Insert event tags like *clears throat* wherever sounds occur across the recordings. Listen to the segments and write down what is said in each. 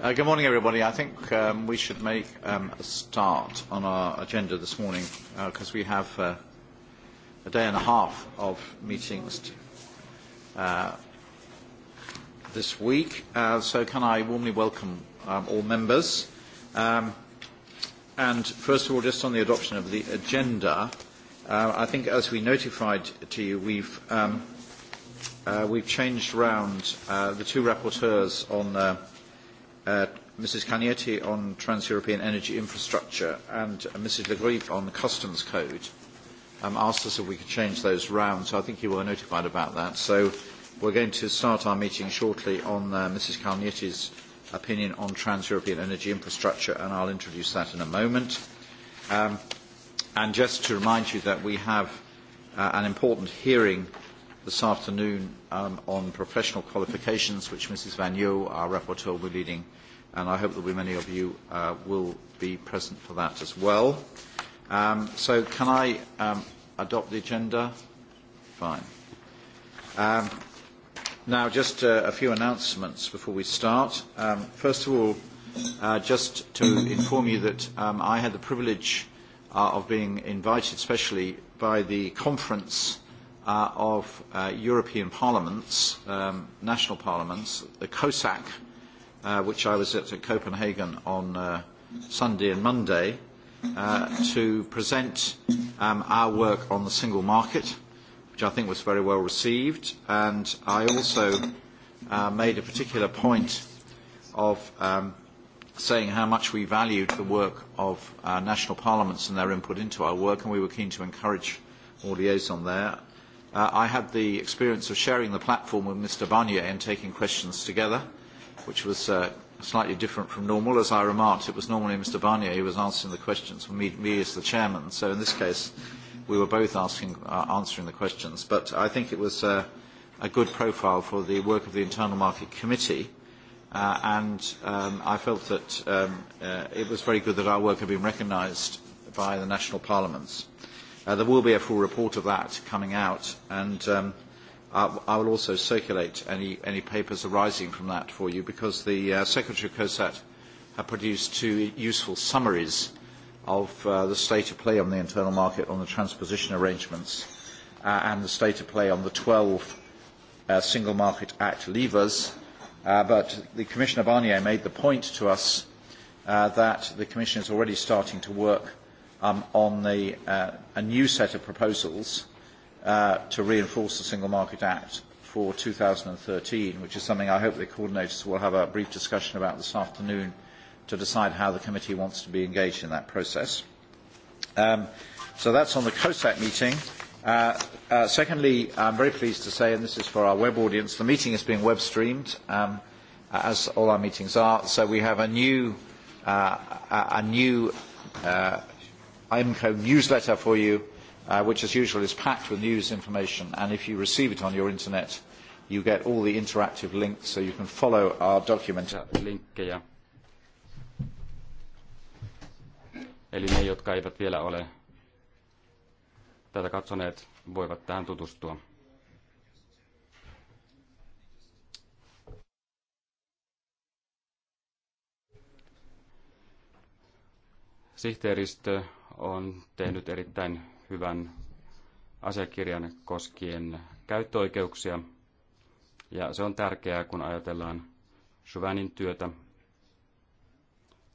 Uh, good morning, everybody. I think um, we should make um, a start on our agenda this morning because uh, we have uh, a day and a half of meetings uh, this week. Uh, so can I warmly welcome um, all members? Um, and first of all, just on the adoption of the agenda, uh, I think as we notified to you, we've, um, uh, we've changed round uh, the two rapporteurs on uh, uh, Mrs. Cagnetti on Trans-European Energy Infrastructure and uh, Mrs. Grip on the Customs Code um, asked us if we could change those round, so I think you were notified about that. So we're going to start our meeting shortly on uh, Mrs. Calnietti's opinion on Trans-European Energy Infrastructure, and I'll introduce that in a moment. Um, and just to remind you that we have uh, an important hearing this afternoon um, on professional qualifications, which Mrs. Van Yu, our rapporteur, will be leading, and I hope there will be many of you uh, will be present for that as well. Um, so can I um, adopt the agenda? Fine. Um, now, just uh, a few announcements before we start. Um, first of all, uh, just to inform you that um, I had the privilege uh, of being invited especially by the conference uh, uh, of uh, European parliaments, um, national parliaments, the COSAC, uh, which I was at, at Copenhagen on uh, Sunday and Monday, uh, to present um, our work on the single market, which I think was very well received. And I also uh, made a particular point of um, saying how much we valued the work of uh, national parliaments and their input into our work, and we were keen to encourage more liaison there. Uh, I had the experience of sharing the platform with Mr. Barnier and taking questions together, which was uh, slightly different from normal. As I remarked, it was normally Mr. Barnier who was answering the questions me, me as the chairman. So in this case, we were both asking, uh, answering the questions. But I think it was uh, a good profile for the work of the Internal Market Committee. Uh, and um, I felt that um, uh, it was very good that our work had been recognised by the national parliaments. Uh, there will be a full report of that coming out, and um, I, I will also circulate any, any papers arising from that for you, because the uh, Secretary of COSAT have produced two useful summaries of uh, the state of play on the internal market, on the transposition arrangements, uh, and the state of play on the 12 uh, Single Market Act levers. Uh, but the Commissioner Barnier made the point to us uh, that the Commission is already starting to work um, on the, uh, a new set of proposals uh, to reinforce the Single Market Act for 2013, which is something I hope the coordinators will have a brief discussion about this afternoon to decide how the committee wants to be engaged in that process. Um, so that's on the COSAC meeting. Uh, uh, secondly, I'm very pleased to say, and this is for our web audience, the meeting is being web streamed, um, as all our meetings are. So we have a new, uh, a new uh, IMCO newsletter for you, uh, which as usual is packed with news information. And if you receive it on your internet, you get all the interactive links so you can follow our document. Linkkejä. Eli ne, jotka eivät vielä ole tätä katsoneet, voivat tähän tutustua. Sihteeristö on tehnyt erittäin hyvän asiakirjan koskien käyttöoikeuksia. Ja se on tärkeää, kun ajatellaan Syvänin työtä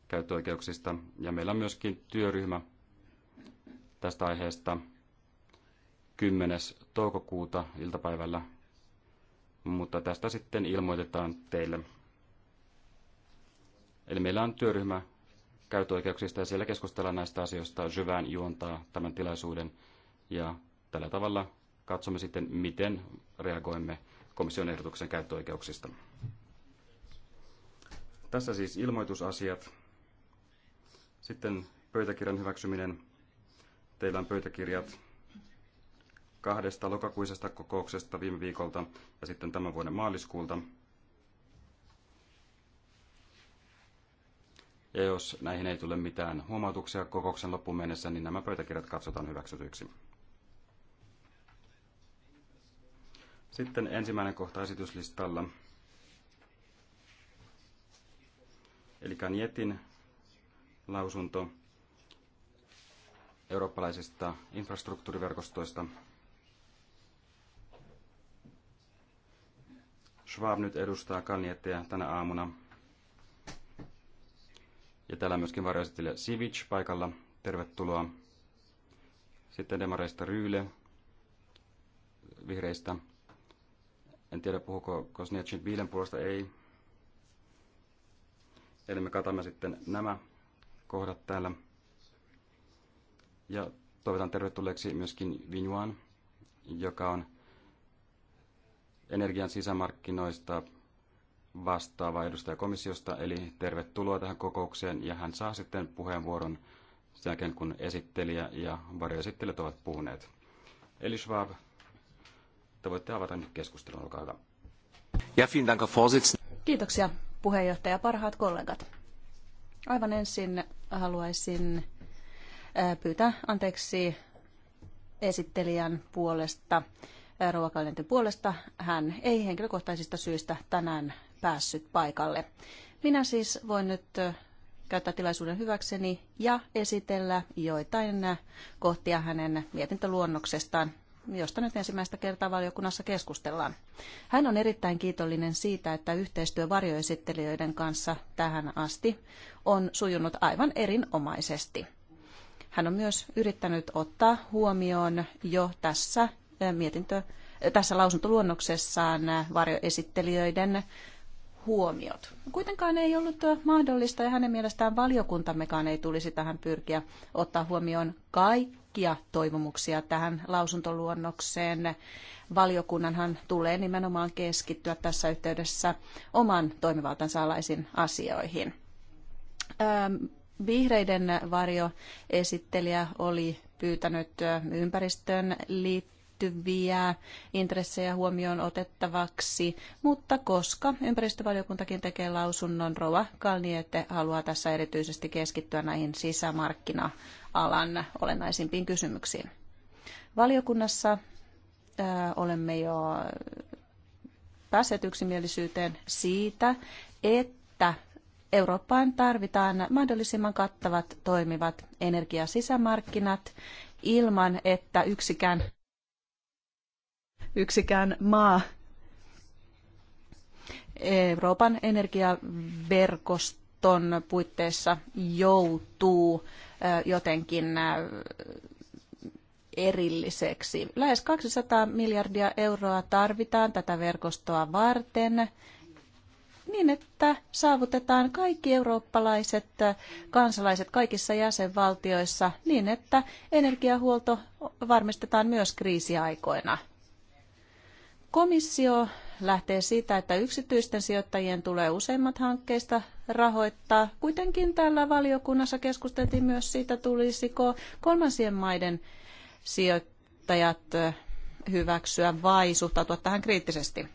käyttöoikeuksista. Ja meillä on myöskin työryhmä tästä aiheesta 10. toukokuuta iltapäivällä, mutta tästä sitten ilmoitetaan teille. Eli meillä on työryhmä Käyttöoikeuksista ja siellä keskustellaan näistä asioista. Syvään juontaa tämän tilaisuuden ja tällä tavalla katsomme sitten, miten reagoimme komission ehdotuksen käyttöoikeuksista. Tässä siis ilmoitusasiat. Sitten pöytäkirjan hyväksyminen. Teillä on pöytäkirjat kahdesta lokakuisesta kokouksesta viime viikolta ja sitten tämän vuoden maaliskuulta. Ja jos näihin ei tule mitään huomautuksia kokouksen loppuun mennessä, niin nämä pöytäkirjat katsotaan hyväksytyiksi. Sitten ensimmäinen kohta esityslistalla. Eli Kanjetin lausunto eurooppalaisista infrastruktuuriverkostoista. Schwab nyt edustaa Kalnietteja tänä aamuna. Ja täällä myöskin varjoesittelijä Sivic paikalla. Tervetuloa. Sitten demareista Ryyle vihreistä. En tiedä, puhuko Kosniacin viilen puolesta, ei. Eli me katamme sitten nämä kohdat täällä. Ja toivotan tervetulleeksi myöskin Vinjuan, joka on energian sisämarkkinoista vastaava edustaja komissiosta, eli tervetuloa tähän kokoukseen, ja hän saa sitten puheenvuoron sen jälkeen, kun esittelijä ja varjoesittelijät ovat puhuneet. Eli Schwab, te voitte avata nyt keskustelun, olkaa hyvä. Ja vielen Dank, Kiitoksia puheenjohtaja, parhaat kollegat. Aivan ensin haluaisin äh, pyytää anteeksi esittelijän puolesta, äh, ruokalinten puolesta. Hän ei henkilökohtaisista syistä tänään päässyt paikalle. Minä siis voin nyt käyttää tilaisuuden hyväkseni ja esitellä joitain kohtia hänen mietintöluonnoksestaan, josta nyt ensimmäistä kertaa valiokunnassa keskustellaan. Hän on erittäin kiitollinen siitä, että yhteistyö varjoesittelijöiden kanssa tähän asti on sujunut aivan erinomaisesti. Hän on myös yrittänyt ottaa huomioon jo tässä mietintö tässä lausuntoluonnoksessaan varjoesittelijöiden huomiot. Kuitenkaan ei ollut mahdollista ja hänen mielestään valiokuntammekaan ei tulisi tähän pyrkiä ottaa huomioon kaikkia toivomuksia tähän lausuntoluonnokseen. Valiokunnanhan tulee nimenomaan keskittyä tässä yhteydessä oman toimivaltansa alaisiin asioihin. Vihreiden varjoesittelijä oli pyytänyt ympäristöön liittyen liittyviä intressejä huomioon otettavaksi, mutta koska ympäristövaliokuntakin tekee lausunnon, Rova Kalniete haluaa tässä erityisesti keskittyä näihin sisämarkkina-alan olennaisimpiin kysymyksiin. Valiokunnassa olemme jo päässeet yksimielisyyteen siitä, että Eurooppaan tarvitaan mahdollisimman kattavat toimivat energiasisämarkkinat ilman, että yksikään yksikään maa Euroopan energiaverkoston puitteissa joutuu jotenkin erilliseksi. Lähes 200 miljardia euroa tarvitaan tätä verkostoa varten niin, että saavutetaan kaikki eurooppalaiset kansalaiset kaikissa jäsenvaltioissa niin, että energiahuolto varmistetaan myös kriisiaikoina – Komissio lähtee siitä, että yksityisten sijoittajien tulee useimmat hankkeista rahoittaa. Kuitenkin täällä valiokunnassa keskusteltiin myös siitä, tulisiko kolmansien maiden sijoittajat hyväksyä vai suhtautua tähän kriittisesti.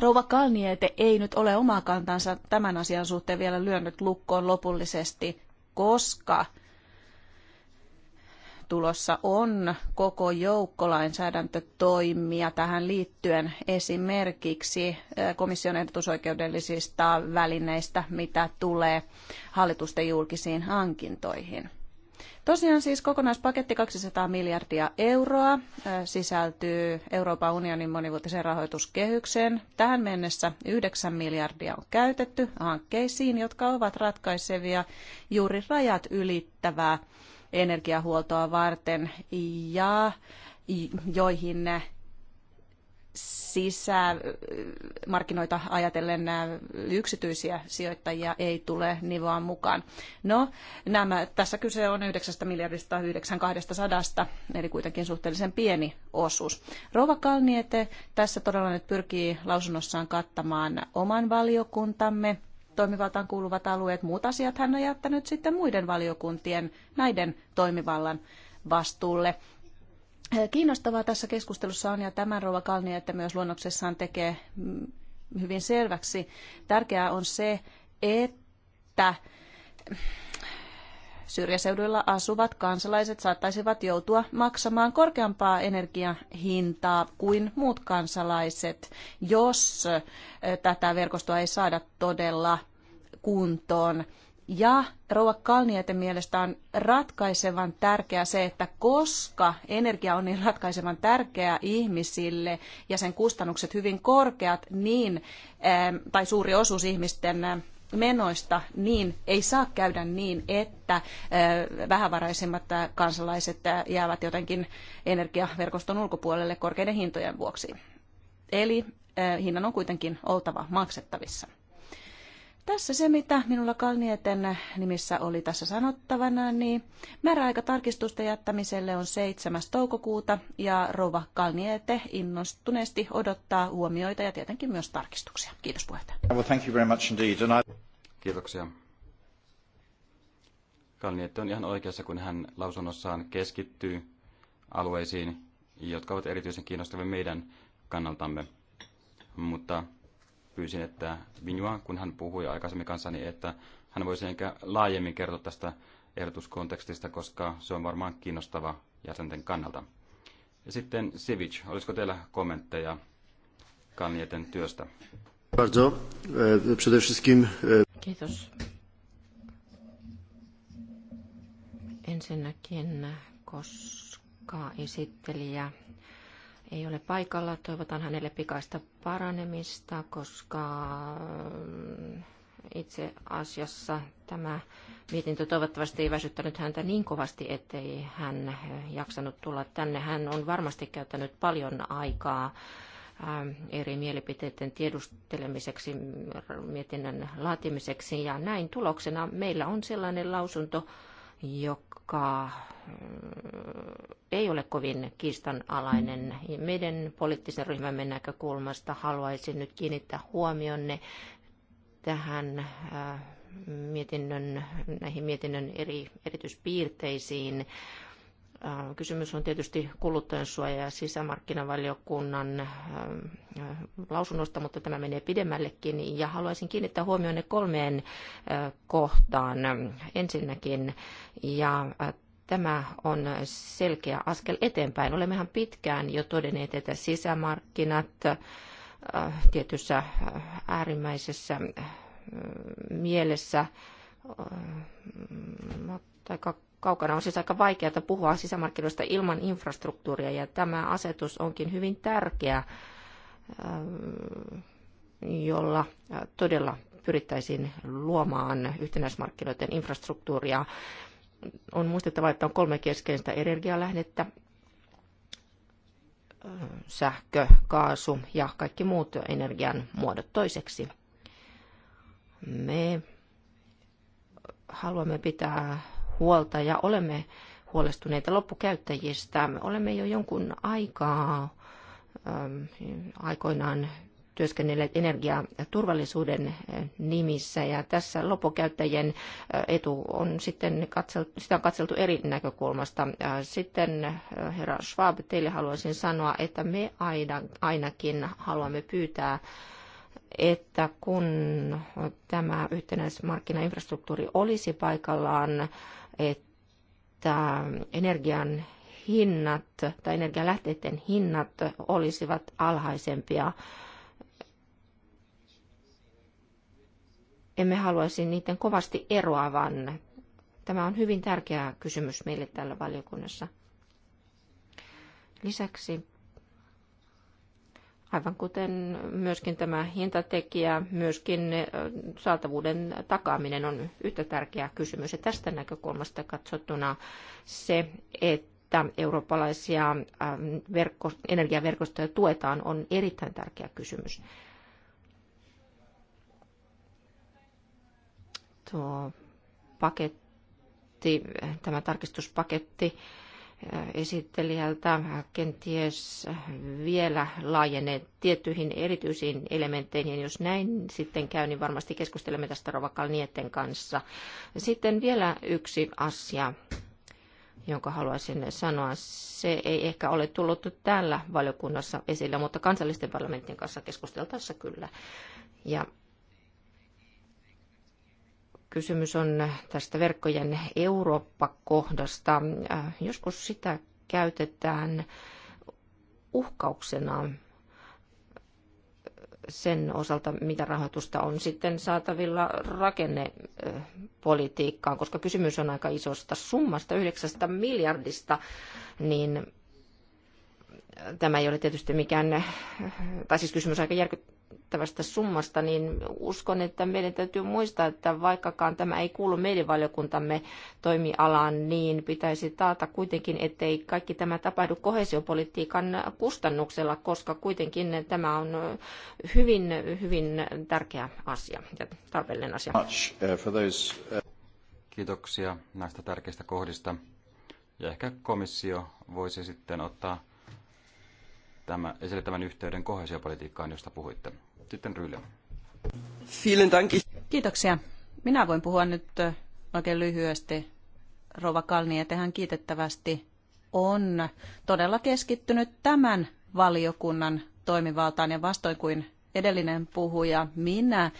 Rouva Kalniete ei nyt ole omaa kantansa tämän asian suhteen vielä lyönyt lukkoon lopullisesti, koska tulossa on koko joukko lainsäädäntötoimia tähän liittyen esimerkiksi eh, komission ehdotusoikeudellisista välineistä, mitä tulee hallitusten julkisiin hankintoihin. Tosiaan siis kokonaispaketti 200 miljardia euroa eh, sisältyy Euroopan unionin monivuotiseen rahoituskehykseen. Tähän mennessä 9 miljardia on käytetty hankkeisiin, jotka ovat ratkaisevia juuri rajat ylittävää energiahuoltoa varten ja joihin sisämarkkinoita ajatellen yksityisiä sijoittajia ei tule nivoa mukaan. No, nämä, tässä kyse on 9 miljardista 9200, eli kuitenkin suhteellisen pieni osuus. Rouva Kalniete tässä todella nyt pyrkii lausunnossaan kattamaan oman valiokuntamme toimivaltaan kuuluvat alueet. Muut asiat hän on jättänyt sitten muiden valiokuntien, näiden toimivallan vastuulle. Äh, kiinnostavaa tässä keskustelussa on, ja tämän Rova Kalni, että myös luonnoksessaan tekee mm, hyvin selväksi. Tärkeää on se, että syrjäseuduilla asuvat kansalaiset saattaisivat joutua maksamaan korkeampaa energiahintaa kuin muut kansalaiset, jos tätä verkostoa ei saada todella kuntoon. Ja Rouva Kalnieten mielestä on ratkaisevan tärkeää se, että koska energia on niin ratkaisevan tärkeää ihmisille ja sen kustannukset hyvin korkeat, niin, tai suuri osuus ihmisten menoista, niin ei saa käydä niin, että vähävaraisemmat kansalaiset jäävät jotenkin energiaverkoston ulkopuolelle korkeiden hintojen vuoksi. Eli hinnan on kuitenkin oltava maksettavissa. Tässä se, mitä minulla Kalnieten nimissä oli tässä sanottavana, niin määräaika tarkistusta jättämiselle on 7. toukokuuta ja Rova Kalniete innostuneesti odottaa huomioita ja tietenkin myös tarkistuksia. Kiitos puheenjohtaja. Well, thank you very much indeed. And I... Kiitoksia. Kalniete on ihan oikeassa, kun hän lausunnossaan keskittyy alueisiin, jotka ovat erityisen kiinnostavia meidän kannaltamme. Mutta pyysin, että Vinjua, kun hän puhui aikaisemmin kanssani, että hän voisi ehkä laajemmin kertoa tästä ehdotuskontekstista, koska se on varmaan kiinnostava jäsenten kannalta. Ja sitten Sivic, olisiko teillä kommentteja Kalnieten työstä? E, e, Kiitos. Ensinnäkin, koska esittelijä ei ole paikalla. Toivotan hänelle pikaista paranemista, koska äh, itse asiassa tämä mietintö toivottavasti ei väsyttänyt häntä niin kovasti, ettei hän jaksanut tulla tänne. Hän on varmasti käyttänyt paljon aikaa äh, eri mielipiteiden tiedustelemiseksi, mietinnän laatimiseksi ja näin tuloksena meillä on sellainen lausunto, joka mm, ei ole kovin kiistanalainen. Meidän poliittisen ryhmämme näkökulmasta haluaisin nyt kiinnittää huomionne tähän äh, mietinnön, näihin mietinnön eri erityispiirteisiin. Kysymys on tietysti kuluttajansuoja- ja sisämarkkinavaliokunnan ähm, äh, lausunnosta, mutta tämä menee pidemmällekin. Ja haluaisin kiinnittää huomioon kolmeen äh, kohtaan. Ensinnäkin, ja äh, tämä on selkeä askel eteenpäin. Olemmehan pitkään jo todenneet, että sisämarkkinat tietyssä äärimmäisessä mielessä tai kaukana on siis aika vaikeaa puhua sisämarkkinoista ilman infrastruktuuria ja tämä asetus onkin hyvin tärkeä, ähm, jolla äh, todella pyrittäisiin luomaan yhtenäismarkkinoiden infrastruktuuria. On muistettava, että on kolme keskeistä energialähdettä, äh, sähkö, kaasu ja kaikki muut energian muodot toiseksi. Me haluamme pitää huolta ja olemme huolestuneita loppukäyttäjistä. Me olemme jo jonkun aikaa ähm, aikoinaan työskennelleet energiaturvallisuuden äh, nimissä ja tässä loppukäyttäjien äh, etu on sitten katseltu, sitä on katseltu eri näkökulmasta. Äh, sitten herra Schwab, teille haluaisin sanoa, että me aina, ainakin haluamme pyytää että kun tämä yhtenäismarkkinainfrastruktuuri olisi paikallaan, että energian hinnat tai energialähteiden hinnat olisivat alhaisempia. Emme haluaisi niiden kovasti eroavan. Tämä on hyvin tärkeä kysymys meille täällä valiokunnassa. Lisäksi Aivan kuten myöskin tämä hintatekijä, myöskin saatavuuden takaaminen on yhtä tärkeä kysymys. Ja tästä näkökulmasta katsottuna se, että eurooppalaisia verkko, energiaverkostoja tuetaan, on erittäin tärkeä kysymys. Tuo paketti, tämä tarkistuspaketti, esittelijältä kenties vielä laajenee tiettyihin erityisiin elementteihin. Jos näin sitten käy, niin varmasti keskustelemme tästä Rovakalnieten kanssa. Sitten vielä yksi asia jonka haluaisin sanoa. Se ei ehkä ole tullut täällä valiokunnassa esille, mutta kansallisten parlamentin kanssa keskusteltaessa kyllä. Ja Kysymys on tästä verkkojen Eurooppa-kohdasta. Joskus sitä käytetään uhkauksena sen osalta, mitä rahoitusta on sitten saatavilla rakennepolitiikkaan, koska kysymys on aika isosta summasta, 9 miljardista, niin tämä ei ole tietysti mikään, tai siis kysymys on aika järkyttävä merkittävästä summasta, niin uskon, että meidän täytyy muistaa, että vaikkakaan tämä ei kuulu meidän valiokuntamme toimialaan, niin pitäisi taata kuitenkin, ettei kaikki tämä tapahdu kohesiopolitiikan kustannuksella, koska kuitenkin tämä on hyvin, hyvin tärkeä asia ja tarpeellinen asia. Uh, uh, Kiitoksia näistä tärkeistä kohdista. Ja ehkä komissio voisi sitten ottaa tämä, esille tämän yhteyden kohesiopolitiikkaan, josta puhuitte. Sitten Rylle. Kiitoksia. Minä voin puhua nyt oikein lyhyesti. Rova tehän kiitettävästi on todella keskittynyt tämän valiokunnan toimivaltaan ja vastoin kuin edellinen puhuja, minä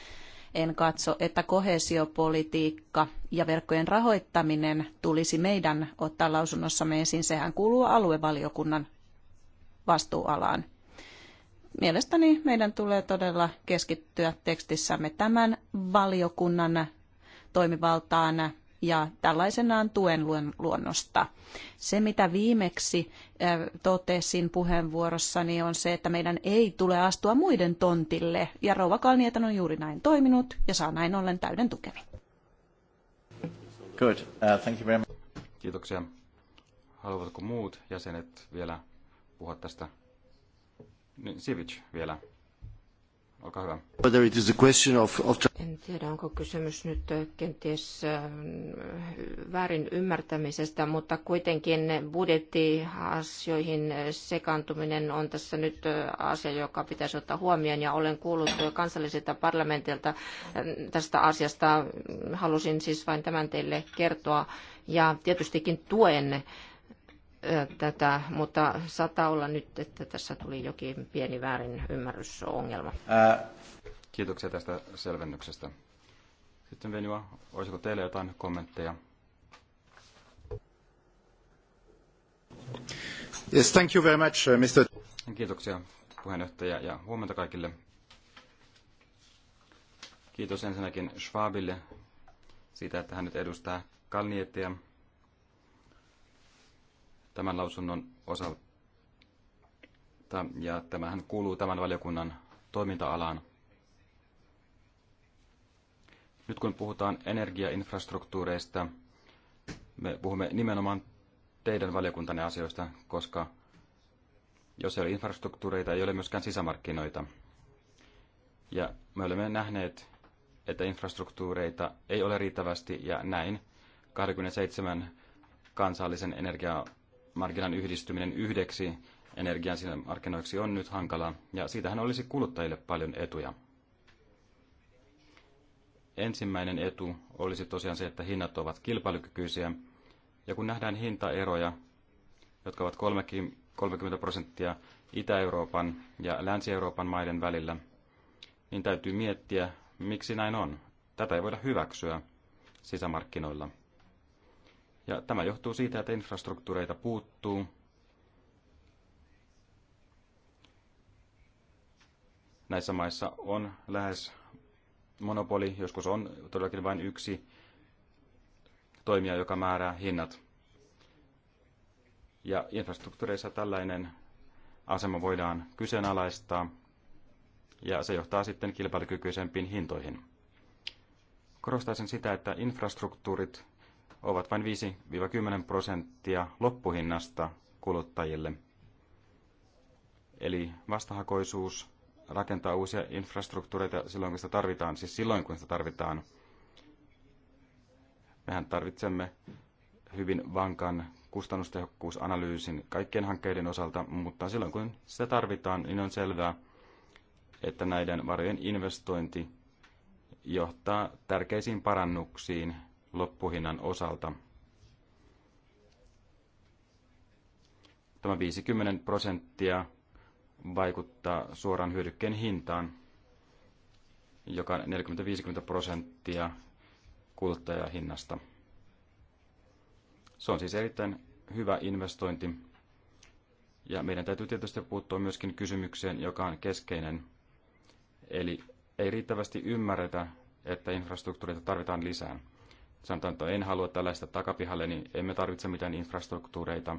en katso, että kohesiopolitiikka ja verkkojen rahoittaminen tulisi meidän ottaa lausunnossamme esiin. Sehän kuuluu aluevaliokunnan vastuualaan. Mielestäni meidän tulee todella keskittyä tekstissämme tämän valiokunnan toimivaltaan ja tällaisenaan tuen luonnosta. Se, mitä viimeksi totesin puheenvuorossani, on se, että meidän ei tule astua muiden tontille. Ja Rouva Kalnietan on juuri näin toiminut ja saa näin ollen täyden tukeni. Good. Uh, thank you very much. Kiitoksia. Haluavatko muut jäsenet vielä puhua tästä. Niin, Sivic vielä. Olkaa hyvä. En tiedä, onko kysymys nyt äh, kenties äh, väärin ymmärtämisestä, mutta kuitenkin budjettiasioihin äh, sekaantuminen on tässä nyt asia, joka pitäisi ottaa huomioon. Ja olen kuullut kansallisilta parlamentilta tästä asiasta. Halusin siis vain tämän teille kertoa. Ja tietystikin tuen tätä, mutta saattaa olla nyt, että tässä tuli jokin pieni väärin ymmärrysongelma. Ää... Kiitoksia tästä selvennyksestä. Sitten Venua, olisiko teillä jotain kommentteja? Yes, thank you very much, uh, Mr. Kiitoksia puheenjohtaja ja huomenta kaikille. Kiitos ensinnäkin Schwabille siitä, että hän nyt edustaa Kalnietia – tämän lausunnon osalta. Ja tämähän kuuluu tämän valiokunnan toiminta-alaan. Nyt kun puhutaan energiainfrastruktuureista, me puhumme nimenomaan teidän valiokuntanne asioista, koska jos ei ole infrastruktuureita, ei ole myöskään sisämarkkinoita. Ja me olemme nähneet, että infrastruktuureita ei ole riittävästi ja näin 27 kansallisen energia- markkinan yhdistyminen yhdeksi energian markkinoiksi on nyt hankalaa, ja siitähän olisi kuluttajille paljon etuja. Ensimmäinen etu olisi tosiaan se, että hinnat ovat kilpailukykyisiä, ja kun nähdään hintaeroja, jotka ovat 30 prosenttia Itä-Euroopan ja Länsi-Euroopan maiden välillä, niin täytyy miettiä, miksi näin on. Tätä ei voida hyväksyä sisämarkkinoilla. Ja tämä johtuu siitä, että infrastruktuureita puuttuu. Näissä maissa on lähes monopoli, joskus on todellakin vain yksi toimija, joka määrää hinnat. Ja infrastruktuureissa tällainen asema voidaan kyseenalaistaa, ja se johtaa sitten kilpailukykyisempiin hintoihin. Korostaisin sitä, että infrastruktuurit ovat vain 5-10 prosenttia loppuhinnasta kuluttajille. Eli vastahakoisuus rakentaa uusia infrastruktuureita silloin, kun sitä tarvitaan, siis silloin, kun sitä tarvitaan. Mehän tarvitsemme hyvin vankan kustannustehokkuusanalyysin kaikkien hankkeiden osalta, mutta silloin kun sitä tarvitaan, niin on selvää, että näiden varojen investointi johtaa tärkeisiin parannuksiin loppuhinnan osalta. Tämä 50 prosenttia vaikuttaa suoran hyödykkeen hintaan, joka on 40-50 prosenttia kuluttajahinnasta. Se on siis erittäin hyvä investointi. Ja meidän täytyy tietysti puuttua myöskin kysymykseen, joka on keskeinen. Eli ei riittävästi ymmärretä, että infrastruktuurita tarvitaan lisää sanotaan, että en halua tällaista takapihalle, niin emme tarvitse mitään infrastruktuureita.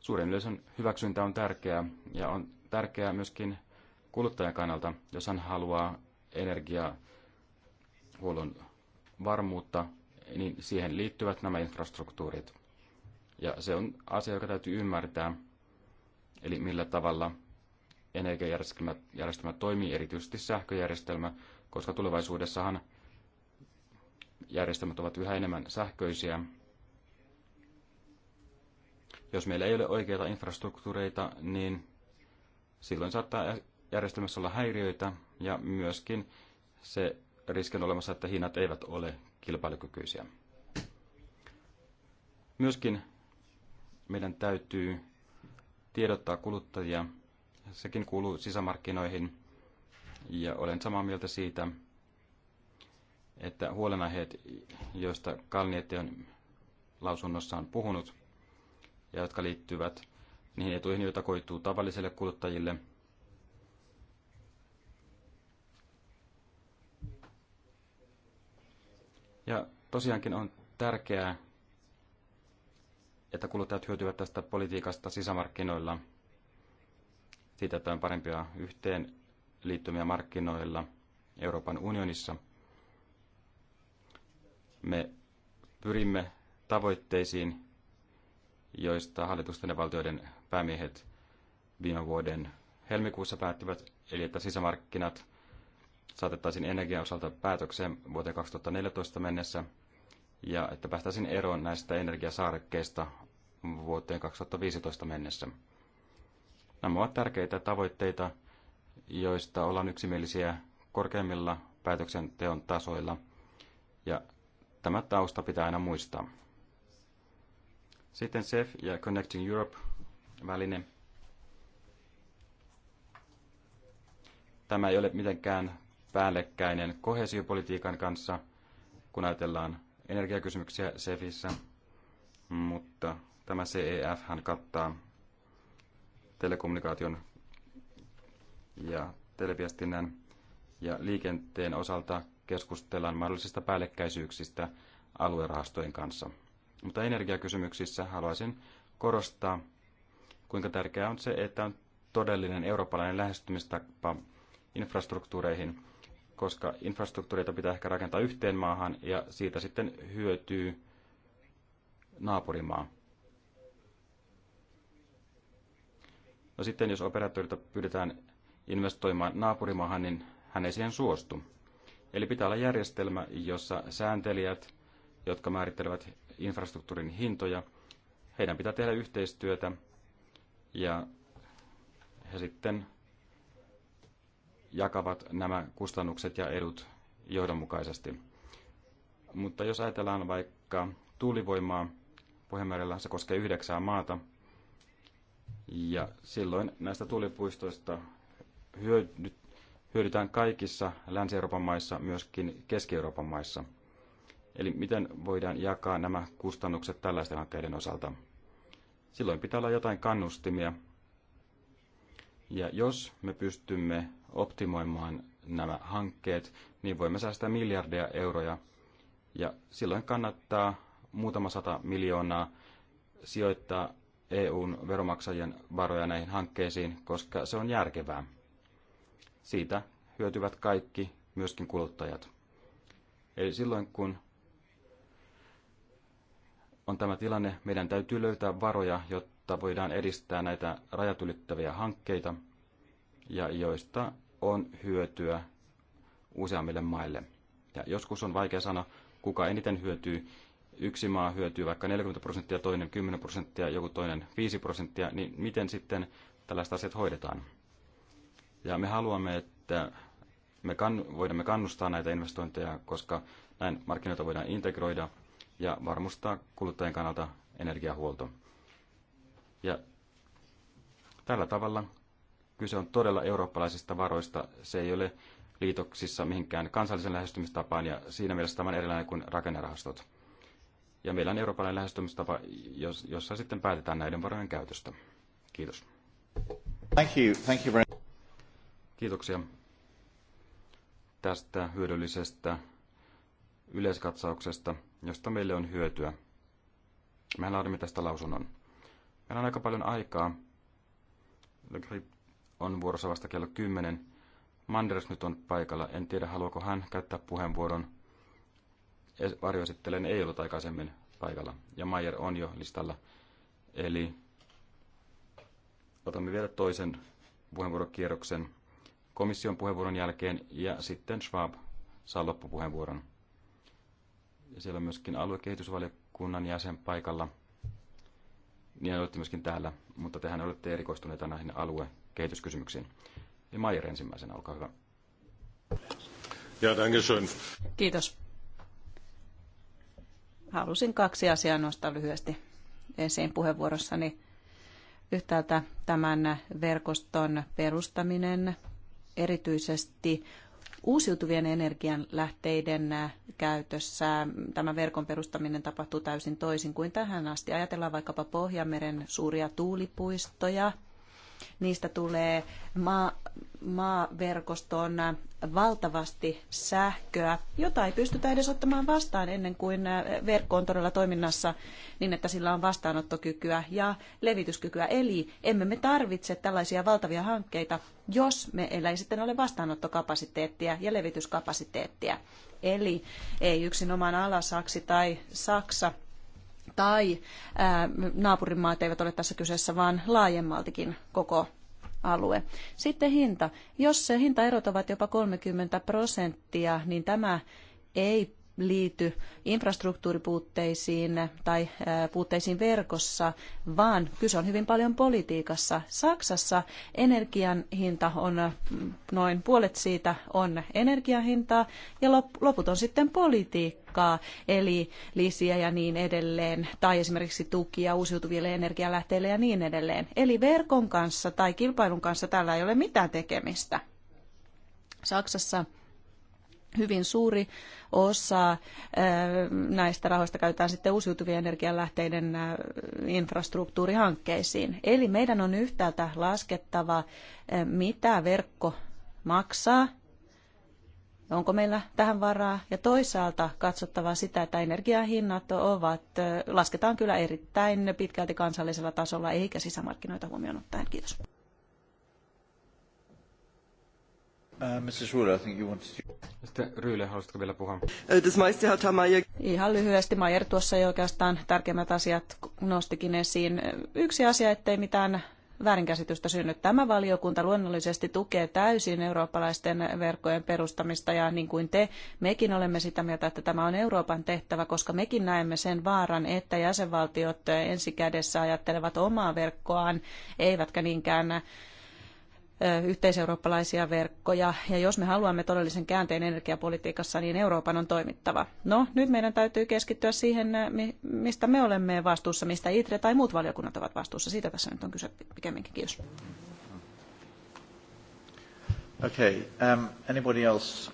Suuren yleisön hyväksyntä on tärkeää ja on tärkeää myöskin kuluttajan kannalta, jos hän haluaa energiahuollon varmuutta, niin siihen liittyvät nämä infrastruktuurit. Ja se on asia, joka täytyy ymmärtää, eli millä tavalla energiajärjestelmä toimii, erityisesti sähköjärjestelmä, koska tulevaisuudessahan järjestelmät ovat yhä enemmän sähköisiä. Jos meillä ei ole oikeita infrastruktuureita, niin silloin saattaa järjestelmässä olla häiriöitä ja myöskin se riskin olemassa, että hinnat eivät ole kilpailukykyisiä. Myöskin meidän täytyy tiedottaa kuluttajia. Sekin kuuluu sisämarkkinoihin. Ja olen samaa mieltä siitä, että huolenaiheet, joista Kalnietti on lausunnossaan puhunut, ja jotka liittyvät niihin etuihin, joita koituu tavallisille kuluttajille, Ja tosiaankin on tärkeää, että kuluttajat hyötyvät tästä politiikasta sisämarkkinoilla. Siitä, että on parempia yhteen liittymiä markkinoilla Euroopan unionissa. Me pyrimme tavoitteisiin, joista hallitusten ja valtioiden päämiehet viime vuoden helmikuussa päättivät, eli että sisämarkkinat saatettaisiin energian osalta päätökseen vuoteen 2014 mennessä, ja että päästäisiin eroon näistä energiasaarekkeista vuoteen 2015 mennessä. Nämä ovat tärkeitä tavoitteita, joista ollaan yksimielisiä korkeimmilla päätöksenteon tasoilla. Ja tämä tausta pitää aina muistaa. Sitten CEF ja Connecting Europe-väline. Tämä ei ole mitenkään päällekkäinen kohesiopolitiikan kanssa, kun ajatellaan energiakysymyksiä CEFissä, mutta tämä CEF kattaa telekommunikaation ja televiestinnän ja liikenteen osalta keskustellaan mahdollisista päällekkäisyyksistä aluerahastojen kanssa. Mutta energiakysymyksissä haluaisin korostaa, kuinka tärkeää on se, että on todellinen eurooppalainen lähestymistapa infrastruktuureihin, koska infrastruktuureita pitää ehkä rakentaa yhteen maahan ja siitä sitten hyötyy naapurimaa. No sitten jos operaattorilta pyydetään investoimaan naapurimaahan, niin hän ei siihen suostu. Eli pitää olla järjestelmä, jossa sääntelijät, jotka määrittelevät infrastruktuurin hintoja, heidän pitää tehdä yhteistyötä ja he sitten jakavat nämä kustannukset ja edut johdonmukaisesti. Mutta jos ajatellaan vaikka tuulivoimaa Pohjanmerellä, se koskee yhdeksää maata, ja silloin näistä tuulipuistoista hyödytään kaikissa Länsi-Euroopan maissa, myöskin Keski-Euroopan maissa. Eli miten voidaan jakaa nämä kustannukset tällaisten hankkeiden osalta? Silloin pitää olla jotain kannustimia. Ja jos me pystymme optimoimaan nämä hankkeet, niin voimme säästää miljardeja euroja. Ja silloin kannattaa muutama sata miljoonaa sijoittaa EUn veromaksajien varoja näihin hankkeisiin, koska se on järkevää siitä hyötyvät kaikki, myöskin kuluttajat. Eli silloin kun on tämä tilanne, meidän täytyy löytää varoja, jotta voidaan edistää näitä rajatylittäviä hankkeita, ja joista on hyötyä useammille maille. Ja joskus on vaikea sanoa, kuka eniten hyötyy. Yksi maa hyötyy vaikka 40 prosenttia, toinen 10 prosenttia, joku toinen 5 prosenttia, niin miten sitten tällaiset asiat hoidetaan? Ja me haluamme, että me kann, voimme kannustaa näitä investointeja, koska näin markkinoita voidaan integroida ja varmistaa kuluttajien kannalta energiahuolto. Ja tällä tavalla kyse on todella eurooppalaisista varoista. Se ei ole liitoksissa mihinkään kansallisen lähestymistapaan ja siinä mielessä tämä on erilainen kuin rakennerahastot. Ja meillä on eurooppalainen lähestymistapa, jossa sitten päätetään näiden varojen käytöstä. Kiitos. Thank you. Thank you very... Kiitoksia tästä hyödyllisestä yleiskatsauksesta, josta meille on hyötyä. Mehän laadimme tästä lausunnon. Meillä on aika paljon aikaa. Le Grip on vuorossa vasta kello 10. Manders nyt on paikalla. En tiedä, haluaako hän käyttää puheenvuoron. Varjoesittelen ei ollut aikaisemmin paikalla. Ja Mayer on jo listalla. Eli otamme vielä toisen puheenvuorokierroksen komission puheenvuoron jälkeen ja sitten Schwab saa loppupuheenvuoron. Ja siellä on myöskin aluekehitysvaliokunnan jäsen paikalla. Niin olette myöskin täällä, mutta tehän olette erikoistuneita näihin aluekehityskysymyksiin. Ja Maier ensimmäisenä, olkaa hyvä. Ja, danke schön. Kiitos. Halusin kaksi asiaa nostaa lyhyesti esiin puheenvuorossani. Yhtäältä tämän verkoston perustaminen erityisesti uusiutuvien energian lähteiden käytössä tämä verkon perustaminen tapahtuu täysin toisin kuin tähän asti. Ajatellaan vaikkapa Pohjanmeren suuria tuulipuistoja, Niistä tulee maa, maaverkostoon valtavasti sähköä, jota ei pystytä edes ottamaan vastaan ennen kuin verkko on todella toiminnassa niin, että sillä on vastaanottokykyä ja levityskykyä. Eli emme me tarvitse tällaisia valtavia hankkeita, jos meillä ei sitten ole vastaanottokapasiteettia ja levityskapasiteettia. Eli ei yksinomaan Alasaksi tai Saksa tai naapurimaat eivät ole tässä kyseessä, vaan laajemmaltikin koko alue. Sitten hinta. Jos se hintaerot ovat jopa 30 prosenttia, niin tämä ei liity infrastruktuuripuutteisiin tai puutteisiin verkossa, vaan kyse on hyvin paljon politiikassa. Saksassa energian hinta on noin puolet siitä on energiahintaa ja loput on sitten politiikkaa, eli lisiä ja niin edelleen, tai esimerkiksi tukia uusiutuville energialähteille ja niin edelleen. Eli verkon kanssa tai kilpailun kanssa tällä ei ole mitään tekemistä. Saksassa hyvin suuri osa äh, näistä rahoista käytetään sitten uusiutuvien energianlähteiden äh, infrastruktuurihankkeisiin. Eli meidän on yhtäältä laskettava, äh, mitä verkko maksaa, onko meillä tähän varaa, ja toisaalta katsottava sitä, että energiahinnat ovat, lasketaan kyllä erittäin pitkälti kansallisella tasolla, eikä sisämarkkinoita huomioon ottaen. Kiitos. Uh, Mrs. Rühle, I äh, Ihan lyhyesti. Mayer tuossa jo oikeastaan tärkeimmät asiat nostikin esiin. Yksi asia, ettei mitään väärinkäsitystä synny. Tämä valiokunta luonnollisesti tukee täysin eurooppalaisten verkkojen perustamista ja niin kuin te, mekin olemme sitä mieltä, että tämä on Euroopan tehtävä, koska mekin näemme sen vaaran, että jäsenvaltiot kädessä ajattelevat omaa verkkoaan, eivätkä niinkään yhteiseurooppalaisia verkkoja. Ja jos me haluamme todellisen käänteen energiapolitiikassa, niin Euroopan on toimittava. No, nyt meidän täytyy keskittyä siihen, mistä me olemme vastuussa, mistä ITRE tai muut valiokunnat ovat vastuussa. Siitä tässä nyt on kyse pikemminkin. Kiitos. Okay, um, anybody else?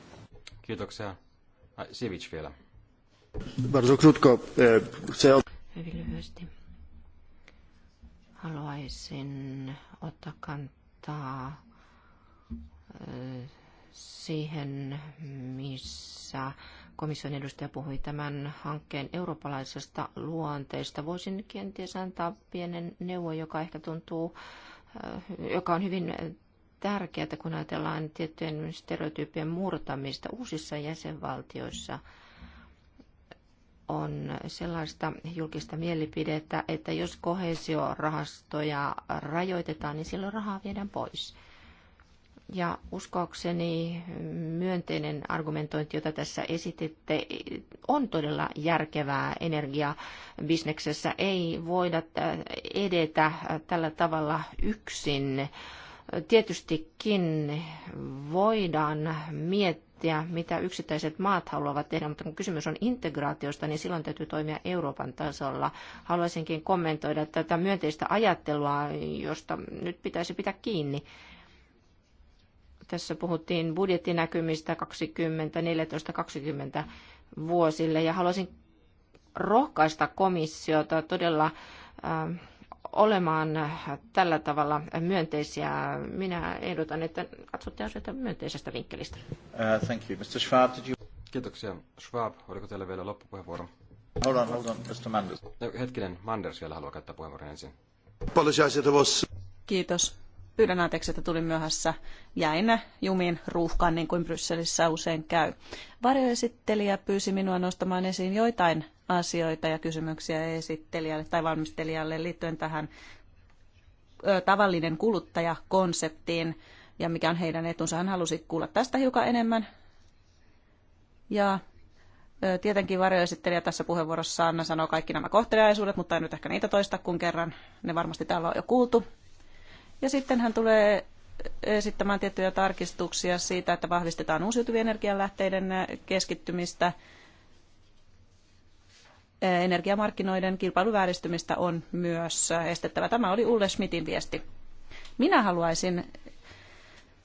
Kiitoksia. Sivic vielä. Se on... Hyvin lyhyesti. Haluaisin ottaa kantaa johtaa siihen, missä komission edustaja puhui tämän hankkeen eurooppalaisesta luonteesta. Voisin kenties antaa pienen neuvo, joka ehkä tuntuu, joka on hyvin tärkeää, kun ajatellaan tiettyjen stereotyyppien murtamista uusissa jäsenvaltioissa – on sellaista julkista mielipidettä, että jos kohesiorahastoja rajoitetaan, niin silloin rahaa viedään pois. Ja uskoakseni myönteinen argumentointi, jota tässä esititte, on todella järkevää energiabisneksessä. Ei voida edetä tällä tavalla yksin. Tietystikin voidaan miettiä, miettiä, mitä yksittäiset maat haluavat tehdä, mutta kun kysymys on integraatiosta, niin silloin täytyy toimia Euroopan tasolla. Haluaisinkin kommentoida tätä myönteistä ajattelua, josta nyt pitäisi pitää kiinni. Tässä puhuttiin budjettinäkymistä 2014-2020 vuosille ja haluaisin rohkaista komissiota todella äh, olemaan tällä tavalla myönteisiä. Minä ehdotan, että katsotte asioita myönteisestä vinkkelistä. Uh, thank you. Mr. Schwab, did you... Kiitoksia. Schwab, oliko teillä vielä loppupuheenvuoro? Hold on, hold on, Mr. Manders. No, hetkinen, Manders vielä haluaa käyttää puheenvuoron ensin. Kiitos. Pyydän anteeksi, että tulin myöhässä. Jäin jumiin ruuhkaan, niin kuin Brysselissä usein käy. Varjoesittelijä pyysi minua nostamaan esiin joitain asioita ja kysymyksiä esittelijälle tai valmistelijalle liittyen tähän tavallinen kuluttajakonseptiin ja mikä on heidän etunsa. Hän halusi kuulla tästä hiukan enemmän. Ja tietenkin varjoesittelijä tässä puheenvuorossa Anna sanoo kaikki nämä kohteliaisuudet, mutta en nyt ehkä niitä toista kun kerran. Ne varmasti täällä on jo kuultu. Ja sitten hän tulee esittämään tiettyjä tarkistuksia siitä, että vahvistetaan uusiutuvien energianlähteiden keskittymistä – energiamarkkinoiden kilpailuvääristymistä on myös estettävä. Tämä oli Ulle Schmidtin viesti. Minä haluaisin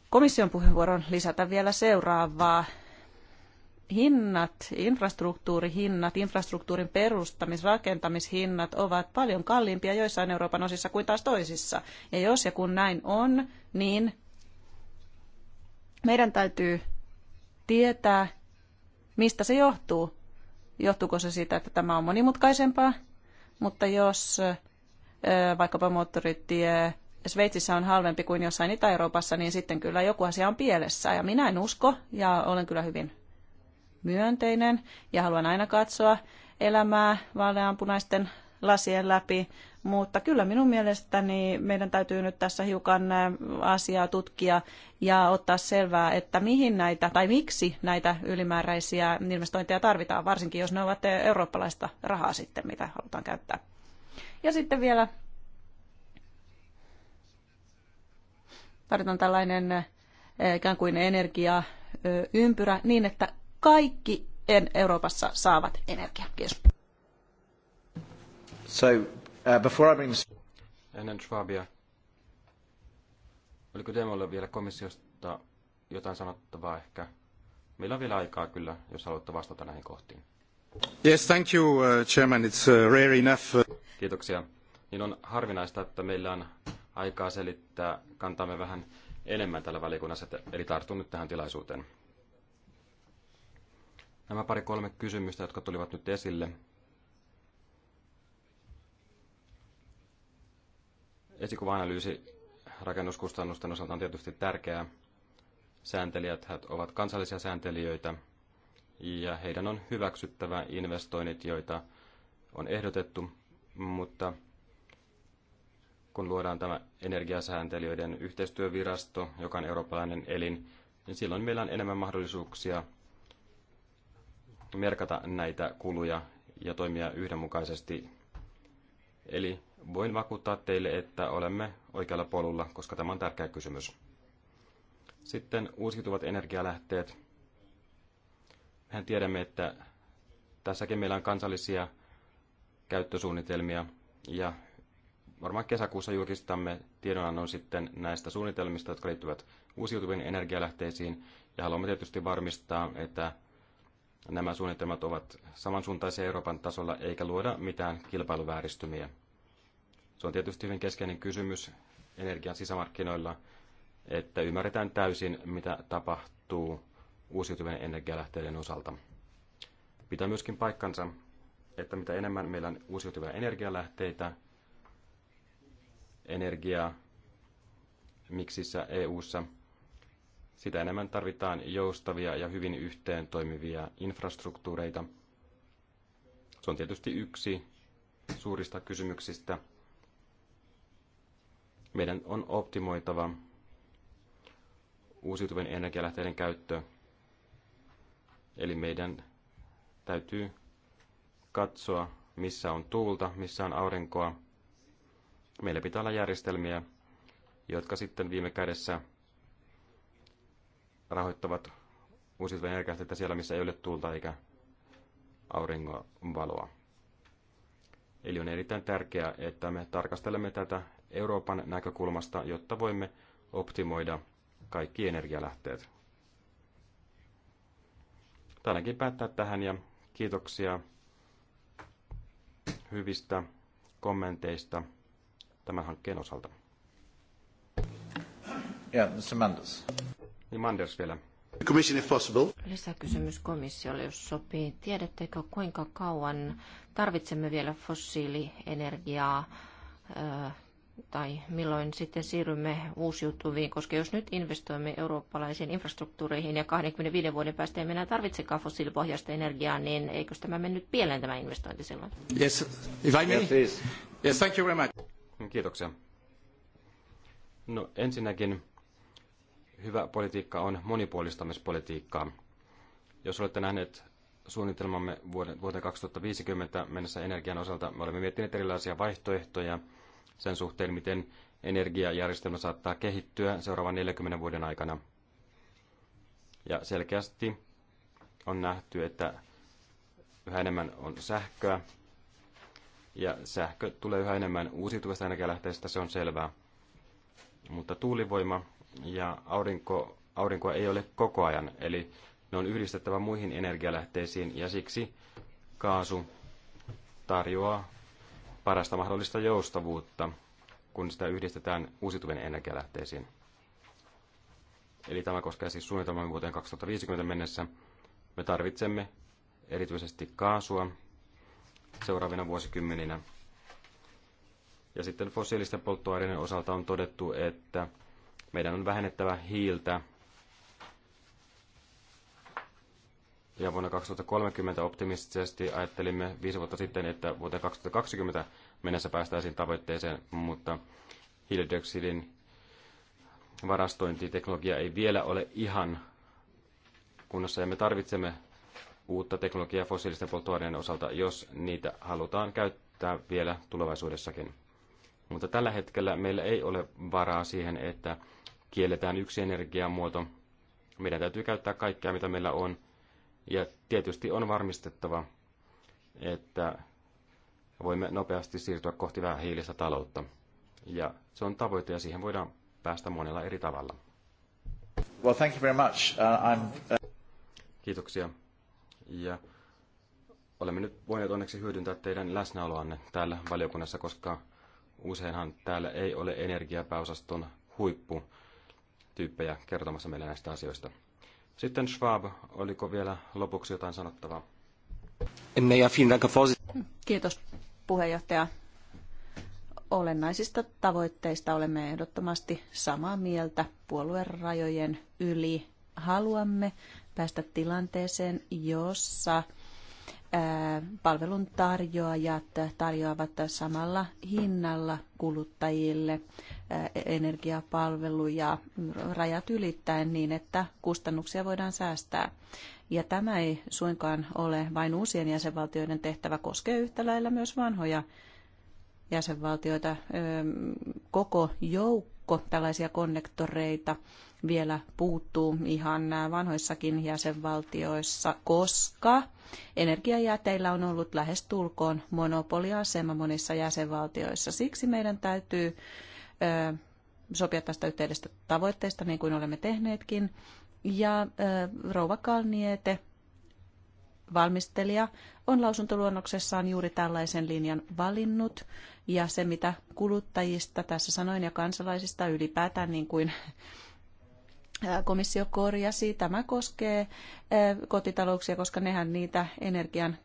komission puheenvuoron lisätä vielä seuraavaa. Hinnat, infrastruktuurihinnat, infrastruktuurin perustamis- rakentamishinnat ovat paljon kalliimpia joissain Euroopan osissa kuin taas toisissa. Ja jos ja kun näin on, niin meidän täytyy tietää, mistä se johtuu Johtuuko se siitä, että tämä on monimutkaisempaa? Mutta jos vaikkapa moottoritie Sveitsissä on halvempi kuin jossain Itä-Euroopassa, niin sitten kyllä joku asia on pielessä. Ja minä en usko, ja olen kyllä hyvin myönteinen, ja haluan aina katsoa elämää vaaleanpunaisten lasien läpi, mutta kyllä minun mielestäni meidän täytyy nyt tässä hiukan asiaa tutkia ja ottaa selvää, että mihin näitä tai miksi näitä ylimääräisiä investointeja tarvitaan, varsinkin jos ne ovat eurooppalaista rahaa sitten, mitä halutaan käyttää. Ja sitten vielä tarvitaan tällainen ikään kuin energiaympyrä niin, että kaikki Euroopassa saavat energiaa. Kiitos. So, uh, before I bring... Ennen Schwabia. Oliko Demolle vielä komissiosta jotain sanottavaa ehkä? Meillä on vielä aikaa kyllä, jos haluatte vastata näihin kohtiin. Yes, thank you, uh, Chairman. It's uh, rare enough. Uh, Kiitoksia. Niin on harvinaista, että meillä on aikaa selittää kantamme vähän enemmän tällä valiokunnassa, eli tartun nyt tähän tilaisuuteen. Nämä pari kolme kysymystä, jotka tulivat nyt esille, esikuva-analyysi rakennuskustannusten osalta on tietysti tärkeää. Sääntelijät ovat kansallisia sääntelijöitä ja heidän on hyväksyttävä investoinnit, joita on ehdotettu, mutta kun luodaan tämä energiasääntelijöiden yhteistyövirasto, joka on eurooppalainen elin, niin silloin meillä on enemmän mahdollisuuksia merkata näitä kuluja ja toimia yhdenmukaisesti. Eli voin vakuuttaa teille, että olemme oikealla polulla, koska tämä on tärkeä kysymys. Sitten uusiutuvat energialähteet. Mehän tiedämme, että tässäkin meillä on kansallisia käyttösuunnitelmia ja varmaan kesäkuussa julkistamme tiedonannon sitten näistä suunnitelmista, jotka liittyvät uusiutuviin energialähteisiin ja haluamme tietysti varmistaa, että nämä suunnitelmat ovat samansuuntaisia Euroopan tasolla eikä luoda mitään kilpailuvääristymiä. Se on tietysti hyvin keskeinen kysymys energian sisämarkkinoilla, että ymmärretään täysin, mitä tapahtuu uusiutuvien energialähteiden osalta. Pitää myöskin paikkansa, että mitä enemmän meillä on uusiutuvia energialähteitä, energiaa miksissä EU:ssa, sitä enemmän tarvitaan joustavia ja hyvin yhteen toimivia infrastruktuureita. Se on tietysti yksi suurista kysymyksistä – meidän on optimoitava uusiutuvien energialähteiden käyttö. Eli meidän täytyy katsoa, missä on tuulta, missä on aurinkoa. Meillä pitää olla järjestelmiä, jotka sitten viime kädessä rahoittavat uusiutuvien energialähteitä siellä, missä ei ole tuulta eikä auringon valoa. Eli on erittäin tärkeää, että me tarkastelemme tätä Euroopan näkökulmasta, jotta voimme optimoida kaikki energialähteet. Tänäkin päättää tähän ja kiitoksia hyvistä kommenteista tämän hankkeen osalta. Yeah, Mr. Niin, vielä. Commission if possible. Lisäkysymys komissiolle, jos sopii. Tiedättekö, kuinka kauan tarvitsemme vielä fossiilienergiaa tai milloin sitten siirrymme uusiutuviin, koska jos nyt investoimme eurooppalaisiin infrastruktuureihin ja 25 vuoden päästä emme enää tarvitsekaan fossiilipohjaista energiaa, niin eikö tämä mennyt pieleen tämä investointi silloin? Yes, if I may. Yes, yes thank you very much. Kiitoksia. No ensinnäkin hyvä politiikka on monipuolistamispolitiikkaa. Jos olette nähneet suunnitelmamme vuoteen 2050 mennessä energian osalta, me olemme miettineet erilaisia vaihtoehtoja – sen suhteen, miten energiajärjestelmä saattaa kehittyä seuraavan 40 vuoden aikana. Ja selkeästi on nähty, että yhä enemmän on sähköä, ja sähkö tulee yhä enemmän uusiutuvista energialähteistä, se on selvää. Mutta tuulivoima ja aurinko, aurinkoa ei ole koko ajan, eli ne on yhdistettävä muihin energialähteisiin, ja siksi kaasu tarjoaa parasta mahdollista joustavuutta, kun sitä yhdistetään uusiutuvien energialähteisiin. Eli tämä koskee siis suunnitelmaa vuoteen 2050 mennessä. Me tarvitsemme erityisesti kaasua seuraavina vuosikymmeninä. Ja sitten fossiilisten polttoaineiden osalta on todettu, että meidän on vähennettävä hiiltä Ja vuonna 2030 optimistisesti ajattelimme viisi vuotta sitten, että vuoteen 2020 mennessä päästäisiin tavoitteeseen, mutta hiilidioksidin varastointiteknologia ei vielä ole ihan kunnossa ja me tarvitsemme uutta teknologiaa fossiilisten polttoaineiden osalta, jos niitä halutaan käyttää vielä tulevaisuudessakin. Mutta tällä hetkellä meillä ei ole varaa siihen, että kielletään yksi energiamuoto. Meidän täytyy käyttää kaikkea, mitä meillä on, ja tietysti on varmistettava, että voimme nopeasti siirtyä kohti vähähiilistä taloutta. Ja se on tavoite ja siihen voidaan päästä monella eri tavalla. Well, thank you very much. Uh, I'm, uh... Kiitoksia. Ja olemme nyt voineet onneksi hyödyntää teidän läsnäoloanne täällä valiokunnassa, koska useinhan täällä ei ole energiapääosaston huippu tyyppejä kertomassa meille näistä asioista. Sitten Schwab, oliko vielä lopuksi jotain sanottavaa? Kiitos puheenjohtaja. Olennaisista tavoitteista olemme ehdottomasti samaa mieltä puolueen rajojen yli. Haluamme päästä tilanteeseen, jossa palveluntarjoajat tarjoavat samalla hinnalla kuluttajille energiapalveluja rajat ylittäen niin, että kustannuksia voidaan säästää. Ja tämä ei suinkaan ole vain uusien jäsenvaltioiden tehtävä, koskee yhtä lailla myös vanhoja jäsenvaltioita. Koko joukko tällaisia konnektoreita vielä puuttuu ihan vanhoissakin jäsenvaltioissa, koska energiajäteillä on ollut lähestulkoon monopoliasema monissa jäsenvaltioissa. Siksi meidän täytyy sopia tästä yhteydestä tavoitteesta, niin kuin olemme tehneetkin. Ja Rouva Kalniete, valmistelija, on lausuntoluonnoksessaan juuri tällaisen linjan valinnut. Ja se, mitä kuluttajista tässä sanoin ja kansalaisista ylipäätään, niin kuin komissio korjasi. Tämä koskee kotitalouksia, koska nehän niitä energian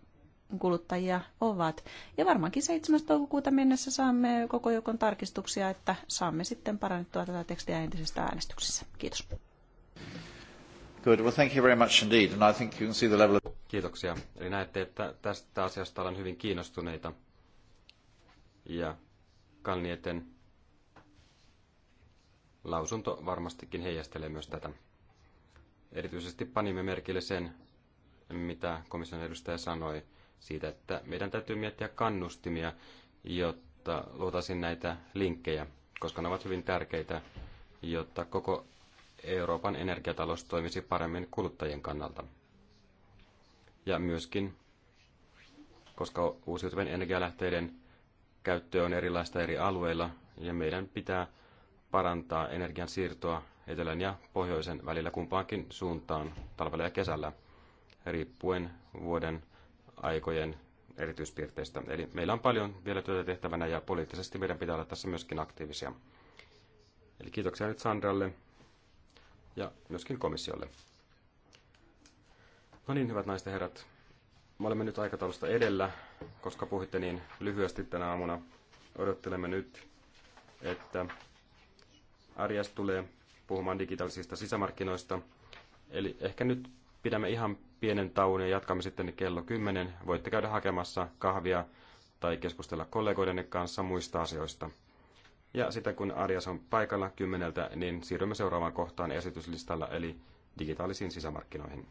kuluttajia ovat. Ja varmaankin 7. toukokuuta mennessä saamme koko joukon tarkistuksia, että saamme sitten parannettua tätä tekstiä entisestä äänestyksessä. Kiitos. Good. Well, thank you very much indeed. And I think you can see the level of... Kiitoksia. Eli näette, että tästä asiasta ollaan hyvin kiinnostuneita. Ja Kalnieten lausunto varmastikin heijastelee myös tätä. Erityisesti panimme merkille sen, mitä komission edustaja sanoi siitä, että meidän täytyy miettiä kannustimia, jotta luotaisiin näitä linkkejä, koska ne ovat hyvin tärkeitä, jotta koko Euroopan energiatalous toimisi paremmin kuluttajien kannalta. Ja myöskin, koska uusiutuvien energialähteiden käyttö on erilaista eri alueilla, ja meidän pitää – parantaa energian siirtoa etelän ja pohjoisen välillä kumpaankin suuntaan talvella ja kesällä, riippuen vuoden aikojen erityispiirteistä. Eli meillä on paljon vielä työtä tehtävänä ja poliittisesti meidän pitää olla tässä myöskin aktiivisia. Eli kiitoksia nyt Sandralle ja myöskin komissiolle. No niin, hyvät naiset ja herrat. Me olemme nyt aikataulusta edellä, koska puhuitte niin lyhyesti tänä aamuna. Odottelemme nyt, että Arias tulee puhumaan digitaalisista sisämarkkinoista. Eli ehkä nyt pidämme ihan pienen tauon ja jatkamme sitten kello 10. Voitte käydä hakemassa kahvia tai keskustella kollegoidenne kanssa muista asioista. Ja sitten kun Arias on paikalla kymmeneltä, niin siirrymme seuraavaan kohtaan esityslistalla, eli digitaalisiin sisämarkkinoihin.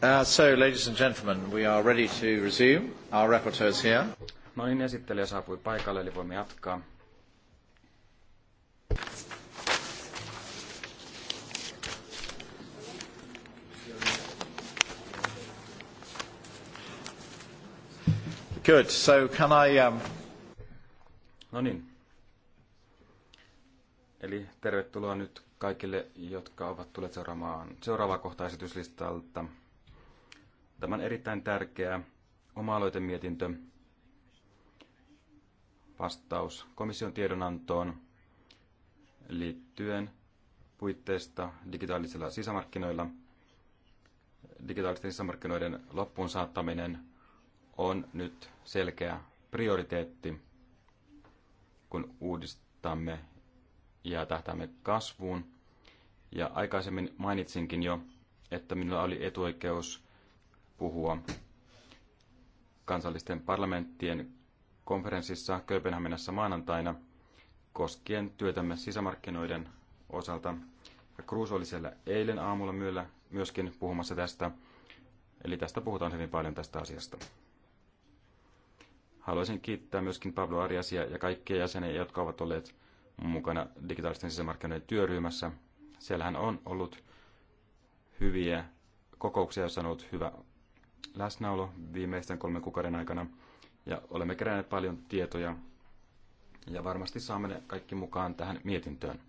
Uh, ladies and gentlemen, we are ready to resume. Our rapporteur's here. No niin, esittelijä saapui paikalle, eli voimme jatkaa. Good. So can I... Um, no niin. Eli tervetuloa nyt kaikille, jotka ovat tulleet seuraamaan seuraavaa kohtaa esityslistalta. Tämä on erittäin tärkeä oma-aloitemietintö, vastaus komission tiedonantoon liittyen puitteista digitaalisilla sisämarkkinoilla. Digitaalisten sisämarkkinoiden loppuun saattaminen on nyt selkeä prioriteetti, kun uudistamme ja tähtäämme kasvuun. Ja aikaisemmin mainitsinkin jo, että minulla oli etuoikeus puhua kansallisten parlamenttien konferenssissa Kööpenhaminassa maanantaina koskien työtämme sisämarkkinoiden osalta. Ja Kruus oli siellä eilen aamulla myöllä myöskin puhumassa tästä, eli tästä puhutaan hyvin paljon tästä asiasta. Haluaisin kiittää myöskin Pablo Ariasia ja kaikkia jäseniä, jotka ovat olleet mukana digitaalisten sisämarkkinoiden työryhmässä. Siellähän on ollut hyviä kokouksia, joissa on ollut hyvä läsnäolo viimeisten kolmen kuukauden aikana ja olemme keränneet paljon tietoja ja varmasti saamme ne kaikki mukaan tähän mietintöön.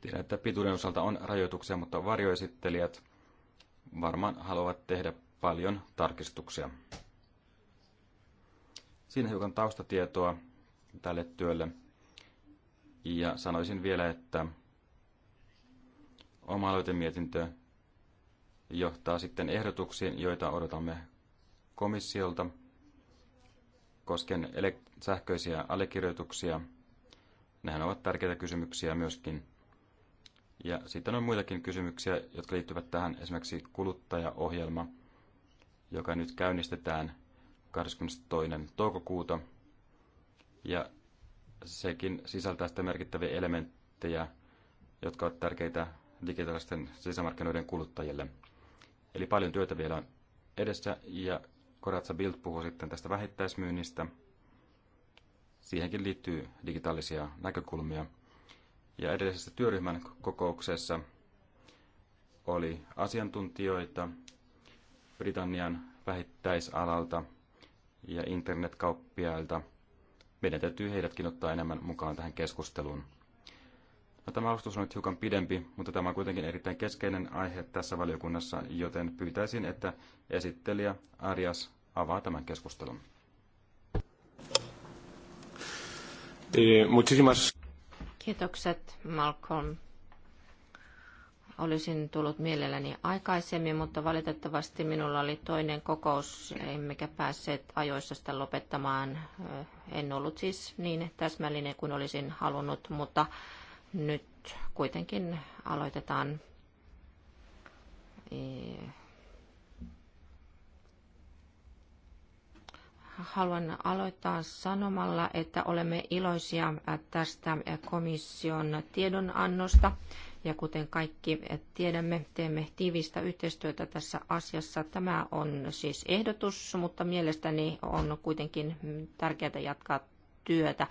Tiedän, että pituuden osalta on rajoituksia, mutta varjoesittelijät varmaan haluavat tehdä paljon tarkistuksia. Siinä hiukan taustatietoa tälle työlle. Ja sanoisin vielä, että oma aloitemietintö johtaa sitten ehdotuksiin, joita odotamme komissiolta koskien sähköisiä allekirjoituksia. Nehän ovat tärkeitä kysymyksiä myöskin. Ja sitten on muitakin kysymyksiä, jotka liittyvät tähän esimerkiksi kuluttajaohjelma, joka nyt käynnistetään 22. toukokuuta. Ja sekin sisältää sitten merkittäviä elementtejä, jotka ovat tärkeitä digitaalisten sisämarkkinoiden kuluttajille. Eli paljon työtä vielä on edessä ja Koratsa Bild puhuu sitten tästä vähittäismyynnistä. Siihenkin liittyy digitaalisia näkökulmia. Ja edellisessä työryhmän kokouksessa oli asiantuntijoita Britannian vähittäisalalta ja internetkauppiailta. Meidän täytyy heidätkin ottaa enemmän mukaan tähän keskusteluun. No, tämä alustus on nyt hiukan pidempi, mutta tämä on kuitenkin erittäin keskeinen aihe tässä valiokunnassa, joten pyytäisin, että esittelijä Arias avaa tämän keskustelun. Eh, Kiitokset Malcolm. Olisin tullut mielelläni aikaisemmin, mutta valitettavasti minulla oli toinen kokous, emmekä päässeet ajoissa sitä lopettamaan. Eh, en ollut siis niin täsmällinen kuin olisin halunnut, mutta nyt kuitenkin aloitetaan e, haluan aloittaa sanomalla, että olemme iloisia tästä komission tiedonannosta. Ja kuten kaikki tiedämme, teemme tiivistä yhteistyötä tässä asiassa. Tämä on siis ehdotus, mutta mielestäni on kuitenkin tärkeää jatkaa työtä.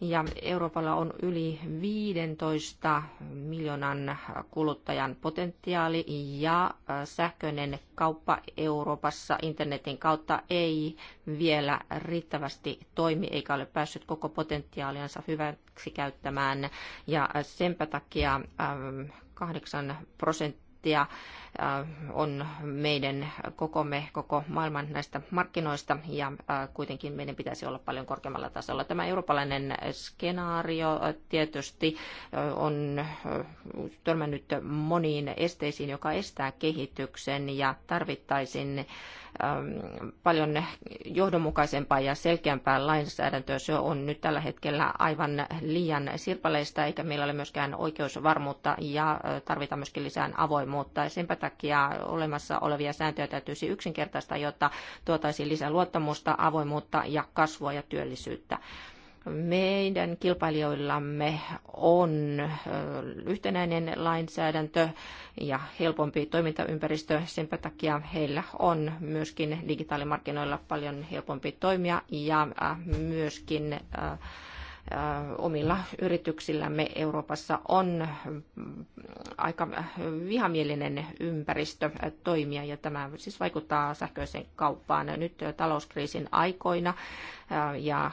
Ja Euroopalla on yli 15 miljoonan kuluttajan potentiaali ja äh, sähköinen kauppa Euroopassa internetin kautta ei vielä riittävästi toimi eikä ole päässyt koko potentiaaliansa hyväksi käyttämään. Ja äh, senpä takia 8 ähm, prosenttia prosenttia äh, on meidän kokomme koko maailman näistä markkinoista ja äh, kuitenkin meidän pitäisi olla paljon korkeammalla tasolla. Tämä eurooppalainen skenaario äh, tietysti on törmännyt moniin esteisiin, joka estää kehityksen ja tarvittaisiin Ähm, paljon johdonmukaisempaa ja selkeämpää lainsäädäntöä. Se on nyt tällä hetkellä aivan liian sirpaleista, eikä meillä ole myöskään oikeusvarmuutta ja äh, tarvitaan myöskin lisää avoimuutta. Ja senpä takia olemassa olevia sääntöjä täytyisi yksinkertaistaa, jotta tuotaisiin lisää luottamusta, avoimuutta ja kasvua ja työllisyyttä. Meidän kilpailijoillamme on yhtenäinen lainsäädäntö ja helpompi toimintaympäristö. Sen takia heillä on myöskin digitaalimarkkinoilla paljon helpompi toimia ja myöskin äh, omilla yrityksillämme Euroopassa on aika vihamielinen ympäristö toimia ja tämä siis vaikuttaa sähköiseen kauppaan. Nyt talouskriisin aikoina ja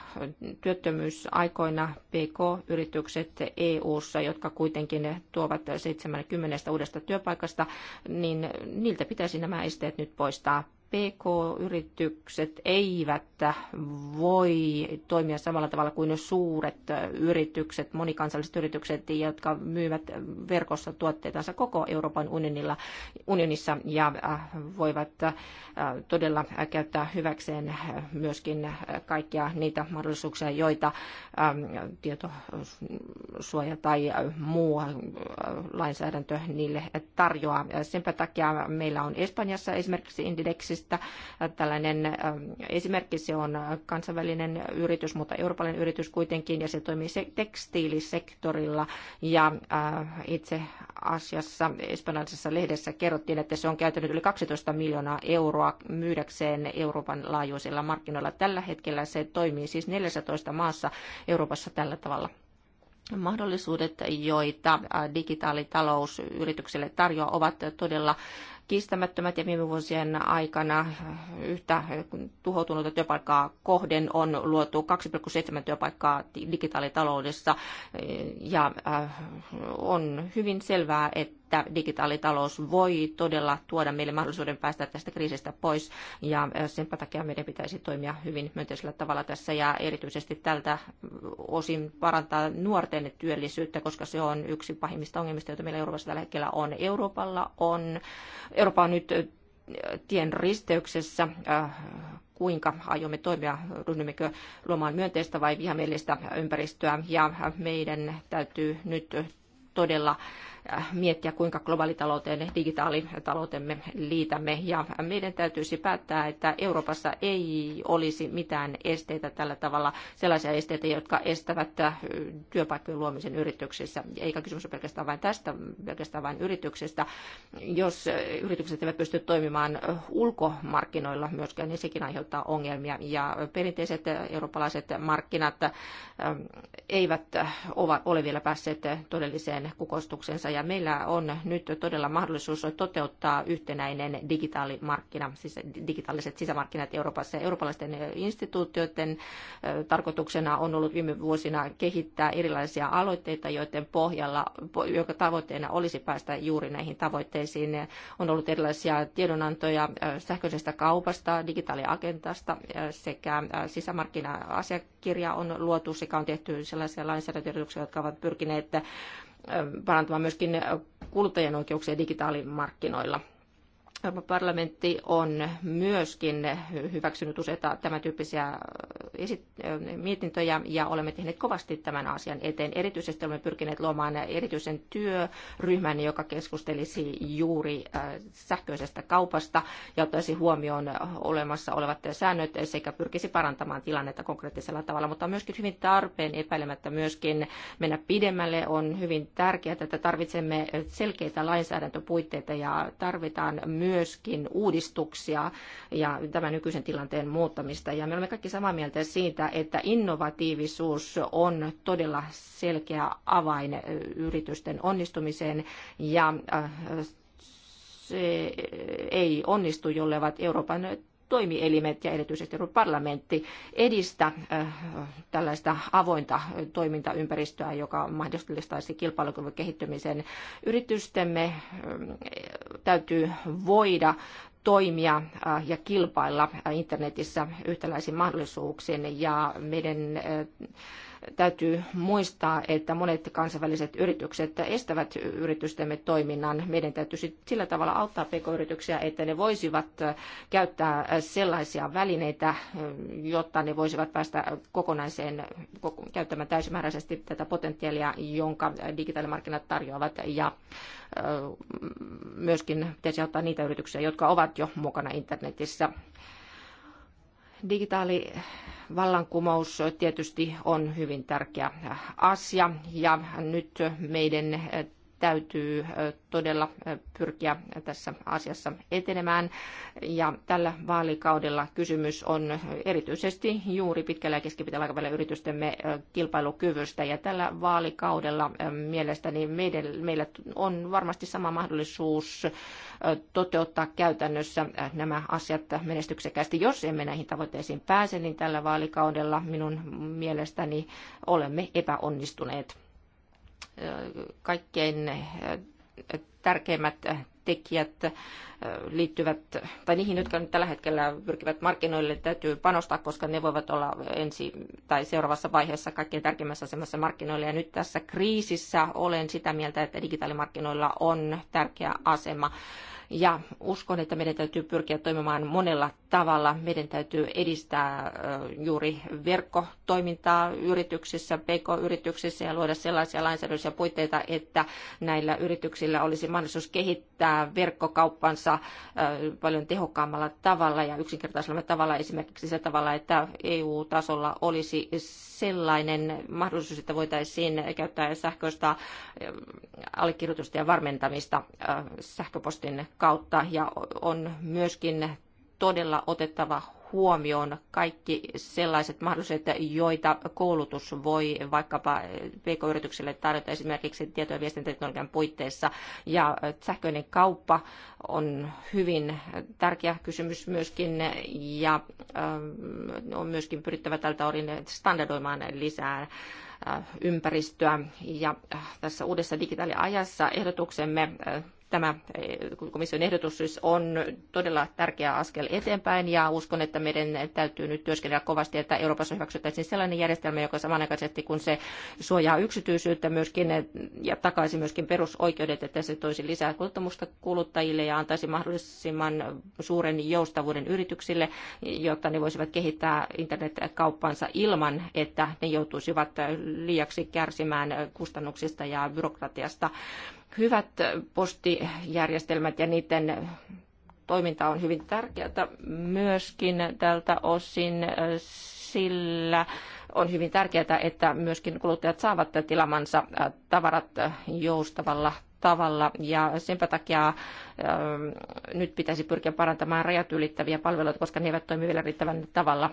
työttömyysaikoina PK-yritykset EU-ssa, jotka kuitenkin tuovat 70 uudesta työpaikasta, niin niiltä pitäisi nämä esteet nyt poistaa PK-yritykset eivät voi toimia samalla tavalla kuin ne suuret yritykset, monikansalliset yritykset, jotka myyvät verkossa tuotteitansa koko Euroopan unionilla, unionissa ja äh, voivat äh, todella käyttää hyväkseen myöskin kaikkia niitä mahdollisuuksia, joita ähm, tietosuoja tai muu äh, lainsäädäntö niille tarjoaa. Senpä takia meillä on Espanjassa esimerkiksi Indidexistä yrityksistä. Tällainen ähm, esimerkki, se on kansainvälinen yritys, mutta eurooppalainen yritys kuitenkin, ja se toimii se tekstiilisektorilla. Ja äh, itse asiassa espanjalaisessa lehdessä kerrottiin, että se on käytänyt yli 12 miljoonaa euroa myydäkseen Euroopan laajuisilla markkinoilla. Tällä hetkellä se toimii siis 14 maassa Euroopassa tällä tavalla mahdollisuudet, joita digitaalitalous yritykselle tarjoaa, ovat todella kiistämättömät ja viime vuosien aikana yhtä tuhoutunutta työpaikkaa kohden on luotu 2,7 työpaikkaa digitaalitaloudessa ja äh, on hyvin selvää, että että digitaalitalous voi todella tuoda meille mahdollisuuden päästä tästä kriisistä pois ja sen takia meidän pitäisi toimia hyvin myönteisellä tavalla tässä ja erityisesti tältä osin parantaa nuorten työllisyyttä, koska se on yksi pahimmista ongelmista, joita meillä Euroopassa tällä hetkellä on. Euroopalla on, Eurooppa on nyt tien risteyksessä kuinka aiomme toimia, ryhdymmekö luomaan myönteistä vai vihamielistä ympäristöä. Ja meidän täytyy nyt todella Äh, miettiä, kuinka globaalitalouteen, digitaalitaloutemme liitämme. Ja meidän täytyisi päättää, että Euroopassa ei olisi mitään esteitä tällä tavalla, sellaisia esteitä, jotka estävät äh, työpaikkojen luomisen yrityksissä. Eikä kysymys ole pelkästään vain tästä, pelkästään vain yrityksestä. Jos äh, yritykset eivät pysty toimimaan ulkomarkkinoilla myöskään, niin sekin aiheuttaa ongelmia. Ja perinteiset eurooppalaiset markkinat eivät ole vielä päässeet todelliseen kukoistukseensa ja meillä on nyt todella mahdollisuus toteuttaa yhtenäinen digitaalimarkkina, siis digitaaliset sisämarkkinat Euroopassa. eurooppalaisten instituutioiden tarkoituksena on ollut viime vuosina kehittää erilaisia aloitteita, joiden pohjalla, joka tavoitteena olisi päästä juuri näihin tavoitteisiin. On ollut erilaisia tiedonantoja sähköisestä kaupasta, digitaaliagentasta sekä sisämarkkina-asiakirja on luotu sekä on tehty sellaisia lainsäädäntöjä, jotka ovat pyrkineet parantamaan myöskin kuluttajien oikeuksia digitaalimarkkinoilla. Euroopan parlamentti on myöskin hyväksynyt useita tämän tyyppisiä äh, äh, mietintöjä ja olemme tehneet kovasti tämän asian eteen. Erityisesti olemme pyrkineet luomaan erityisen työryhmän, joka keskustelisi juuri äh, sähköisestä kaupasta ja ottaisi huomioon olemassa olevat säännöt sekä pyrkisi parantamaan tilannetta konkreettisella tavalla, mutta on myöskin hyvin tarpeen epäilemättä myöskin mennä pidemmälle. On hyvin tärkeää, että tarvitsemme selkeitä lainsäädäntöpuitteita ja tarvitaan myös myöskin uudistuksia ja tämän nykyisen tilanteen muuttamista. Ja me olemme kaikki samaa mieltä siitä, että innovatiivisuus on todella selkeä avain yritysten onnistumiseen ja äh, se ei onnistu, jollevat Euroopan toimielimet ja erityisesti Euroopan parlamentti edistä äh, tällaista avointa toimintaympäristöä, joka mahdollistaisi kilpailukyvyn kehittymisen. Yritystemme äh, täytyy voida toimia äh, ja kilpailla internetissä yhtäläisin mahdollisuuksin ja meidän Täytyy muistaa, että monet kansainväliset yritykset estävät yritystemme toiminnan. Meidän täytyy sillä tavalla auttaa pk-yrityksiä, että ne voisivat äh, käyttää äh, sellaisia välineitä, äh, jotta ne voisivat päästä kokonaiseen käyttämään täysimääräisesti tätä potentiaalia, jonka digitaalimarkkinat tarjoavat. Ja myöskin pitäisi auttaa niitä yrityksiä, jotka ovat jo mukana internetissä. Digitaali vallankumous tietysti on hyvin tärkeä asia ja nyt meidän täytyy todella pyrkiä tässä asiassa etenemään. Ja tällä vaalikaudella kysymys on erityisesti juuri pitkällä ja keskipitkällä aikavälillä yritystemme kilpailukyvystä. Ja tällä vaalikaudella mielestäni meidän, meillä on varmasti sama mahdollisuus toteuttaa käytännössä nämä asiat menestyksekkäästi. Jos emme näihin tavoitteisiin pääse, niin tällä vaalikaudella minun mielestäni olemme epäonnistuneet kaikkein eh, tärkeimmät tekijät eh, liittyvät, tai niihin, jotka nyt tällä hetkellä pyrkivät markkinoille, täytyy panostaa, koska ne voivat olla ensi tai seuraavassa vaiheessa kaikkein tärkeimmässä asemassa markkinoille. Ja nyt tässä kriisissä olen sitä mieltä, että digitaalimarkkinoilla on tärkeä asema ja uskon, että meidän täytyy pyrkiä toimimaan monella tavalla. Meidän täytyy edistää juuri verkkotoimintaa yrityksissä, pk-yrityksissä ja luoda sellaisia lainsäädännöllisiä puitteita, että näillä yrityksillä olisi mahdollisuus kehittää verkkokauppansa paljon tehokkaammalla tavalla ja yksinkertaisella tavalla, esimerkiksi sillä tavalla, että EU-tasolla olisi sellainen mahdollisuus, että voitaisiin käyttää sähköistä allekirjoitusta ja varmentamista sähköpostin kautta ja on myöskin todella otettava huomioon kaikki sellaiset mahdollisuudet, joita koulutus voi vaikkapa PK-yritykselle tarjota esimerkiksi tieto- ja viestintäteknologian puitteissa. Ja sähköinen kauppa on hyvin tärkeä kysymys myöskin ja ähm, on myöskin pyrittävä tältä orin standardoimaan lisää äh, ympäristöä. Ja äh, tässä uudessa digitaaliajassa ehdotuksemme äh, tämä eh, komission ehdotus siis on todella tärkeä askel eteenpäin ja uskon, että meidän täytyy nyt työskennellä kovasti, että Euroopassa hyväksyttäisiin sellainen järjestelmä, joka samanaikaisesti kun se suojaa yksityisyyttä myöskin eh, ja takaisi myöskin perusoikeudet, että se toisi lisää kuluttamusta kuluttajille ja antaisi mahdollisimman suuren joustavuuden yrityksille, jotta ne voisivat kehittää internetkauppansa ilman, että ne joutuisivat liiaksi kärsimään kustannuksista ja byrokratiasta Hyvät postijärjestelmät ja niiden toiminta on hyvin tärkeää myöskin tältä osin, sillä on hyvin tärkeää, että myöskin kuluttajat saavat tilamansa tavarat joustavalla tavalla ja senpä takia äh, nyt pitäisi pyrkiä parantamaan rajat ylittäviä palveluita, koska ne eivät toimi vielä riittävän tavalla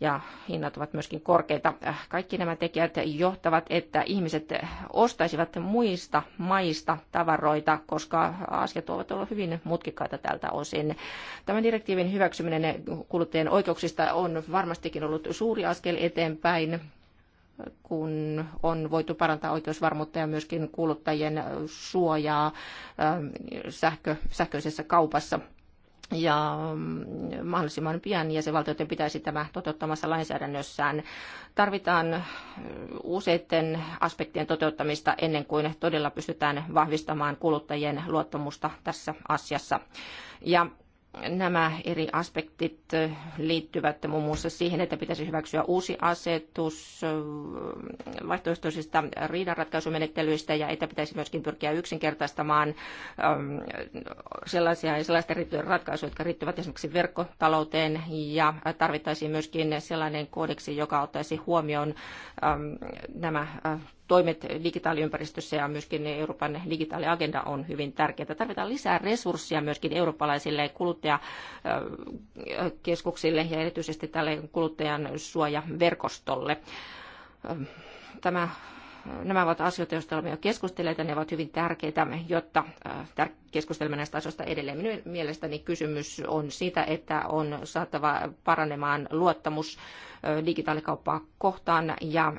ja hinnat ovat myöskin korkeita. Äh, kaikki nämä tekijät johtavat, että ihmiset ostaisivat muista maista tavaroita, koska asiat ovat olleet hyvin mutkikkaita tältä osin. Tämän direktiivin hyväksyminen kuluttajien oikeuksista on varmastikin ollut suuri askel eteenpäin kun on voitu parantaa oikeusvarmuutta ja myöskin kuluttajien suojaa ähm, sähkö, sähköisessä kaupassa ja mm, mahdollisimman pian jäsenvaltioiden pitäisi tämä toteuttamassa lainsäädännössään. Tarvitaan mm, useiden aspektien toteuttamista ennen kuin todella pystytään vahvistamaan kuluttajien luottamusta tässä asiassa. Ja Nämä eri aspektit liittyvät muun muassa siihen, että pitäisi hyväksyä uusi asetus vaihtoehtoisista riidanratkaisumenettelyistä ja että pitäisi myöskin pyrkiä yksinkertaistamaan ähm, sellaisia ja sellaisten ratkaisuja, jotka riittyvät esimerkiksi verkkotalouteen ja tarvittaisiin myöskin sellainen koodeksi, joka ottaisi huomioon ähm, nämä äh, toimet digitaaliympäristössä ja myöskin Euroopan digitaaliagenda on hyvin tärkeää. Tarvitaan lisää resursseja myöskin eurooppalaisille kuluttajakeskuksille ja erityisesti tälle kuluttajan suojaverkostolle. Tämä nämä ovat asioita, joista olemme jo keskustelleet ja ne ovat hyvin tärkeitä, jotta äh, keskustelemme näistä asioista edelleen. Minun mielestäni kysymys on siitä, että on saatava paranemaan luottamus digitaalikauppaa kohtaan ja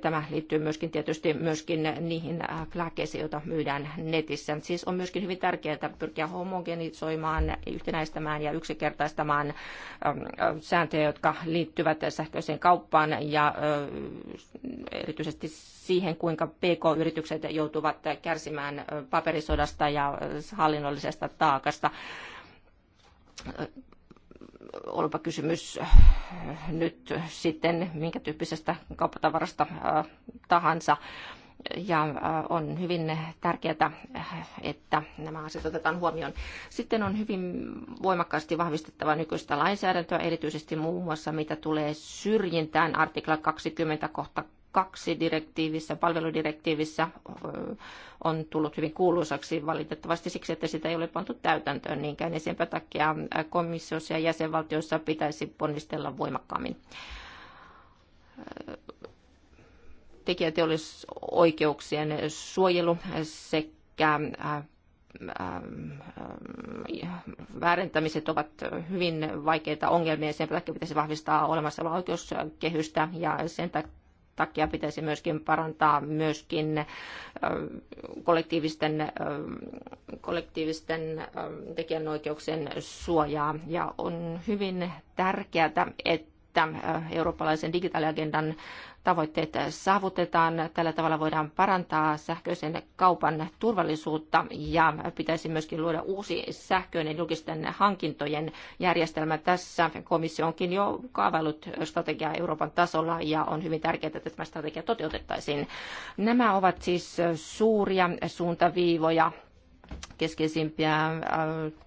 tämä liittyy myöskin tietysti myöskin niihin lääkkeisiin, joita myydään netissä. Siis on myöskin hyvin tärkeää pyrkiä homogenisoimaan, yhtenäistämään ja yksinkertaistamaan sääntöjä, jotka liittyvät sähköiseen kauppaan ja erityisesti siihen, kuinka PK-yritykset joutuvat kärsimään paperisodasta ja hallinnollisesta taakasta olipa kysymys nyt sitten minkä tyyppisestä kauppatavarasta tahansa. Ja on hyvin tärkeää, että nämä asiat otetaan huomioon. Sitten on hyvin voimakkaasti vahvistettava nykyistä lainsäädäntöä, erityisesti muun muassa mitä tulee syrjintään artikla 20 kohta kaksi direktiivissä, palveludirektiivissä on tullut hyvin kuuluisaksi valitettavasti siksi, että sitä ei ole pantu täytäntöön niinkään. Ja senpä takia komissiossa ja jäsenvaltioissa pitäisi ponnistella voimakkaammin tekijäteollisoikeuksien suojelu sekä väärentämiset ovat hyvin vaikeita ongelmia. Sen takia pitäisi vahvistaa olemassa olevan oikeuskehystä ja sen takia pitäisi myöskin parantaa myöskin kollektiivisten, kollektiivisten tekijänoikeuksien suojaa. Ja on hyvin tärkeää, että eurooppalaisen digitaaliagendan tavoitteet saavutetaan. Tällä tavalla voidaan parantaa sähköisen kaupan turvallisuutta ja pitäisi myöskin luoda uusi sähköinen julkisten hankintojen järjestelmä. Tässä komissio onkin jo kaavailut strategiaa Euroopan tasolla ja on hyvin tärkeää, että tämä strategia toteutettaisiin. Nämä ovat siis suuria suuntaviivoja keskeisimpiä äh,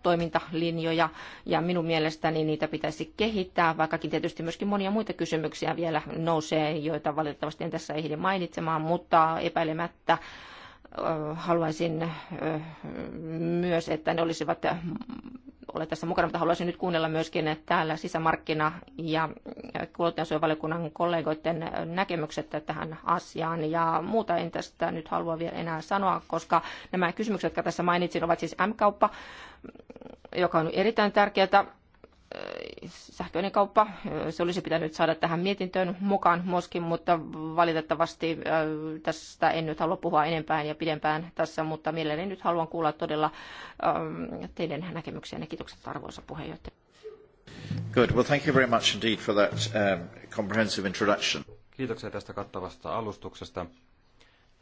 toimintalinjoja ja minun mielestäni niitä pitäisi kehittää, vaikkakin tietysti myöskin monia muita kysymyksiä vielä nousee, joita valitettavasti en tässä ehdi mainitsemaan, mutta epäilemättä haluaisin myös, että ne olisivat ole tässä mukana, mutta haluaisin nyt kuunnella myöskin täällä sisämarkkina- ja kuluttajansuojavaliokunnan kollegoiden näkemykset tähän asiaan. Ja muuta en tästä nyt halua vielä enää sanoa, koska nämä kysymykset, jotka tässä mainitsin, ovat siis M-kauppa, joka on erittäin tärkeää sähköinen kauppa, se olisi pitänyt saada tähän mietintöön mukaan moskin, mutta valitettavasti äh, tästä en nyt halua puhua enempään ja pidempään tässä, mutta mielelläni nyt haluan kuulla todella ähm, teidän ja Kiitokset arvoisa puheenjohtaja. Good. Well, thank you very much indeed for that um, comprehensive introduction. Kiitoksia tästä kattavasta alustuksesta.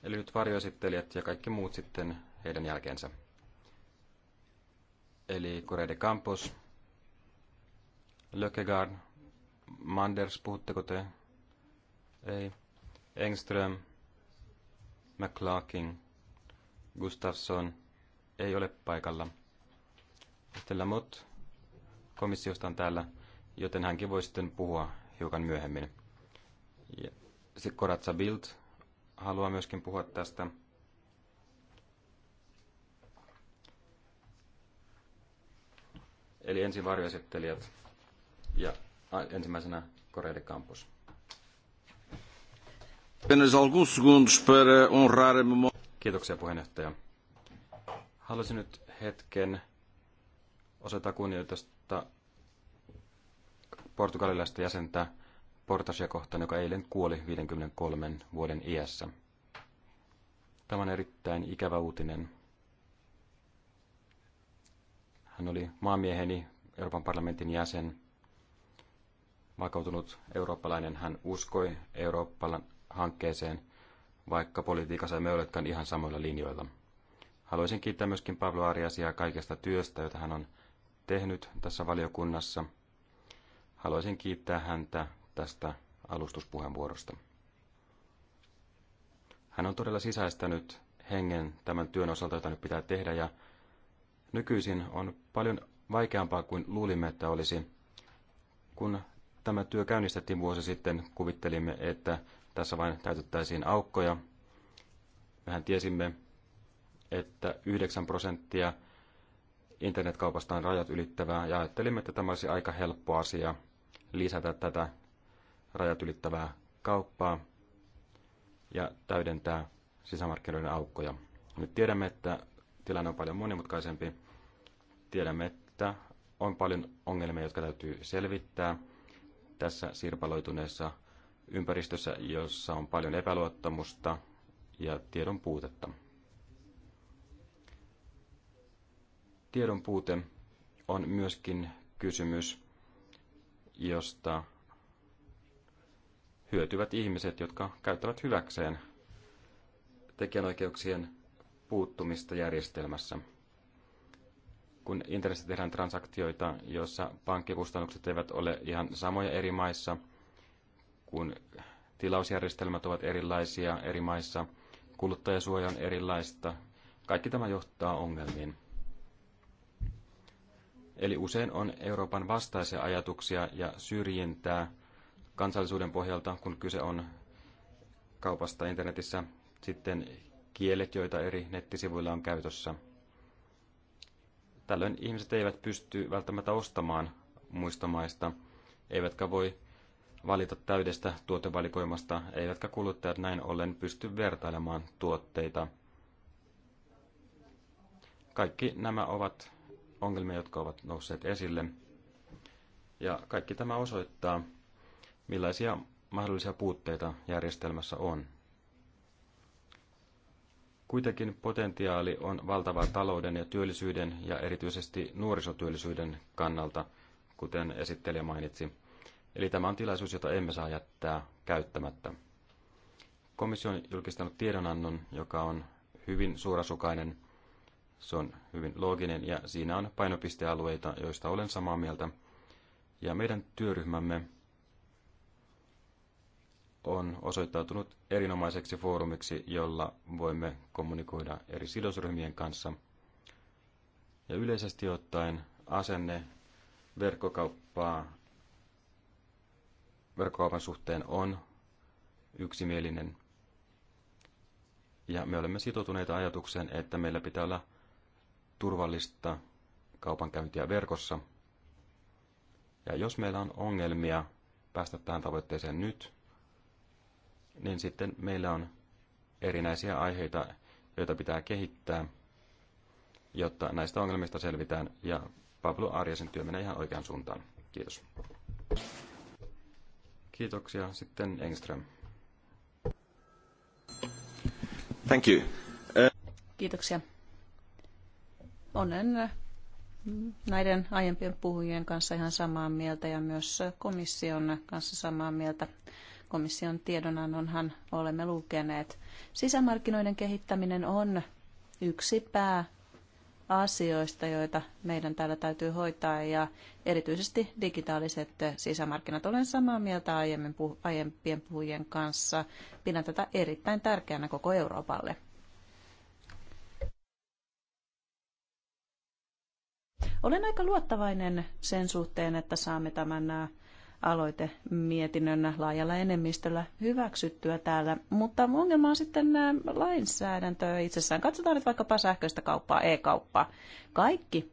Eli nyt varjoesittelijät ja kaikki muut sitten heidän jälkeensä. Eli Correa de Campos, Lökegaard, Manders, puhutteko te? Ei. Engström, McClarkin, Gustafsson ei ole paikalla. Stella Mott komissiosta on täällä, joten hänkin voi sitten puhua hiukan myöhemmin. Ja sitten Koratsa Bild haluaa myöskin puhua tästä. Eli ensin varjoesittelijät. Ja ensimmäisenä Koreide Campus. Kiitoksia puheenjohtaja. Haluaisin nyt hetken osoittaa kunnioitusta portugalilaista jäsentä Portasia kohtaan, joka eilen kuoli 53 vuoden iässä. Tämä on erittäin ikävä uutinen. Hän oli maamieheni Euroopan parlamentin jäsen – vakautunut eurooppalainen, hän uskoi Euroopan hankkeeseen, vaikka politiikassa emme olekaan ihan samoilla linjoilla. Haluaisin kiittää myöskin Pablo Ariasia kaikesta työstä, jota hän on tehnyt tässä valiokunnassa. Haluaisin kiittää häntä tästä alustuspuheenvuorosta. Hän on todella sisäistänyt hengen tämän työn osalta, jota nyt pitää tehdä, ja nykyisin on paljon vaikeampaa kuin luulimme, että olisi, kun tämä työ käynnistettiin vuosi sitten, kuvittelimme, että tässä vain täytettäisiin aukkoja. Mehän tiesimme, että 9 prosenttia internetkaupasta on rajat ylittävää ja ajattelimme, että tämä olisi aika helppo asia lisätä tätä rajat ylittävää kauppaa ja täydentää sisämarkkinoiden aukkoja. Nyt tiedämme, että tilanne on paljon monimutkaisempi. Tiedämme, että on paljon ongelmia, jotka täytyy selvittää – tässä sirpaloituneessa ympäristössä, jossa on paljon epäluottamusta ja tiedon puutetta. Tiedon puute on myöskin kysymys, josta hyötyvät ihmiset, jotka käyttävät hyväkseen tekijänoikeuksien puuttumista järjestelmässä kun internetissä tehdään transaktioita, joissa pankkikustannukset eivät ole ihan samoja eri maissa, kun tilausjärjestelmät ovat erilaisia eri maissa, kuluttajasuoja on erilaista, kaikki tämä johtaa ongelmiin. Eli usein on Euroopan vastaisia ajatuksia ja syrjintää kansallisuuden pohjalta, kun kyse on kaupasta internetissä, sitten kielet, joita eri nettisivuilla on käytössä – Tällöin ihmiset eivät pysty välttämättä ostamaan muista maista, eivätkä voi valita täydestä tuotevalikoimasta, eivätkä kuluttajat näin ollen pysty vertailemaan tuotteita. Kaikki nämä ovat ongelmia, jotka ovat nousseet esille. Ja kaikki tämä osoittaa, millaisia mahdollisia puutteita järjestelmässä on. Kuitenkin potentiaali on valtava talouden ja työllisyyden ja erityisesti nuorisotyöllisyyden kannalta, kuten esittelijä mainitsi. Eli tämä on tilaisuus, jota emme saa jättää käyttämättä. Komissio on julkistanut tiedonannon, joka on hyvin suorasukainen, se on hyvin looginen ja siinä on painopistealueita, joista olen samaa mieltä. Ja meidän työryhmämme on osoittautunut erinomaiseksi foorumiksi, jolla voimme kommunikoida eri sidosryhmien kanssa. Ja yleisesti ottaen asenne verkkokauppaa, verkkokaupan suhteen on yksimielinen. Ja me olemme sitoutuneita ajatukseen, että meillä pitää olla turvallista kaupankäyntiä verkossa. Ja jos meillä on ongelmia päästä tähän tavoitteeseen nyt, niin sitten meillä on erinäisiä aiheita, joita pitää kehittää, jotta näistä ongelmista selvitään. Ja Pablo Arjasen työ menee ihan oikeaan suuntaan. Kiitos. Kiitoksia. Sitten Engström. Thank you. Kiitoksia. Onnen näiden aiempien puhujien kanssa ihan samaa mieltä ja myös komission kanssa samaa mieltä komission tiedonannonhan olemme lukeneet. Sisämarkkinoiden kehittäminen on yksi pää asioista, joita meidän täällä täytyy hoitaa ja erityisesti digitaaliset sisämarkkinat. Olen samaa mieltä aiemmin, aiempien puhujien kanssa. Pidän tätä erittäin tärkeänä koko Euroopalle. Olen aika luottavainen sen suhteen, että saamme tämän äh, aloite mietinnön laajalla enemmistöllä hyväksyttyä täällä. Mutta ongelma on sitten lainsäädäntö itsessään. Katsotaan nyt vaikkapa sähköistä kauppaa, e-kauppaa. Kaikki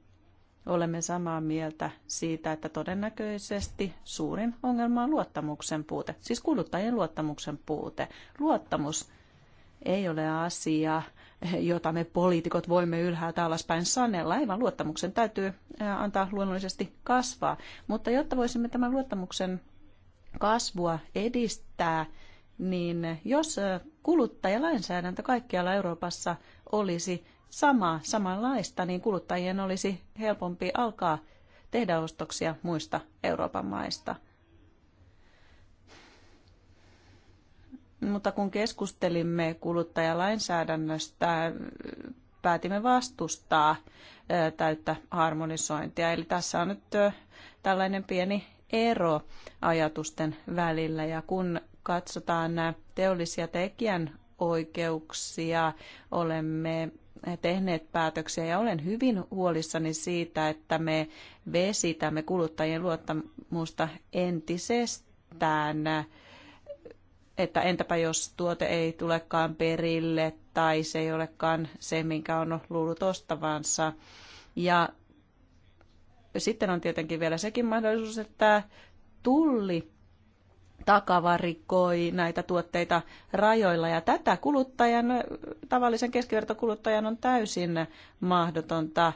olemme samaa mieltä siitä, että todennäköisesti suurin ongelma on luottamuksen puute, siis kuluttajien luottamuksen puute. Luottamus ei ole asia, jota me poliitikot voimme ylhäältä alaspäin sanella. vaan luottamuksen täytyy antaa luonnollisesti kasvaa. Mutta jotta voisimme tämän luottamuksen kasvua edistää, niin jos kuluttajalainsäädäntö kaikkialla Euroopassa olisi sama, samanlaista, niin kuluttajien olisi helpompi alkaa tehdä ostoksia muista Euroopan maista – Mutta kun keskustelimme kuluttajalainsäädännöstä, päätimme vastustaa täyttä harmonisointia. Eli tässä on nyt tällainen pieni ero ajatusten välillä. Ja kun katsotaan teollisia tekijän oikeuksia, olemme tehneet päätöksiä ja olen hyvin huolissani siitä, että me vesitämme kuluttajien luottamusta entisestään että entäpä jos tuote ei tulekaan perille tai se ei olekaan se, minkä on luullut ostavansa. Ja sitten on tietenkin vielä sekin mahdollisuus, että tulli takavarikoi näitä tuotteita rajoilla ja tätä kuluttajan, tavallisen keskivertokuluttajan on täysin mahdotonta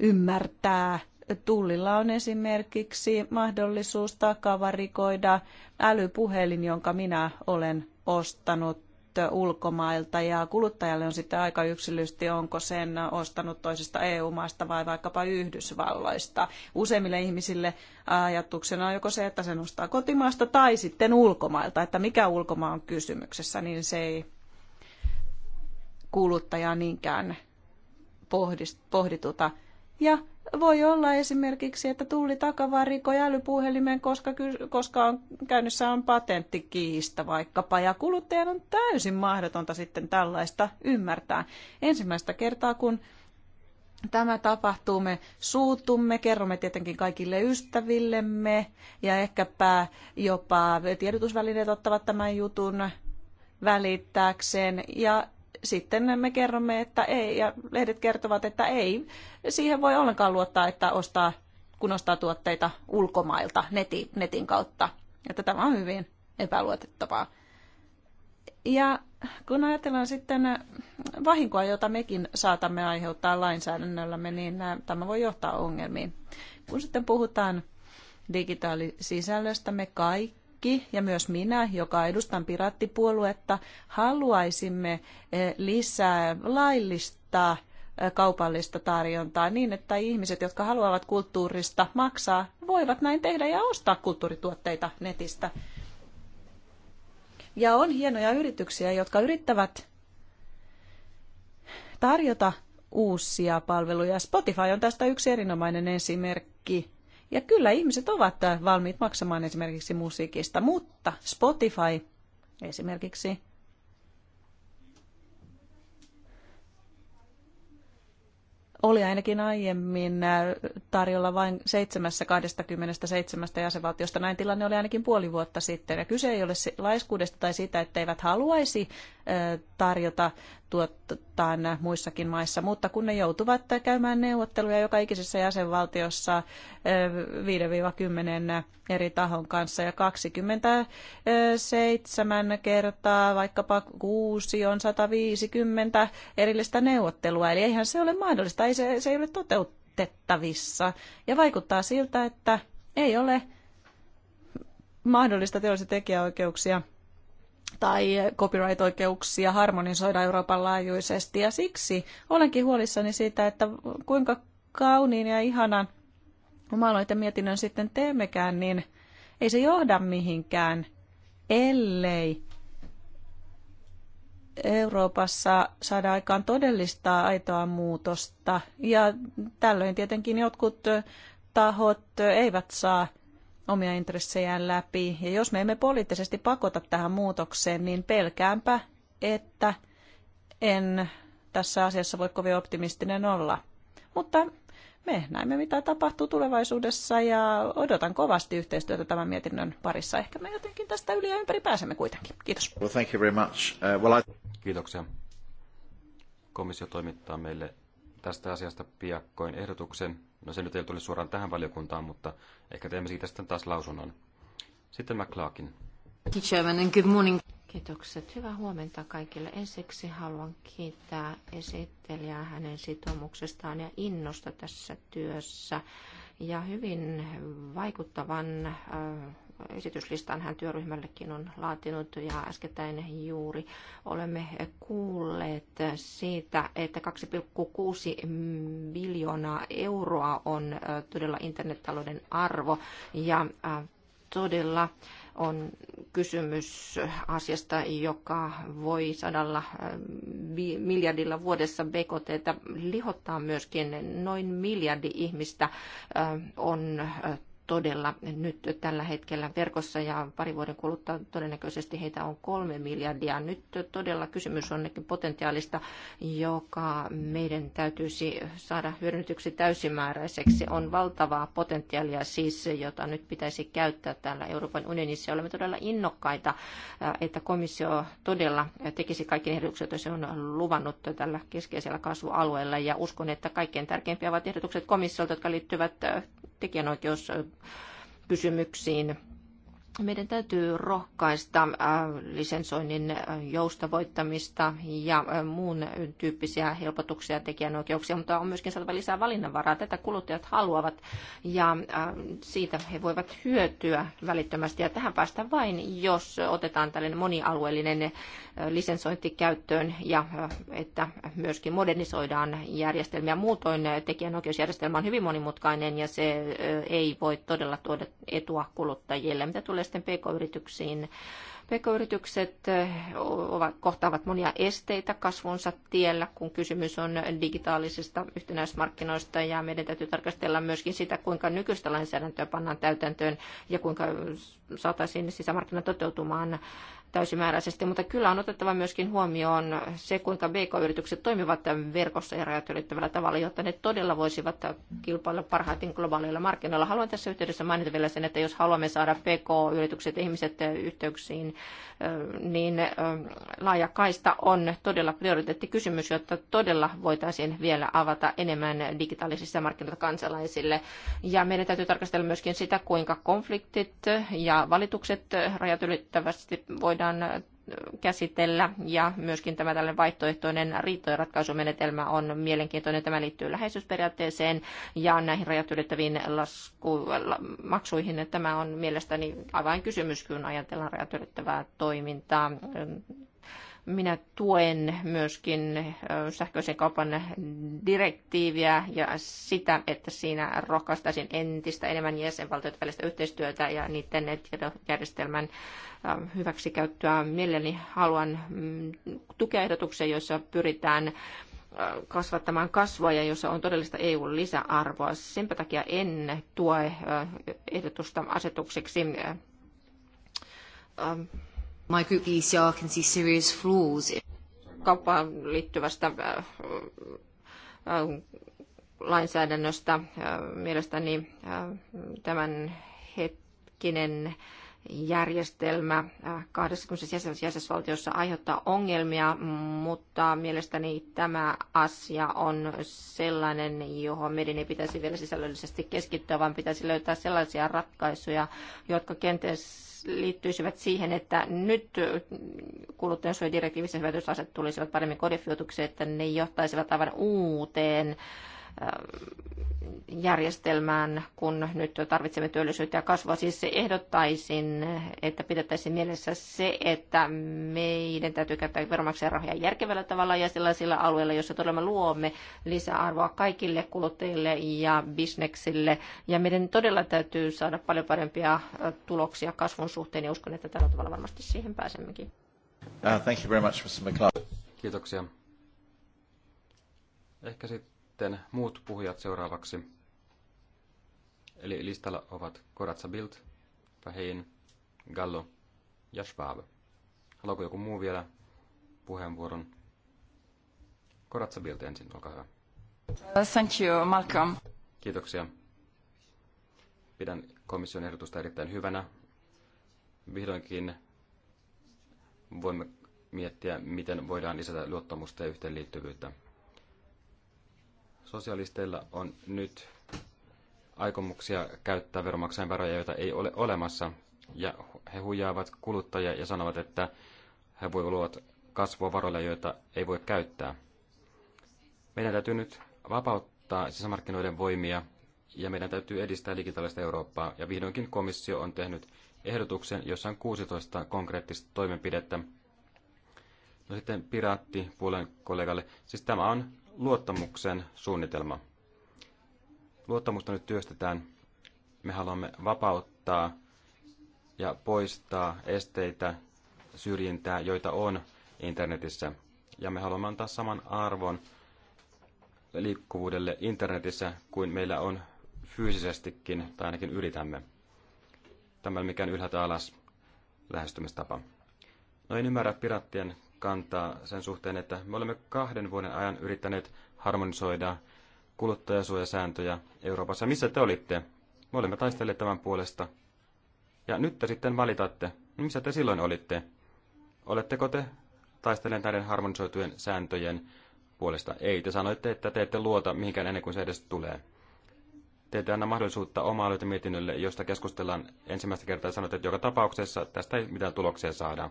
ymmärtää Tullilla on esimerkiksi mahdollisuus takavarikoida älypuhelin, jonka minä olen ostanut ulkomailta ja kuluttajalle on sitten aika yksilösti, onko sen ostanut toisesta EU-maasta vai vaikkapa Yhdysvalloista. Useimmille ihmisille ajatuksena on joko se, että sen ostaa kotimaasta tai sitten ulkomailta, että mikä ulkomaan on kysymyksessä, niin se ei kuluttajaa niinkään pohdituta. Ja voi olla esimerkiksi, että tuli takavarikoi älypuhelimen, koska, koska on, käynnissä on patenttikiista vaikkapa, ja kuluttajan on täysin mahdotonta sitten tällaista ymmärtää. Ensimmäistä kertaa, kun tämä tapahtuu, me suutumme, kerromme tietenkin kaikille ystävillemme, ja ehkäpä jopa tiedotusvälineet ottavat tämän jutun välittääkseen, ja sitten me kerromme, että ei, ja lehdet kertovat, että ei. Siihen voi ollenkaan luottaa, että ostaa, kun ostaa tuotteita ulkomailta netin, netin kautta. Että tämä on hyvin epäluotettavaa. Ja kun ajatellaan sitten vahinkoa, jota mekin saatamme aiheuttaa lainsäädännöllämme, niin tämä voi johtaa ongelmiin. Kun sitten puhutaan digitaalisisällöstä, me kaikki kaikki ja myös minä, joka edustan piraattipuoluetta, haluaisimme eh, lisää laillista eh, kaupallista tarjontaa niin, että ihmiset, jotka haluavat kulttuurista maksaa, voivat näin tehdä ja ostaa kulttuurituotteita netistä. Ja on hienoja yrityksiä, jotka yrittävät tarjota uusia palveluja. Spotify on tästä yksi erinomainen esimerkki. Ja kyllä ihmiset ovat valmiit maksamaan esimerkiksi musiikista, mutta Spotify esimerkiksi oli ainakin aiemmin tarjolla vain 7-27 jäsenvaltiosta. Näin tilanne oli ainakin puoli vuotta sitten. Ja kyse ei ole laiskuudesta tai sitä, että eivät haluaisi tarjota tuotetaan muissakin maissa, mutta kun ne joutuvat käymään neuvotteluja joka ikisessä jäsenvaltiossa 5-10 eh, eri tahon kanssa ja 27 kertaa vaikkapa 6 on 150 erillistä neuvottelua, eli eihän se ole mahdollista, ei se, se ei ole toteutettavissa ja vaikuttaa siltä, että ei ole mahdollista teollisia tekijäoikeuksia tai copyright-oikeuksia harmonisoida Euroopan laajuisesti. Ja siksi olenkin huolissani siitä, että kuinka kauniin ja ihanan oma mietinnön sitten teemmekään, niin ei se johda mihinkään, ellei Euroopassa saada aikaan todellista aitoa muutosta. Ja tällöin tietenkin jotkut tahot eivät saa omia intressejään läpi. Ja jos me emme poliittisesti pakota tähän muutokseen, niin pelkäänpä, että en tässä asiassa voi kovin optimistinen olla. Mutta me näemme, mitä tapahtuu tulevaisuudessa ja odotan kovasti yhteistyötä tämän mietinnön parissa. Ehkä me jotenkin tästä yli ja ympäri pääsemme kuitenkin. Kiitos. Well, thank you very much. Uh, well, I... Kiitoksia. Komissio toimittaa meille tästä asiasta piakkoin ehdotuksen. No se nyt ei tule suoraan tähän valiokuntaan, mutta Ehkä teemme siitä sitten taas lausunnon. Sitten McClarkin. Good morning. Kiitokset. Hyvää huomenta kaikille. Ensiksi haluan kiittää esittelijää hänen sitoumuksestaan ja innosta tässä työssä ja hyvin vaikuttavan äh, esityslistan hän työryhmällekin on laatinut ja äskettäin juuri olemme kuulleet siitä, että 2,6 biljoonaa euroa on todella internettalouden arvo ja todella on kysymys asiasta, joka voi sadalla miljardilla vuodessa BKT lihottaa myöskin noin miljardi ihmistä on todella nyt tällä hetkellä verkossa ja pari vuoden kuluttua todennäköisesti heitä on kolme miljardia. Nyt todella kysymys on potentiaalista, joka meidän täytyisi saada hyödynnetyksi täysimääräiseksi. On valtavaa potentiaalia siis, jota nyt pitäisi käyttää täällä Euroopan unionissa. Olemme todella innokkaita, että komissio todella tekisi kaikki ehdotukset, joita se on luvannut tällä keskeisellä kasvualueella. Ja uskon, että kaikkein tärkeimpiä ovat ehdotukset komissiolta, jotka liittyvät tekijänoikeuskysymyksiin meidän täytyy rohkaista äh, lisensoinnin äh, joustavoittamista ja äh, muun tyyppisiä helpotuksia ja tekijänoikeuksia, mutta on myöskin saatava lisää valinnanvaraa. Tätä kuluttajat haluavat ja siitä he voivat hyötyä välittömästi. Ja tähän päästään vain, jos otetaan tällainen monialueellinen lisensointi käyttöön ja että myöskin modernisoidaan järjestelmiä. Muutoin tekijänoikeusjärjestelmä on hyvin monimutkainen ja se ei voi todella tuoda etua kuluttajille. Mitä tulee puolalaisten pk-yrityksiin. PK-yritykset eh, ovat, kohtaavat monia esteitä kasvunsa tiellä, kun kysymys on digitaalisista yhtenäismarkkinoista ja meidän täytyy tarkastella myöskin sitä, kuinka nykyistä lainsäädäntöä pannaan täytäntöön ja kuinka saataisiin sisämarkkina toteutumaan täysimääräisesti, mutta kyllä on otettava myöskin huomioon se, kuinka BK-yritykset toimivat verkossa ja rajat ylittävällä tavalla, jotta ne todella voisivat kilpailla parhaiten globaaleilla markkinoilla. Haluan tässä yhteydessä mainita vielä sen, että jos haluamme saada BK-yritykset ihmiset yhteyksiin, niin laajakaista on todella prioriteettikysymys, jotta todella voitaisiin vielä avata enemmän digitaalisissa markkinoilla kansalaisille. Ja meidän täytyy tarkastella myöskin sitä, kuinka konfliktit ja valitukset rajat ylittävästi voidaan voidaan käsitellä ja myöskin tämä tällainen vaihtoehtoinen riittojenratkaisumenetelmä on mielenkiintoinen. Tämä liittyy läheisyysperiaatteeseen ja näihin rajat ylittäviin lasku- maksuihin. Tämä on mielestäni avainkysymys, kun ajatellaan rajat ylittävää toimintaa minä tuen myöskin sähköisen kaupan direktiiviä ja sitä, että siinä rohkaistaisiin entistä enemmän jäsenvaltioiden välistä yhteistyötä ja niiden tietojärjestelmän hyväksikäyttöä. Mielelläni haluan mm, tukea ehdotuksia, joissa pyritään kasvattamaan kasvua ja jossa on todellista EU-lisäarvoa. Senpä takia en tue ehdotusta asetukseksi My group, the ECR, can see serious flaws. Kauppaan liittyvästä äh, äh, lainsäädännöstä äh, mielestäni tämän hetkinen järjestelmä 27 jäsenvaltiossa aiheuttaa ongelmia, mutta mielestäni tämä asia on sellainen, johon meidän ei pitäisi vielä sisällöllisesti keskittyä, vaan pitäisi löytää sellaisia ratkaisuja, jotka kenties liittyisivät siihen, että nyt kuluttajansuojadirektiivissä hyvätysaset tulisivat paremmin kodifioituksi, että ne johtaisivat aivan uuteen Äh, järjestelmään, kun nyt tarvitsemme työllisyyttä ja kasvua. Siis ehdottaisin, että pidettäisiin mielessä se, että meidän täytyy käyttää veronmaksajan rahoja järkevällä tavalla ja sellaisilla alueilla, joissa todella luomme lisäarvoa kaikille kuluttajille ja bisneksille. Ja meidän todella täytyy saada paljon parempia äh, tuloksia kasvun suhteen ja uskon, että tällä tavalla varmasti siihen pääsemmekin. Uh, thank you very much, Mr. Kiitoksia. Ehkä sitten sitten muut puhujat seuraavaksi. Eli listalla ovat Koratsa Bild, Fahein, Gallo ja Schwab. Haluaako joku muu vielä puheenvuoron? Koratsa Bild ensin, olkaa hyvä. Uh, thank you, Malcolm. Kiitoksia. Pidän komission ehdotusta erittäin hyvänä. Vihdoinkin voimme miettiä, miten voidaan lisätä luottamusta ja yhteenliittyvyyttä. Sosialisteilla on nyt aikomuksia käyttää veronmaksajan varoja, joita ei ole olemassa. Ja he huijaavat kuluttajia ja sanovat, että he voivat luoda kasvua varoilla, joita ei voi käyttää. Meidän täytyy nyt vapauttaa sisämarkkinoiden voimia ja meidän täytyy edistää digitaalista Eurooppaa. Ja vihdoinkin komissio on tehnyt ehdotuksen, jossa on 16 konkreettista toimenpidettä. No sitten piraattipuolen kollegalle. Siis tämä on luottamuksen suunnitelma. Luottamusta nyt työstetään. Me haluamme vapauttaa ja poistaa esteitä, syrjintää, joita on internetissä. Ja me haluamme antaa saman arvon liikkuvuudelle internetissä kuin meillä on fyysisestikin, tai ainakin yritämme. Tämä ei mikään ylhäältä alas lähestymistapa. No en ymmärrä pirattien kantaa sen suhteen, että me olemme kahden vuoden ajan yrittäneet harmonisoida kuluttajasuojasääntöjä Euroopassa. Missä te olitte? Me olemme taistelleet tämän puolesta. Ja nyt te sitten valitatte. No, missä te silloin olitte? Oletteko te taistelleet näiden harmonisoitujen sääntöjen puolesta? Ei, te sanoitte, että te ette luota mihinkään ennen kuin se edes tulee. Te ette anna mahdollisuutta oma aloitemietinnölle, josta keskustellaan ensimmäistä kertaa ja sanotte, että joka tapauksessa tästä ei mitään tuloksia saada.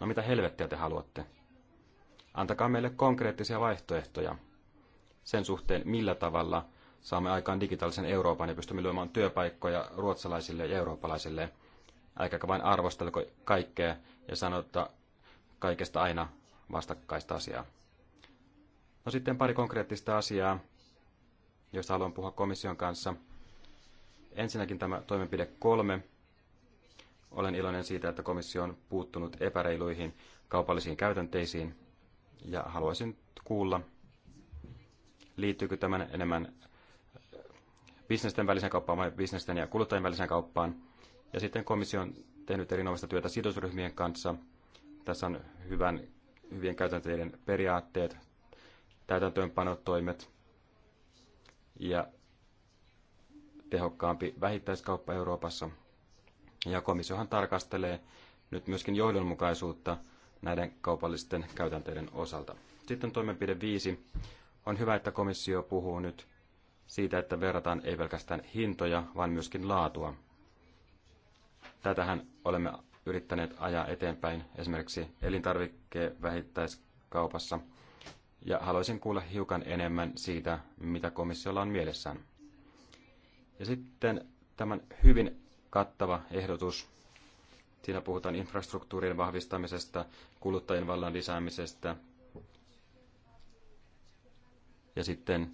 No mitä helvettiä te haluatte? Antakaa meille konkreettisia vaihtoehtoja sen suhteen, millä tavalla saamme aikaan digitaalisen Euroopan ja pystymme luomaan työpaikkoja ruotsalaisille ja eurooppalaisille. Älkääkä vain arvostelko kaikkea ja sanota kaikesta aina vastakkaista asiaa. No sitten pari konkreettista asiaa, joista haluan puhua komission kanssa. Ensinnäkin tämä toimenpide kolme, olen iloinen siitä, että komissio on puuttunut epäreiluihin kaupallisiin käytänteisiin ja haluaisin kuulla, liittyykö tämän enemmän eh, bisnesten väliseen kauppaan vai bisnesten ja kuluttajien väliseen kauppaan. Ja sitten komissio on tehnyt erinomaista työtä sidosryhmien kanssa. Tässä on hyvän, hyvien käytänteiden periaatteet, täytäntöönpanotoimet ja tehokkaampi vähittäiskauppa Euroopassa. Ja komissiohan tarkastelee nyt myöskin johdonmukaisuutta näiden kaupallisten käytänteiden osalta. Sitten toimenpide 5. On hyvä, että komissio puhuu nyt siitä, että verrataan ei pelkästään hintoja, vaan myöskin laatua. Tätähän olemme yrittäneet ajaa eteenpäin esimerkiksi elintarvikkeen vähittäiskaupassa. Ja haluaisin kuulla hiukan enemmän siitä, mitä komissiolla on mielessään. Ja sitten tämän hyvin kattava ehdotus. Siinä puhutaan infrastruktuurien vahvistamisesta, kuluttajien vallan lisäämisestä ja sitten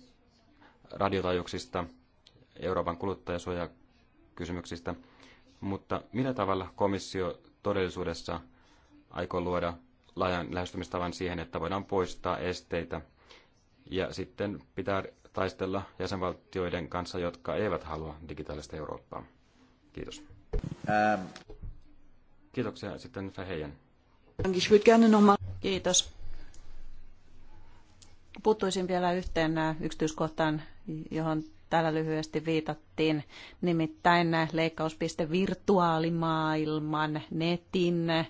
radiotajuksista, Euroopan kuluttajasuojakysymyksistä. Mutta millä tavalla komissio todellisuudessa aikoo luoda laajan lähestymistavan siihen, että voidaan poistaa esteitä ja sitten pitää taistella jäsenvaltioiden kanssa, jotka eivät halua digitaalista Eurooppaa. Kiitos. Ähm. Kiitoksia sitten Feheijan. Kiitos. Puuttuisin vielä yhteen äh, yksityiskohtaan, johon täällä lyhyesti viitattiin, nimittäin äh, leikkauspiste virtuaalimaailman, netin äh,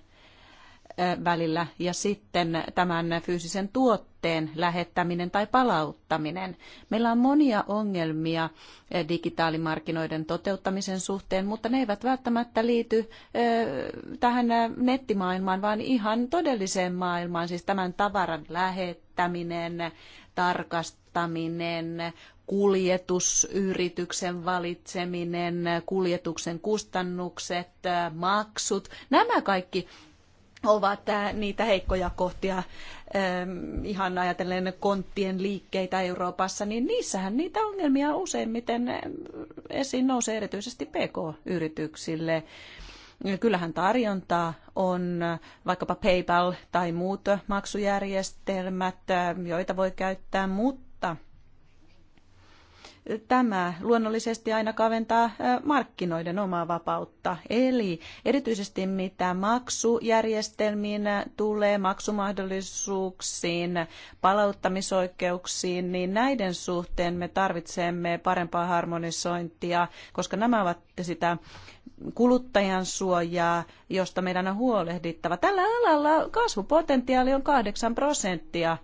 välillä ja sitten tämän fyysisen tuotteen lähettäminen tai palauttaminen. Meillä on monia ongelmia eh, digitaalimarkkinoiden toteuttamisen suhteen, mutta ne eivät välttämättä liity eh, tähän eh, nettimaailmaan, vaan ihan todelliseen maailmaan, siis tämän tavaran lähettäminen, tarkastaminen, kuljetusyrityksen valitseminen, kuljetuksen kustannukset, maksut. Nämä kaikki ovat äh, niitä heikkoja kohtia ähm, ihan ajatellen konttien liikkeitä Euroopassa, niin niissähän niitä ongelmia useimmiten äh, esiin nousee erityisesti PK-yrityksille. Kyllähän tarjontaa on äh, vaikkapa PayPal tai muut maksujärjestelmät, joita voi käyttää, mutta tämä luonnollisesti aina kaventaa markkinoiden omaa vapautta. Eli erityisesti mitä maksujärjestelmiin tulee, maksumahdollisuuksiin, palauttamisoikeuksiin, niin näiden suhteen me tarvitsemme parempaa harmonisointia, koska nämä ovat sitä kuluttajan suojaa, josta meidän on huolehdittava. Tällä alalla kasvupotentiaali on 8 prosenttia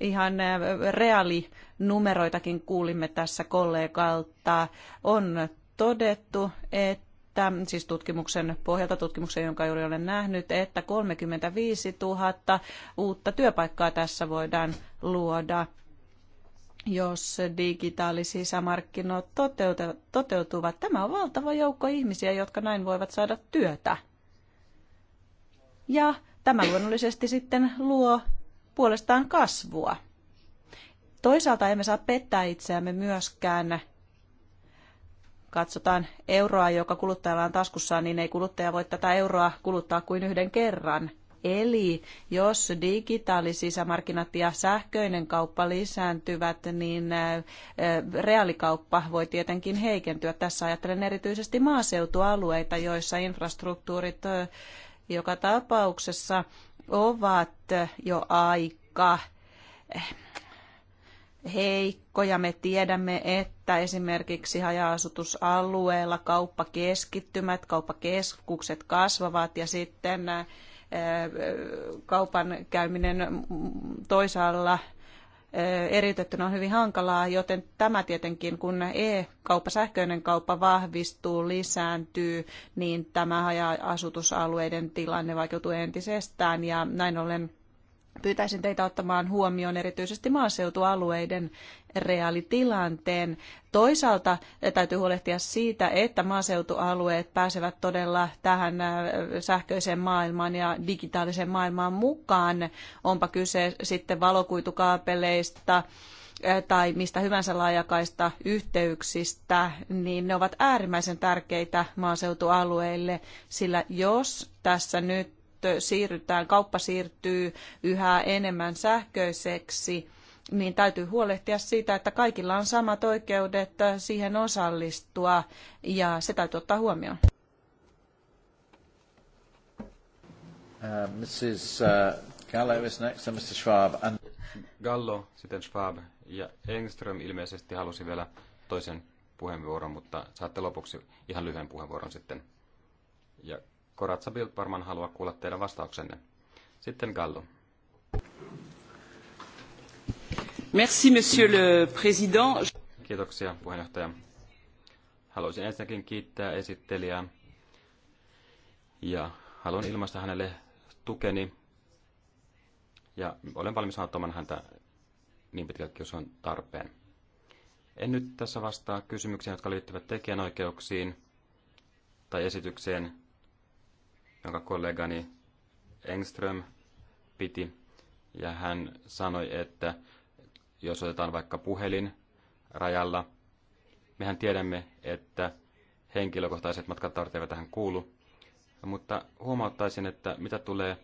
ihan reaali numeroitakin kuulimme tässä kollegalta, on todettu, että että siis tutkimuksen pohjalta, tutkimuksen, jonka juuri olen nähnyt, että 35 000 uutta työpaikkaa tässä voidaan luoda, jos digitaaliset sisämarkkinat toteutuvat. Tämä on valtava joukko ihmisiä, jotka näin voivat saada työtä. Ja tämä luonnollisesti sitten luo puolestaan kasvua. Toisaalta emme saa pettää itseämme myöskään. Katsotaan euroa, joka kuluttajalla on taskussaan, niin ei kuluttaja voi tätä euroa kuluttaa kuin yhden kerran. Eli jos digitaalisisämarkkinat ja sähköinen kauppa lisääntyvät, niin äh, äh, reaalikauppa voi tietenkin heikentyä. Tässä ajattelen erityisesti maaseutualueita, joissa infrastruktuurit joka tapauksessa ovat jo aika heikkoja. Me tiedämme, että esimerkiksi haja-asutusalueella kauppakeskittymät, kauppakeskukset kasvavat ja sitten kaupan käyminen toisaalla eriytettynä on hyvin hankalaa, joten tämä tietenkin, kun e-kauppa, sähköinen kauppa vahvistuu, lisääntyy, niin tämä haja-asutusalueiden tilanne vaikeutuu entisestään ja näin ollen pyytäisin teitä ottamaan huomioon erityisesti maaseutualueiden reaalitilanteen. Toisaalta eh, täytyy huolehtia siitä, että maaseutualueet pääsevät todella tähän eh, sähköiseen maailmaan ja digitaaliseen maailmaan mukaan. Onpa kyse sitten valokuitukaapeleista, eh, tai mistä hyvänsä laajakaista yhteyksistä, niin ne ovat äärimmäisen tärkeitä maaseutualueille, sillä jos tässä nyt siirrytään, kauppa siirtyy yhä enemmän sähköiseksi, niin täytyy huolehtia siitä, että kaikilla on samat oikeudet siihen osallistua ja se täytyy ottaa huomioon. Uh, Mrs. Uh, Gallo Mr. Schwab. Gallo, sitten Schwab ja Engström ilmeisesti halusi vielä toisen puheenvuoron, mutta saatte lopuksi ihan lyhyen puheenvuoron sitten. Ja Koratsa Bild varmaan haluaa kuulla teidän vastauksenne. Sitten Gallo. Merci, monsieur le président. Kiitoksia, puheenjohtaja. Haluaisin ensinnäkin kiittää esittelijää ja haluan ilmaista hänelle tukeni ja olen valmis auttamaan häntä niin pitkälti, jos on tarpeen. En nyt tässä vastaa kysymyksiin, jotka liittyvät tekijänoikeuksiin tai esitykseen, jonka kollegani Engström piti. Ja hän sanoi, että jos otetaan vaikka puhelin rajalla, mehän tiedämme, että henkilökohtaiset matkat eivät tähän kuulu. Mutta huomauttaisin, että mitä tulee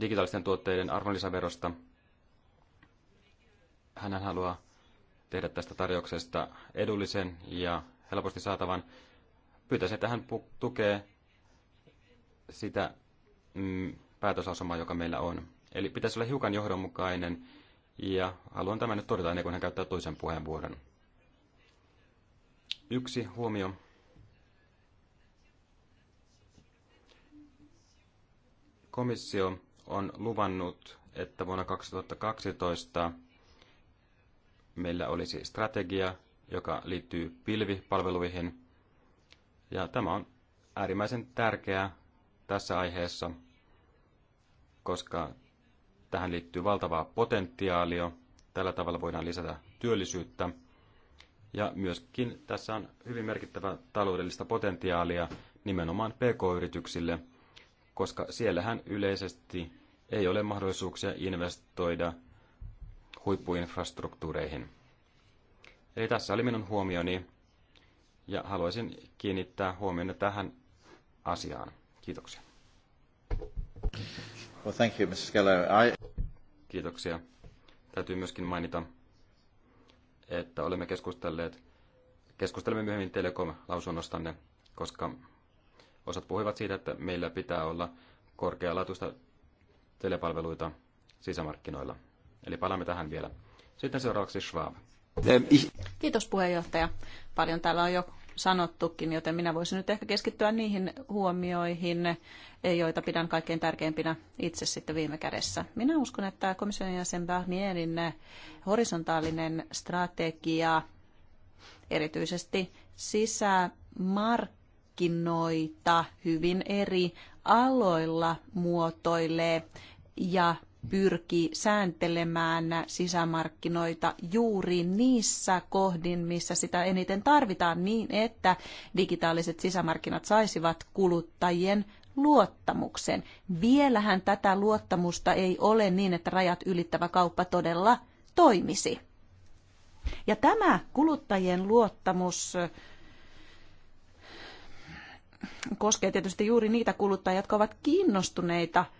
digitaalisten tuotteiden arvonlisäverosta, hän haluaa tehdä tästä tarjouksesta edullisen ja helposti saatavan. Pyytäisin, että hän tukee sitä mm, päätösasemaa, joka meillä on. Eli pitäisi olla hiukan johdonmukainen, ja haluan tämän nyt todeta ennen kuin hän käyttää toisen puheenvuoron. Yksi huomio. Komissio on luvannut, että vuonna 2012 meillä olisi strategia, joka liittyy pilvipalveluihin. Ja tämä on äärimmäisen tärkeää tässä aiheessa, koska tähän liittyy valtavaa potentiaalia. Tällä tavalla voidaan lisätä työllisyyttä. Ja myöskin tässä on hyvin merkittävä taloudellista potentiaalia nimenomaan pk-yrityksille, koska siellähän yleisesti ei ole mahdollisuuksia investoida huippuinfrastruktuureihin. Eli tässä oli minun huomioni ja haluaisin kiinnittää huomioon tähän asiaan. Kiitoksia. Well, thank you, Mrs. Keller. I... Kiitoksia. Täytyy myöskin mainita, että olemme keskustelleet, keskustelemme myöhemmin Telekom-lausunnostanne, koska osat puhuivat siitä, että meillä pitää olla korkealaatuista telepalveluita sisämarkkinoilla. Eli palaamme tähän vielä. Sitten seuraavaksi Schwab. Kiitos puheenjohtaja. Paljon täällä on jo sanottukin, joten minä voisin nyt ehkä keskittyä niihin huomioihin, joita pidän kaikkein tärkeimpinä itse sitten viime kädessä. Minä uskon, että komission jäsen Barnierin horisontaalinen strategia, erityisesti sisämarkkinoita hyvin eri aloilla muotoilee ja pyrkii sääntelemään sisämarkkinoita juuri niissä kohdin, missä sitä eniten tarvitaan niin, että digitaaliset sisämarkkinat saisivat kuluttajien luottamuksen. Vielähän tätä luottamusta ei ole niin, että rajat ylittävä kauppa todella toimisi. Ja tämä kuluttajien luottamus koskee tietysti juuri niitä kuluttajia, jotka ovat kiinnostuneita –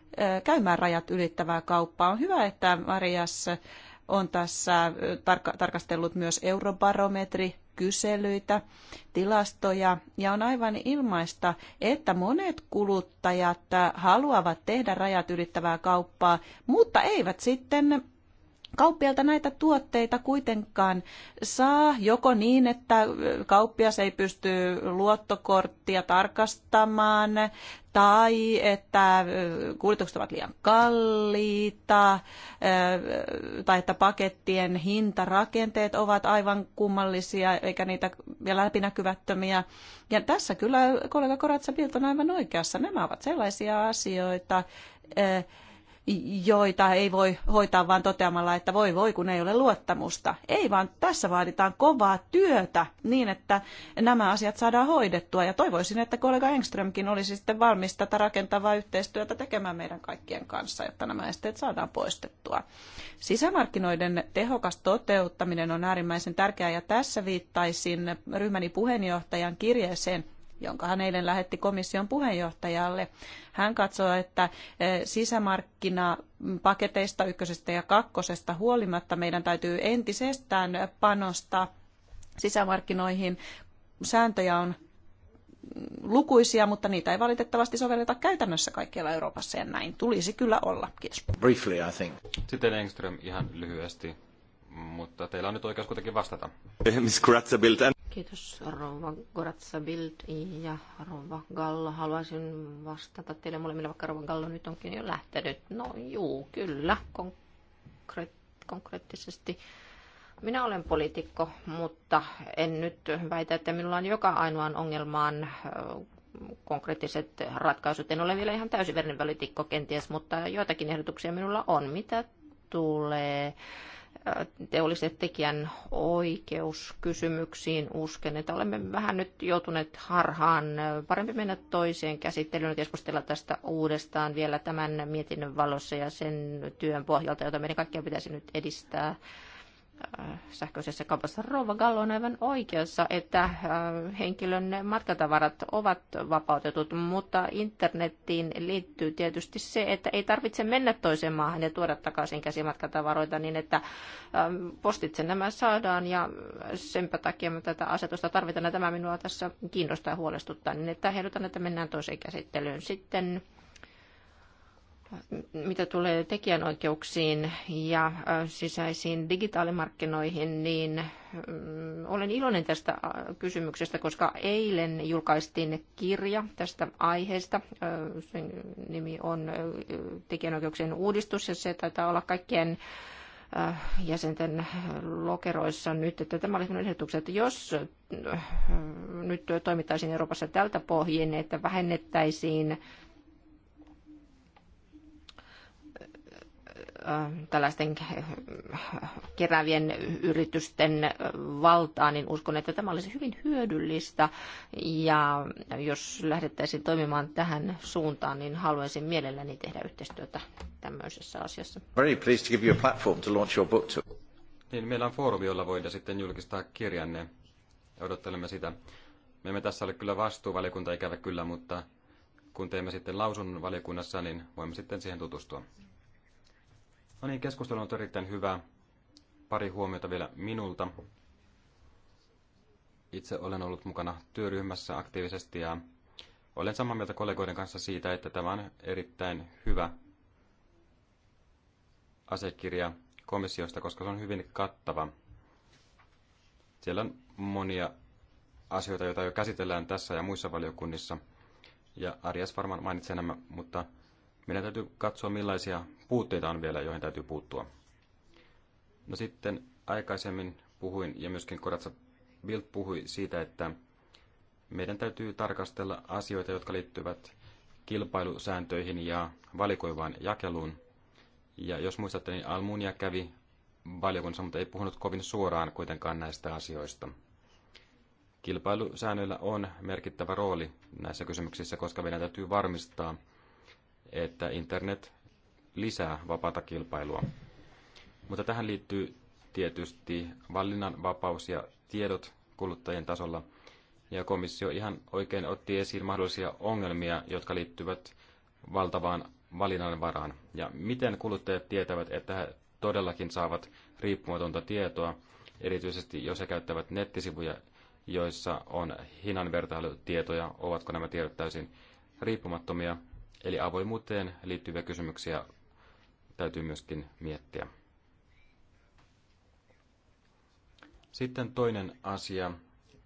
käymään rajat ylittävää kauppaa. On hyvä, että Marias on tässä tarkastellut myös eurobarometri kyselyitä, tilastoja ja on aivan ilmaista, että monet kuluttajat haluavat tehdä rajat ylittävää kauppaa, mutta eivät sitten Kauppialta näitä tuotteita kuitenkaan saa joko niin, että kauppias ei pysty luottokorttia tarkastamaan, tai että kuljetukset ovat liian kalliita, tai että pakettien hintarakenteet ovat aivan kummallisia, eikä niitä vielä läpinäkyvättömiä. Ja tässä kyllä kollega Koratsa Pilt on aivan oikeassa. Nämä ovat sellaisia asioita, joita ei voi hoitaa vaan toteamalla, että voi voi, kun ei ole luottamusta. Ei vaan tässä vaaditaan kovaa työtä niin, että nämä asiat saadaan hoidettua. Ja toivoisin, että kollega Engströmkin olisi sitten valmis tätä rakentavaa yhteistyötä tekemään meidän kaikkien kanssa, jotta nämä esteet saadaan poistettua. Sisämarkkinoiden tehokas toteuttaminen on äärimmäisen tärkeää ja tässä viittaisin ryhmäni puheenjohtajan kirjeeseen, jonka hän eilen lähetti komission puheenjohtajalle. Hän katsoo, että eh, sisämarkkina paketeista ykkösestä ja kakkosesta huolimatta meidän täytyy entisestään panostaa sisämarkkinoihin. Sääntöjä on lukuisia, mutta niitä ei valitettavasti sovelleta käytännössä kaikkialla Euroopassa ja näin tulisi kyllä olla. Kiitos. Briefly, I think. Sitten Engström ihan lyhyesti mutta teillä on nyt oikeus kuitenkin vastata. Kiitos Rova Goratsabild ja Rova Gallo. Haluaisin vastata teille molemmille, vaikka Rova Gallo nyt onkin jo lähtenyt. No juu, kyllä, konkreet- konkreettisesti. Minä olen poliitikko, mutta en nyt väitä, että minulla on joka ainoan ongelmaan konkreettiset ratkaisut. En ole vielä ihan täysin verinen poliitikko kenties, mutta joitakin ehdotuksia minulla on. Mitä tulee teollisen tekijän oikeuskysymyksiin uskon, että olemme vähän nyt joutuneet harhaan. Parempi mennä toiseen käsittelyyn ja keskustella tästä uudestaan vielä tämän mietinnön valossa ja sen työn pohjalta, jota meidän kaikkia pitäisi nyt edistää. Äh, sähköisessä kaupassa. Rova Gallo on aivan oikeassa, että äh, henkilön matkatavarat ovat vapautetut, mutta internettiin liittyy tietysti se, että ei tarvitse mennä toiseen maahan ja tuoda takaisin käsimatkatavaroita niin, että ähm, postitse nämä saadaan ja senpä takia me tätä asetusta tarvitaan. Tämä minua tässä kiinnostaa ja huolestuttaa, niin että ehdotan, että mennään toiseen käsittelyyn. Sitten mitä tulee tekijänoikeuksiin ja äh, sisäisiin digitaalimarkkinoihin, niin mm, olen iloinen tästä äh, kysymyksestä, koska eilen julkaistiin kirja tästä aiheesta. Äh, sen nimi on tekijänoikeuksien uudistus ja se taitaa olla kaikkien jäsenten lokeroissa nyt, että tämä oli sellainen ehdotus, että jos nyt toimittaisiin Euroopassa tältä pohjin, että vähennettäisiin tällaisten kerävien yritysten valtaa, niin uskon, että tämä olisi hyvin hyödyllistä. Ja jos lähdettäisiin toimimaan tähän suuntaan, niin haluaisin mielelläni tehdä yhteistyötä tämmöisessä asiassa. Very pleased to give you a platform to launch your book to. Niin, meillä on foorumi, jolla voidaan sitten julkistaa kirjanne. Odottelemme sitä. Me emme tässä ole kyllä vastuuvaliokunta ikävä kyllä, mutta kun teemme sitten lausunnon valiokunnassa, niin voimme sitten siihen tutustua. No niin, keskustelu on erittäin hyvä. Pari huomiota vielä minulta. Itse olen ollut mukana työryhmässä aktiivisesti ja olen samaa mieltä kollegoiden kanssa siitä, että tämä on erittäin hyvä asiakirja komissiosta, koska se on hyvin kattava. Siellä on monia asioita, joita jo käsitellään tässä ja muissa valiokunnissa. Ja Arias varmaan mainitsee nämä, mutta meidän täytyy katsoa, millaisia puutteita on vielä, joihin täytyy puuttua. No sitten aikaisemmin puhuin, ja myöskin Koratsa Bild puhui siitä, että meidän täytyy tarkastella asioita, jotka liittyvät kilpailusääntöihin ja valikoivaan jakeluun. Ja jos muistatte, niin Almunia kävi valiokunnassa, mutta ei puhunut kovin suoraan kuitenkaan näistä asioista. Kilpailusäännöillä on merkittävä rooli näissä kysymyksissä, koska meidän täytyy varmistaa, että internet lisää vapaata kilpailua. Mutta tähän liittyy tietysti valinnanvapaus ja tiedot kuluttajien tasolla. Ja komissio ihan oikein otti esiin mahdollisia ongelmia, jotka liittyvät valtavaan valinnanvaraan. Ja miten kuluttajat tietävät, että he todellakin saavat riippumatonta tietoa, erityisesti jos he käyttävät nettisivuja, joissa on hinnan vertailutietoja, ovatko nämä tiedot täysin riippumattomia Eli avoimuuteen liittyviä kysymyksiä täytyy myöskin miettiä. Sitten toinen asia,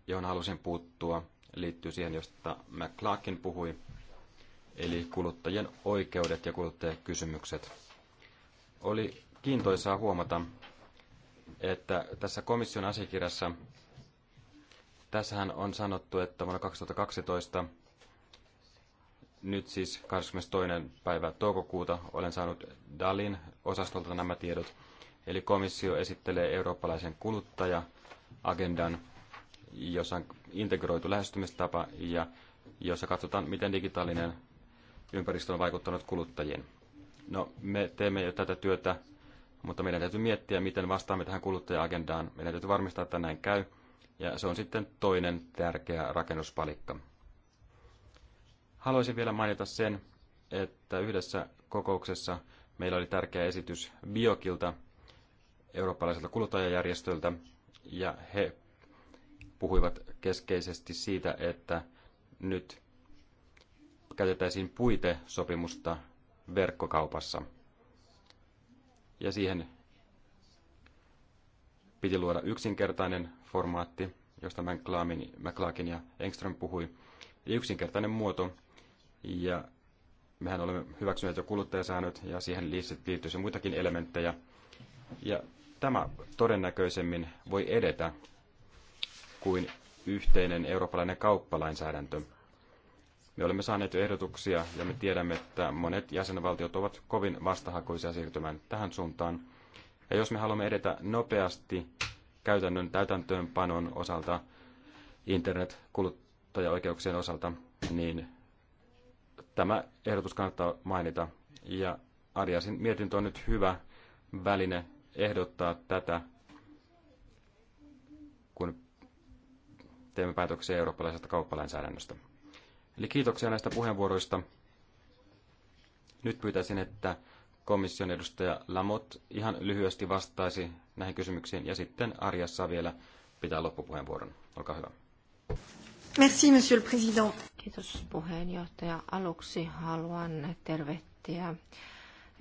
johon halusin puuttua, liittyy siihen, josta McClarkin puhui, eli kuluttajien oikeudet ja kuluttajakysymykset. Oli kiintoisaa huomata, että tässä komission asiakirjassa, tässähän on sanottu, että vuonna 2012 nyt siis 22. päivä toukokuuta olen saanut DALin osastolta nämä tiedot. Eli komissio esittelee eurooppalaisen kuluttaja-agendan, jossa on integroitu lähestymistapa ja jossa katsotaan, miten digitaalinen ympäristö on vaikuttanut kuluttajiin. No, me teemme jo tätä työtä, mutta meidän täytyy miettiä, miten vastaamme tähän kuluttaja-agendaan. Meidän täytyy varmistaa, että näin käy. Ja se on sitten toinen tärkeä rakennuspalikka. Haluaisin vielä mainita sen, että yhdessä kokouksessa meillä oli tärkeä esitys Biokilta, eurooppalaiselta kuluttajajärjestöltä, ja he puhuivat keskeisesti siitä, että nyt käytettäisiin puitesopimusta verkkokaupassa. Ja siihen piti luoda yksinkertainen formaatti, josta McLaakin ja Engström puhui, eli yksinkertainen muoto, ja mehän olemme hyväksyneet jo kuluttajasäännöt ja siihen se muitakin elementtejä. Ja tämä todennäköisemmin voi edetä kuin yhteinen eurooppalainen kauppalainsäädäntö. Me olemme saaneet jo ehdotuksia ja me tiedämme, että monet jäsenvaltiot ovat kovin vastahakoisia siirtymään tähän suuntaan. Ja jos me haluamme edetä nopeasti käytännön täytäntöönpanon osalta, internet-kuluttajaoikeuksien osalta, niin Tämä ehdotus kannattaa mainita. Ja Ariasin mietintö on nyt hyvä väline ehdottaa tätä, kun teemme päätöksiä eurooppalaisesta kauppalainsäädännöstä. Eli kiitoksia näistä puheenvuoroista. Nyt pyytäisin, että komission edustaja Lamot ihan lyhyesti vastaisi näihin kysymyksiin ja sitten Arjassa vielä pitää loppupuheenvuoron. Olkaa hyvä. Merci, monsieur le président. Kiitos puheenjohtaja. Aluksi haluan tervehtiä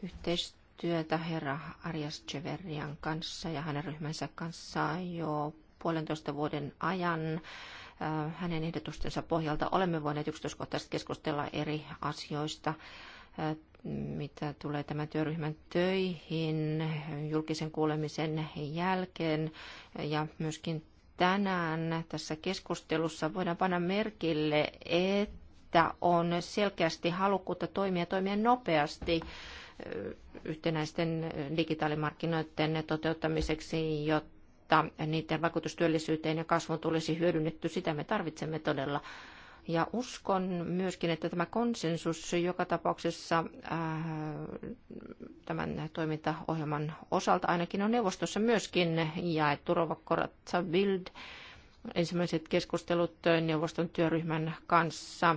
yhteistyötä herra Arias Cheverian kanssa ja hänen ryhmänsä kanssa jo puolentoista vuoden ajan äh, hänen ehdotustensa pohjalta olemme voineet yksityiskohtaisesti keskustella eri asioista, äh, mitä tulee tämän työryhmän töihin julkisen kuulemisen jälkeen ja myöskin tänään tässä keskustelussa voidaan panna merkille, että on selkeästi halukkuutta toimia toimia nopeasti yhtenäisten digitaalimarkkinoiden toteuttamiseksi, jotta niiden vaikutus työllisyyteen ja kasvuun tulisi hyödynnetty. Sitä me tarvitsemme todella ja uskon myöskin, että tämä konsensus joka tapauksessa äh, tämän toimintaohjelman osalta ainakin on neuvostossa myöskin jaettu. rovakorat Bild ensimmäiset keskustelut neuvoston työryhmän kanssa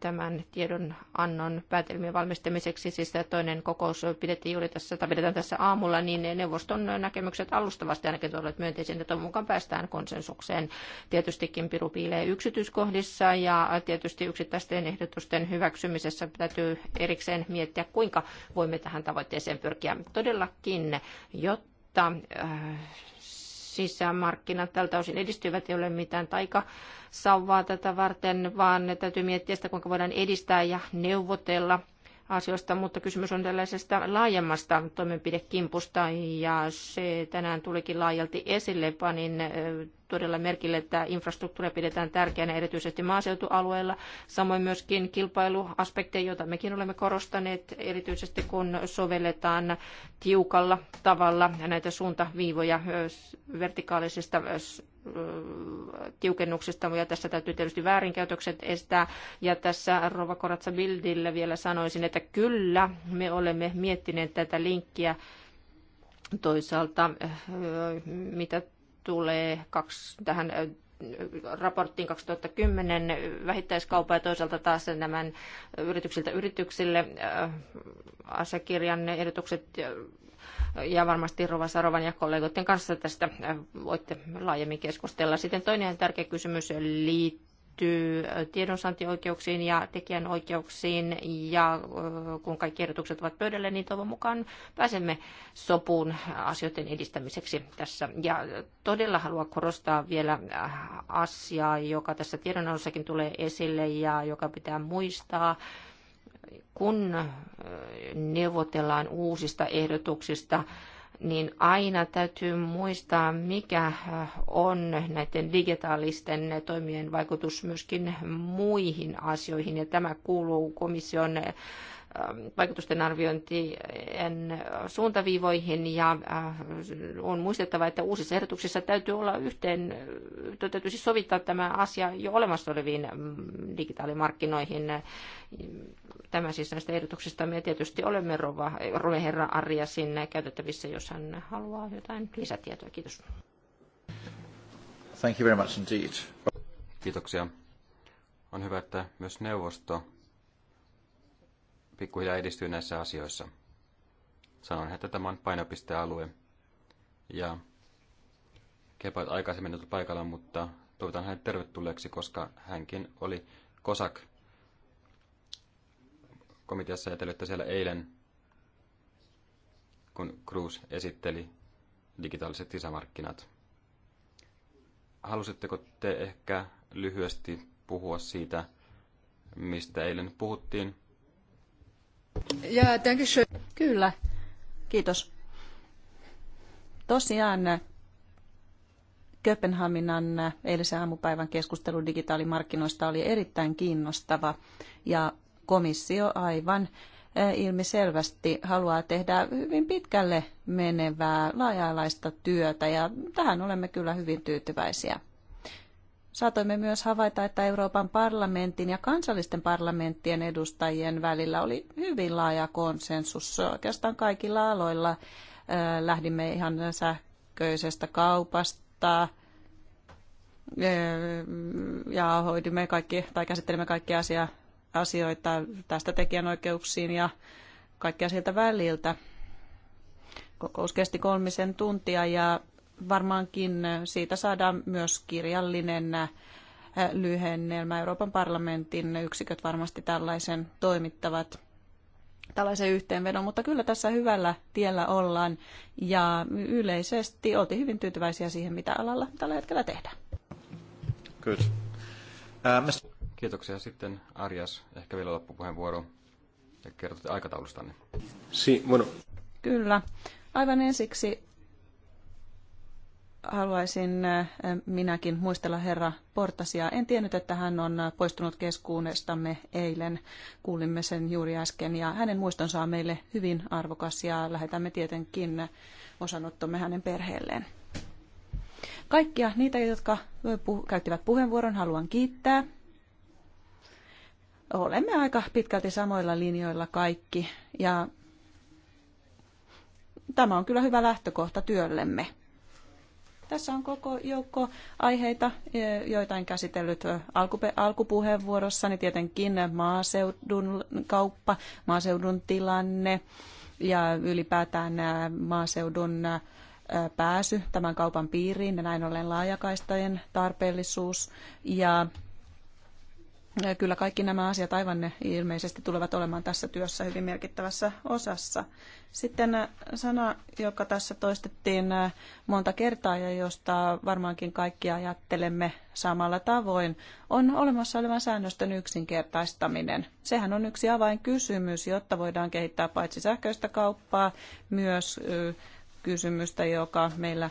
tämän tiedon annon päätelmien valmistamiseksi. Siis toinen kokous pidettiin juuri tässä, tai pidetään tässä aamulla, niin neuvoston näkemykset alustavasti ainakin olivat myönteisiä, että mukaan päästään konsensukseen. Tietystikin piru piilee yksityiskohdissa ja tietysti yksittäisten ehdotusten hyväksymisessä täytyy erikseen miettiä, kuinka voimme tähän tavoitteeseen pyrkiä todellakin, jotta jotta sisämarkkinat tältä osin edistyvät, ei ole mitään taikasauvaa tätä varten, vaan täytyy miettiä sitä, kuinka voidaan edistää ja neuvotella asioista, mutta kysymys on tällaisesta laajemmasta toimenpidekimpusta ja se tänään tulikin laajalti esille. Panin todella merkille, että infrastruktuuria pidetään tärkeänä erityisesti maaseutualueilla. Samoin myöskin kilpailuaspekteja, joita mekin olemme korostaneet, erityisesti kun sovelletaan tiukalla tavalla näitä suuntaviivoja vertikaalisista tiukennuksista, ja tässä täytyy tietysti väärinkäytökset estää. Ja tässä Rova Koratsa Bildille vielä sanoisin, että kyllä me olemme miettineet tätä linkkiä toisaalta, mitä tulee kaksi, tähän raporttiin 2010 vähittäiskaupa ja toisaalta taas nämä yrityksiltä yrityksille asiakirjan ehdotukset ja varmasti Rova Sarovan ja kollegoiden kanssa tästä voitte laajemmin keskustella. Sitten toinen tärkeä kysymys liittyy liittyy tiedonsaantioikeuksiin ja tekijänoikeuksiin. Ja kun kaikki ehdotukset ovat pöydällä, niin toivon mukaan pääsemme sopuun asioiden edistämiseksi tässä. Ja todella haluan korostaa vielä äh, asiaa, joka tässä tiedonannossakin tulee esille ja joka pitää muistaa kun neuvotellaan uusista ehdotuksista, niin aina täytyy muistaa, mikä äh, on näiden digitaalisten toimien vaikutus myöskin muihin asioihin. Ja tämä kuuluu komission äh, Ähm, vaikutusten arviointien suuntaviivoihin ja äh, on muistettava, että uusissa ehdotuksissa täytyy olla yhteen, äh, täytyy siis sovittaa tämä asia jo olemassa oleviin mm, digitaalimarkkinoihin. Tämä siis näistä ehdotuksista me tietysti olemme rova, rova Herra sinne käytettävissä, jos hän haluaa jotain lisätietoa. Kiitos. Thank you very much indeed. Kiitoksia. On hyvä, että myös neuvosto pikkuhiljaa edistyy näissä asioissa. Sanon että tämä on painopistealue. Ja Kepa aikaisemmin ollut paikalla, mutta toivotan hänet tervetulleeksi, koska hänkin oli Kosak komiteassa ja siellä eilen, kun Cruz esitteli digitaaliset sisämarkkinat. Halusitteko te ehkä lyhyesti puhua siitä, mistä eilen puhuttiin? Ja, Kyllä, kiitos. Tosiaan äh, Kööpenhaminan äh, eilisen aamupäivän keskustelu digitaalimarkkinoista oli erittäin kiinnostava ja komissio aivan äh, ilmiselvästi haluaa tehdä hyvin pitkälle menevää laaja-alaista työtä ja tähän olemme kyllä hyvin tyytyväisiä saatoimme myös havaita, että Euroopan parlamentin ja kansallisten parlamenttien edustajien välillä oli hyvin laaja konsensus oikeastaan kaikilla aloilla. Äh, lähdimme ihan sähköisestä kaupasta äh, ja hoidimme kaikki, tai käsittelimme kaikkia asia, asioita tästä tekijänoikeuksiin ja kaikkea sieltä väliltä. Kokous kesti kolmisen tuntia ja varmaankin siitä saadaan myös kirjallinen äh, lyhennelmä. Euroopan parlamentin yksiköt varmasti tällaisen toimittavat tällaisen yhteenvedon, mutta kyllä tässä hyvällä tiellä ollaan ja yleisesti oltiin hyvin tyytyväisiä siihen, mitä alalla tällä hetkellä tehdään. Good. Uh, Kiitoksia. Sitten Arias, ehkä vielä loppupuheenvuoro ja kerrotte aikataulustanne. Si, bueno. Kyllä. Aivan ensiksi haluaisin minäkin muistella herra Portasia. En tiennyt, että hän on poistunut keskuunestamme eilen. Kuulimme sen juuri äsken ja hänen muistonsa on meille hyvin arvokas ja lähetämme tietenkin osanottomme hänen perheelleen. Kaikkia niitä, jotka käyttivät puheenvuoron, haluan kiittää. Olemme aika pitkälti samoilla linjoilla kaikki ja tämä on kyllä hyvä lähtökohta työllemme. Tässä on koko joukko aiheita, e, joita en käsitellyt alkupe- alkupuheenvuorossani. Tietenkin maaseudun kauppa, maaseudun tilanne ja ylipäätään maaseudun pääsy tämän kaupan piiriin ja näin ollen laajakaistojen tarpeellisuus ja kyllä kaikki nämä asiat aivan ne ilmeisesti tulevat olemaan tässä työssä hyvin merkittävässä osassa. Sitten sana, joka tässä toistettiin monta kertaa ja josta varmaankin kaikki ajattelemme samalla tavoin, on olemassa olevan säännösten yksinkertaistaminen. Sehän on yksi avainkysymys, jotta voidaan kehittää paitsi sähköistä kauppaa, myös kysymystä, joka meillä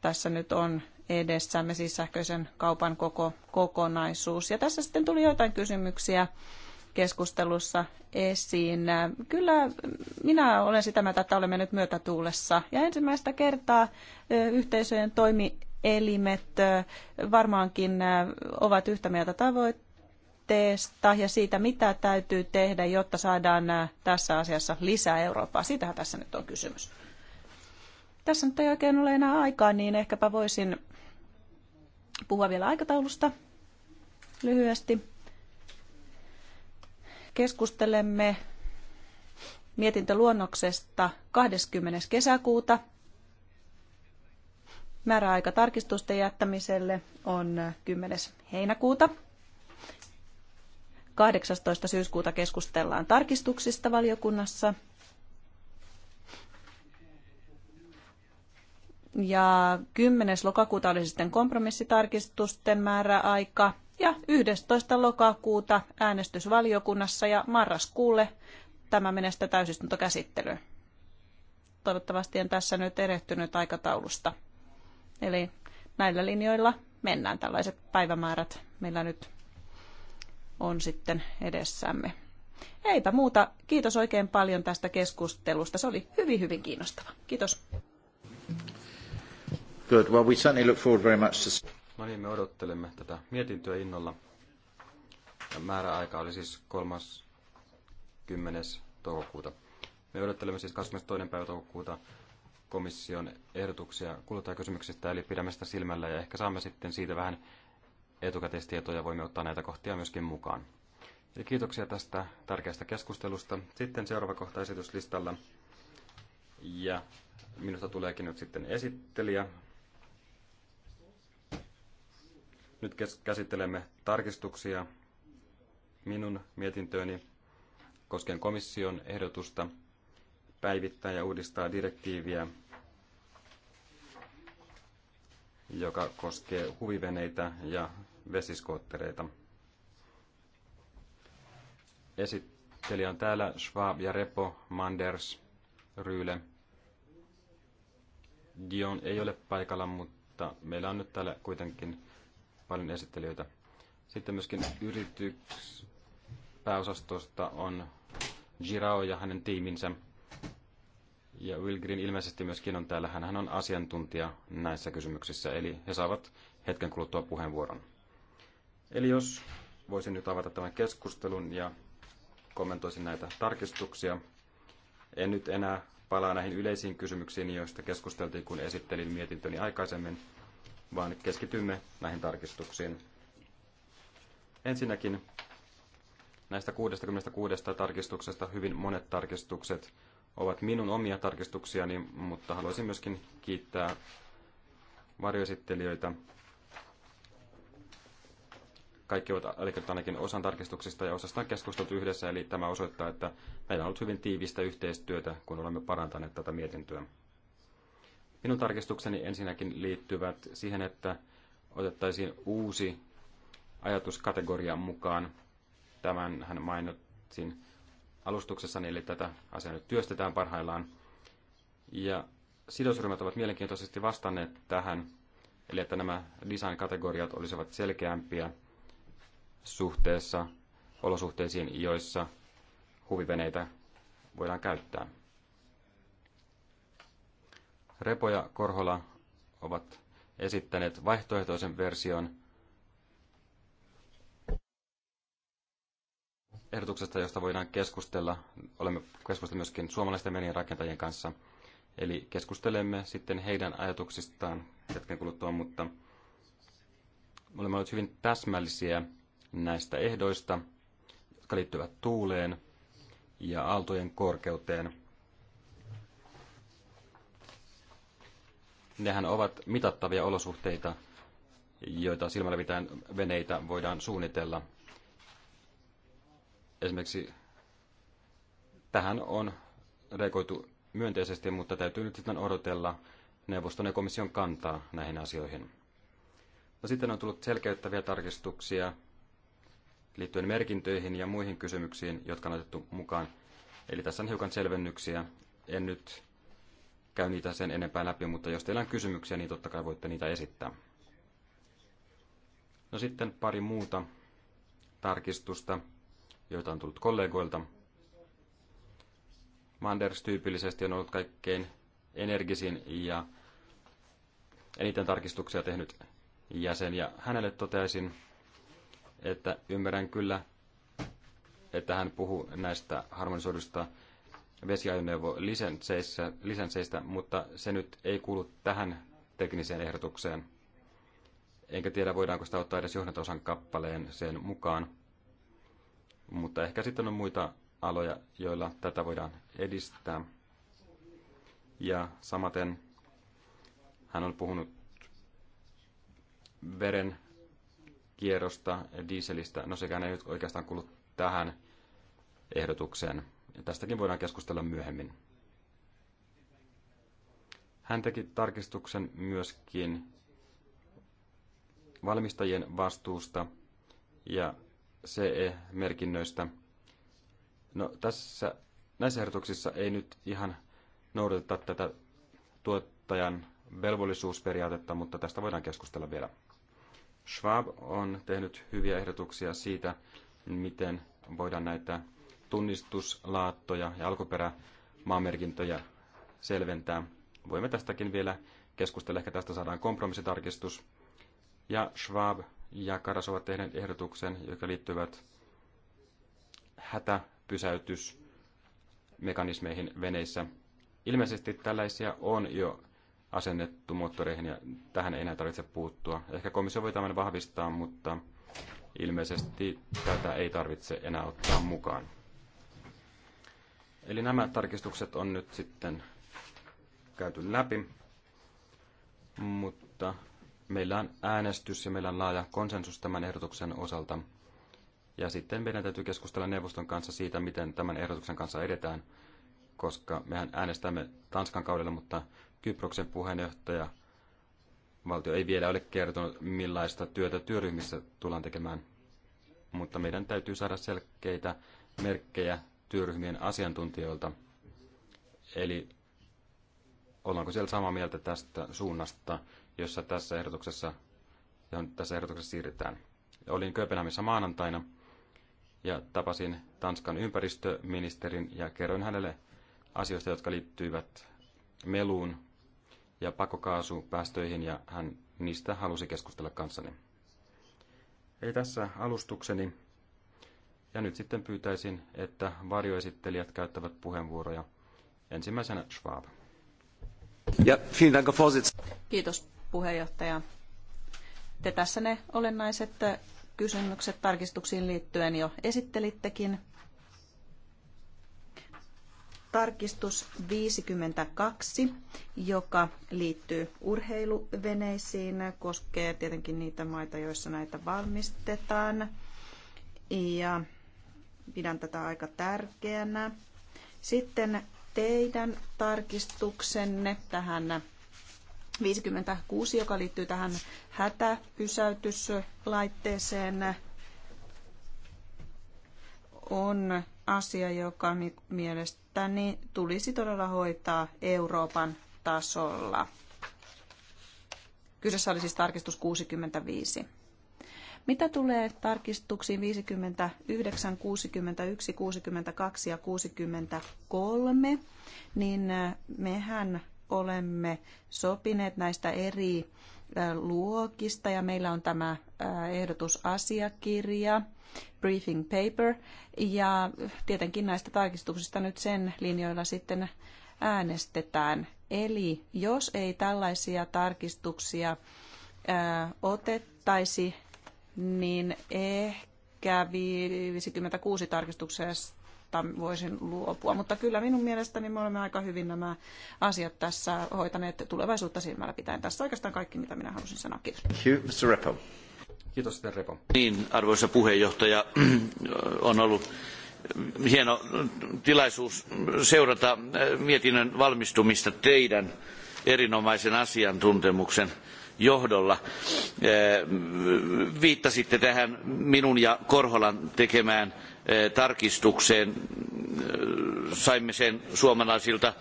tässä nyt on edessämme, siis sähköisen kaupan koko kokonaisuus. Ja tässä sitten tuli joitain kysymyksiä keskustelussa esiin. Kyllä minä olen sitä mieltä, että olemme nyt myötätuulessa. Ja ensimmäistä kertaa yhteisöjen toimielimet varmaankin ovat yhtä mieltä tavoitteesta ja siitä, mitä täytyy tehdä, jotta saadaan tässä asiassa lisää Eurooppaa. Siitähän tässä nyt on kysymys. Tässä nyt ei oikein ole enää aikaa, niin ehkäpä voisin puhua vielä aikataulusta lyhyesti. Keskustelemme mietintöluonnoksesta 20. kesäkuuta. Määräaika tarkistusten jättämiselle on 10. heinäkuuta. 18. syyskuuta keskustellaan tarkistuksista valiokunnassa Ja 10. lokakuuta oli sitten kompromissitarkistusten määräaika ja 11. lokakuuta äänestysvaliokunnassa ja marraskuulle tämä menee sitä täysistuntokäsittelyyn. Toivottavasti en tässä nyt erehtynyt aikataulusta. Eli näillä linjoilla mennään. Tällaiset päivämäärät meillä nyt on sitten edessämme. Eipä muuta. Kiitos oikein paljon tästä keskustelusta. Se oli hyvin, hyvin kiinnostava. Kiitos. Good. Well, we certainly look forward very much to... No niin, me odottelemme tätä mietintöä innolla. Ja määräaika oli siis 30. toukokuuta. Me odottelemme siis 22. päivä toukokuuta komission ehdotuksia kuluttajakysymyksistä, eli pidämme sitä silmällä ja ehkä saamme sitten siitä vähän etukäteistietoja ja voimme ottaa näitä kohtia myöskin mukaan. Eli kiitoksia tästä tärkeästä keskustelusta. Sitten seuraava kohta esityslistalla. Ja minusta tuleekin nyt sitten esittelijä Nyt käsittelemme tarkistuksia minun mietintööni koskien komission ehdotusta päivittää ja uudistaa direktiiviä, joka koskee huviveneitä ja vesiskoottereita. Esittelijä on täällä Schwab ja Repo, Manders, Ryyle. Dion ei ole paikalla, mutta meillä on nyt täällä kuitenkin paljon esittelijöitä. Sitten myöskin yrityks pääosastosta on Girao ja hänen tiiminsä. Ja Will Green ilmeisesti myöskin on täällä. Hän on asiantuntija näissä kysymyksissä, eli he saavat hetken kuluttua puheenvuoron. Eli jos voisin nyt avata tämän keskustelun ja kommentoisin näitä tarkistuksia. En nyt enää palaa näihin yleisiin kysymyksiin, joista keskusteltiin, kun esittelin mietintöni aikaisemmin vaan keskitymme näihin tarkistuksiin. Ensinnäkin näistä 66 tarkistuksesta hyvin monet tarkistukset ovat minun omia tarkistuksiani, mutta haluaisin myöskin kiittää varjoesittelijöitä. Kaikki ovat allekirjoittaneet ainakin osan tarkistuksista ja osasta on keskusteltu yhdessä, eli tämä osoittaa, että meillä on ollut hyvin tiivistä yhteistyötä, kun olemme parantaneet tätä mietintöä. Minun tarkistukseni ensinnäkin liittyvät siihen, että otettaisiin uusi ajatuskategoria mukaan. Tämän hän mainitsin alustuksessa, eli tätä asiaa nyt työstetään parhaillaan. Ja sidosryhmät ovat mielenkiintoisesti vastanneet tähän, eli että nämä design-kategoriat olisivat selkeämpiä suhteessa olosuhteisiin, joissa huviveneitä voidaan käyttää. Repo ja Korhola ovat esittäneet vaihtoehtoisen version ehdotuksesta, josta voidaan keskustella. Olemme keskustelleet myöskin suomalaisten rakentajien kanssa. Eli keskustelemme sitten heidän ajatuksistaan hetken kuluttua, mutta olemme olleet hyvin täsmällisiä näistä ehdoista, jotka liittyvät tuuleen ja aaltojen korkeuteen – Nehän ovat mitattavia olosuhteita, joita silmällä pitäen veneitä voidaan suunnitella. Esimerkiksi tähän on reagoitu myönteisesti, mutta täytyy nyt sitten odotella neuvoston ja komission kantaa näihin asioihin. No, sitten on tullut selkeyttäviä tarkistuksia liittyen merkintöihin ja muihin kysymyksiin, jotka on otettu mukaan. Eli tässä on hiukan selvennyksiä. En nyt käy niitä sen enempää läpi, mutta jos teillä on kysymyksiä, niin totta kai voitte niitä esittää. No sitten pari muuta tarkistusta, joita on tullut kollegoilta. Manders tyypillisesti on ollut kaikkein energisin ja eniten tarkistuksia tehnyt jäsen. Ja hänelle toteaisin, että ymmärrän kyllä, että hän puhuu näistä harmonisoidusta vesiajoneuvolisensseistä, lisensseistä, mutta se nyt ei kuulu tähän tekniseen ehdotukseen. Enkä tiedä, voidaanko sitä ottaa edes johdantosan kappaleen sen mukaan. Mutta ehkä sitten on muita aloja, joilla tätä voidaan edistää. Ja samaten hän on puhunut veren kierrosta, dieselistä. No sekään ei nyt oikeastaan kuulu tähän ehdotukseen ja tästäkin voidaan keskustella myöhemmin. Hän teki tarkistuksen myöskin valmistajien vastuusta ja CE-merkinnöistä. No, tässä, näissä ehdotuksissa ei nyt ihan noudateta tätä tuottajan velvollisuusperiaatetta, mutta tästä voidaan keskustella vielä. Schwab on tehnyt hyviä ehdotuksia siitä, miten voidaan näitä tunnistuslaattoja ja alkuperämaamerkintöjä selventää. Voimme tästäkin vielä keskustella, ehkä tästä saadaan kompromissitarkistus. Ja Schwab ja Karas ovat tehneet ehdotuksen, joka liittyvät hätäpysäytysmekanismeihin veneissä. Ilmeisesti tällaisia on jo asennettu moottoreihin ja tähän ei enää tarvitse puuttua. Ehkä komissio voi tämän vahvistaa, mutta ilmeisesti tätä ei tarvitse enää ottaa mukaan. Eli nämä tarkistukset on nyt sitten käyty läpi, mutta meillä on äänestys ja meillä on laaja konsensus tämän ehdotuksen osalta. Ja sitten meidän täytyy keskustella neuvoston kanssa siitä, miten tämän ehdotuksen kanssa edetään, koska mehän äänestämme Tanskan kaudella, mutta Kyproksen puheenjohtaja valtio ei vielä ole kertonut, millaista työtä työryhmissä tullaan tekemään. Mutta meidän täytyy saada selkeitä merkkejä työryhmien asiantuntijoilta. Eli ollaanko siellä samaa mieltä tästä suunnasta, jossa tässä ehdotuksessa, johon tässä ehdotuksessa siirrytään. Olin Kööpenhamissa maanantaina ja tapasin Tanskan ympäristöministerin ja kerroin hänelle asioista, jotka liittyivät meluun ja pakokaasupäästöihin ja hän niistä halusi keskustella kanssani. Eli tässä alustukseni ja nyt sitten pyytäisin, että varjoesittelijät käyttävät puheenvuoroja. Ensimmäisenä Schwab. Ja, vielen Dank, Kiitos puheenjohtaja. Te tässä ne olennaiset äh, kysymykset tarkistuksiin liittyen jo esittelittekin. Tarkistus 52, joka liittyy urheiluveneisiin, koskee tietenkin niitä maita, joissa näitä valmistetaan. Ja Pidän tätä aika tärkeänä. Sitten teidän tarkistuksenne tähän 56, joka liittyy tähän hätäpysäytyslaitteeseen, on asia, joka mielestäni tulisi todella hoitaa Euroopan tasolla. Kyseessä oli siis tarkistus 65. Mitä tulee tarkistuksiin 59, 61, 62 ja 63, niin mehän olemme sopineet näistä eri luokista ja meillä on tämä ehdotusasiakirja, briefing paper ja tietenkin näistä tarkistuksista nyt sen linjoilla sitten äänestetään. Eli jos ei tällaisia tarkistuksia otettaisi, niin ehkä 56 tarkistuksesta voisin luopua. Mutta kyllä minun mielestäni me olemme aika hyvin nämä asiat tässä hoitaneet tulevaisuutta silmällä pitäen. Tässä oikeastaan kaikki, mitä minä halusin sanoa. Kiitos. Mr. Repo. Kiitos, Mr. Repo. Niin, arvoisa puheenjohtaja, *clears throat* on ollut hieno tilaisuus seurata äh, mietinnön valmistumista teidän erinomaisen asiantuntemuksen johdolla. Eh, viittasitte tähän minun ja Korholan tekemään eh, tarkistukseen. Eh, saimme sen suomalaisilta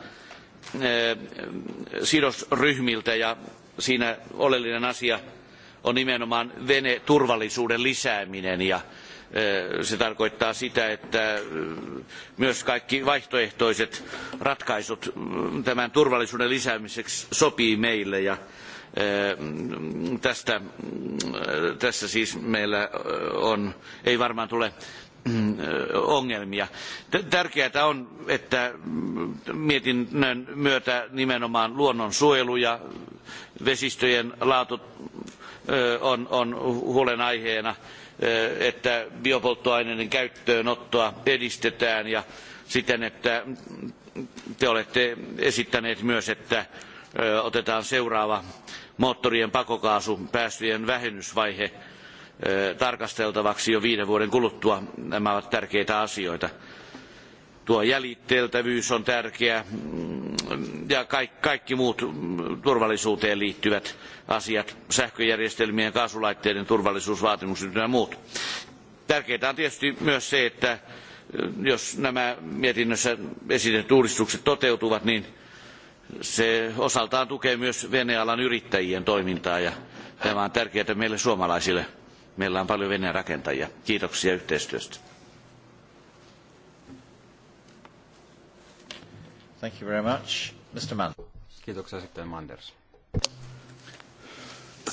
sidosryhmiltä ja siinä oleellinen asia on nimenomaan veneturvallisuuden lisääminen ja se tarkoittaa sitä, että myös kaikki vaihtoehtoiset ratkaisut mm, tämän turvallisuuden lisäämiseksi sopii meille ja Ehm, tästä, äh, tässä siis meillä äh, on, ei varmaan tule mm, äh, ongelmia. Tärkeää on, että mm, mietinnön myötä nimenomaan luonnonsuojelu ja vesistöjen laatu on, on huolenaiheena, että biopolttoaineiden käyttöönottoa edistetään ja siten, että te olette esittäneet myös, että otetaan seuraava moottorien pakokaasupäästöjen vähennysvaihe tarkasteltavaksi jo viiden vuoden kuluttua. Nämä ovat tärkeitä asioita. Tuo jäljiteltävyys on tärkeä mm, ja kaikki muut turvallisuuteen liittyvät asiat, sähköjärjestelmien, kaasulaitteiden turvallisuusvaatimukset ja muut. Tärkeää on tietysti myös se, että jos nämä mietinnössä esitetyt uudistukset toteutuvat, niin se osaltaan tukee myös venealan yrittäjien toimintaa ja tämä on tärkeää meille suomalaisille. Meillä on paljon veneen rakentajia. Kiitoksia yhteistyöstä. Thank you very much. Mr. Kiitoksia sitten Manders.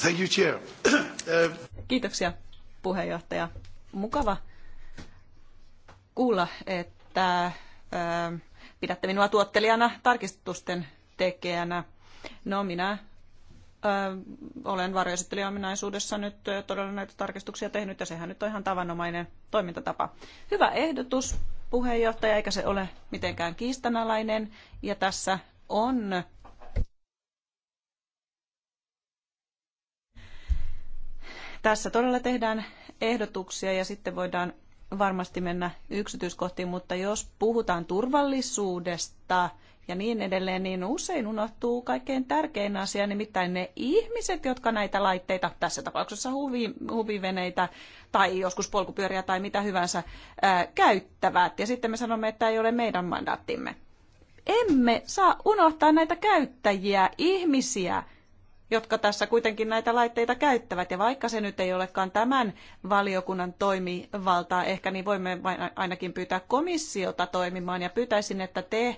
Thank you, Chair. *clears throat* Kiitoksia puheenjohtaja. Mukava kuulla, että pidätte minua tuottelijana tarkistusten tekijänä. No minä olen varjoesittelijän nyt todella näitä tarkistuksia tehnyt ja sehän nyt on ihan tavanomainen toimintatapa. Hyvä ehdotus puheenjohtaja, eikä se ole mitenkään kiistanalainen ja tässä on Tässä todella tehdään ehdotuksia ja sitten voidaan varmasti mennä yksityiskohtiin, mutta jos puhutaan turvallisuudesta, ja niin edelleen, niin usein unohtuu kaikkein tärkein asia, nimittäin ne ihmiset, jotka näitä laitteita, tässä tapauksessa huvi, huviveneitä tai joskus polkupyöriä tai mitä hyvänsä, ää, käyttävät. Ja sitten me sanomme, että ei ole meidän mandaattimme. Emme saa unohtaa näitä käyttäjiä, ihmisiä, jotka tässä kuitenkin näitä laitteita käyttävät. Ja vaikka se nyt ei olekaan tämän valiokunnan toimivaltaa ehkä, niin voimme ainakin pyytää komissiota toimimaan. Ja pyytäisin, että te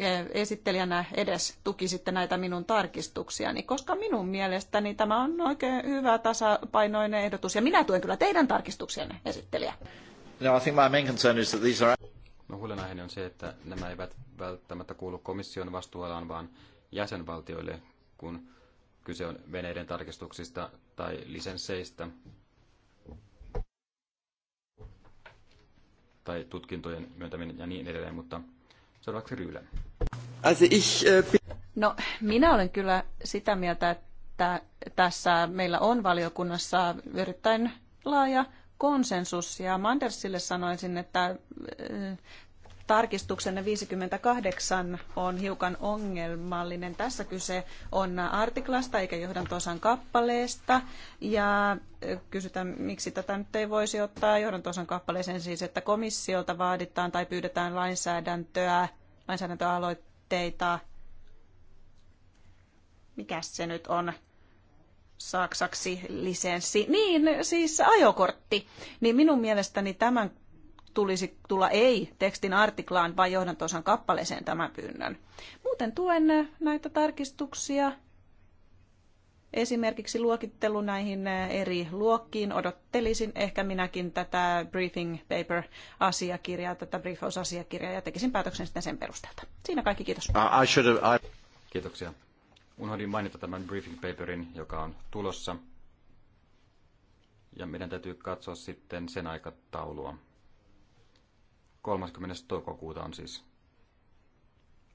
Eh, esittelijänä edes tukisitte näitä minun tarkistuksiani, koska minun mielestäni tämä on oikein hyvä tasapainoinen ehdotus, ja minä tuen kyllä teidän tarkistuksianne, esittelijä. No, I think my main concern is that these are... No huolenaiheeni on se, että nämä eivät välttämättä kuulu komission vastuualaan, vaan jäsenvaltioille, kun kyse on veneiden tarkistuksista tai lisensseistä tai tutkintojen myöntäminen ja niin edelleen, mutta seuraavaksi Ryylä. Äh, no, minä olen kyllä sitä mieltä, että tässä meillä on valiokunnassa erittäin laaja konsensus. Ja Mandersille sanoisin, että äh, tarkistuksenne 58 on hiukan ongelmallinen. Tässä kyse on artiklasta eikä johdantosan kappaleesta. Ja äh, kysytään, miksi tätä nyt ei voisi ottaa johdantosan kappaleeseen siis, että komissiolta vaaditaan tai pyydetään lainsäädäntöä lainsäädäntöaloitteita. Mikäs se nyt on? saksaksi lisenssi, niin siis ajokortti, niin minun mielestäni tämän tulisi tulla ei tekstin artiklaan, vaan johdantosan kappaleeseen tämän pyynnön. Muuten tuen näitä tarkistuksia esimerkiksi luokittelu näihin eh, eri luokkiin. Odottelisin ehkä minäkin tätä briefing paper-asiakirjaa, tätä briefaus-asiakirjaa ja tekisin päätöksen sitten sen perusteelta. Siinä kaikki, kiitos. Uh, I have, I... Kiitoksia. Unohdin mainita tämän briefing paperin, joka on tulossa. Ja meidän täytyy katsoa sitten sen aikataulua. 30. toukokuuta on siis,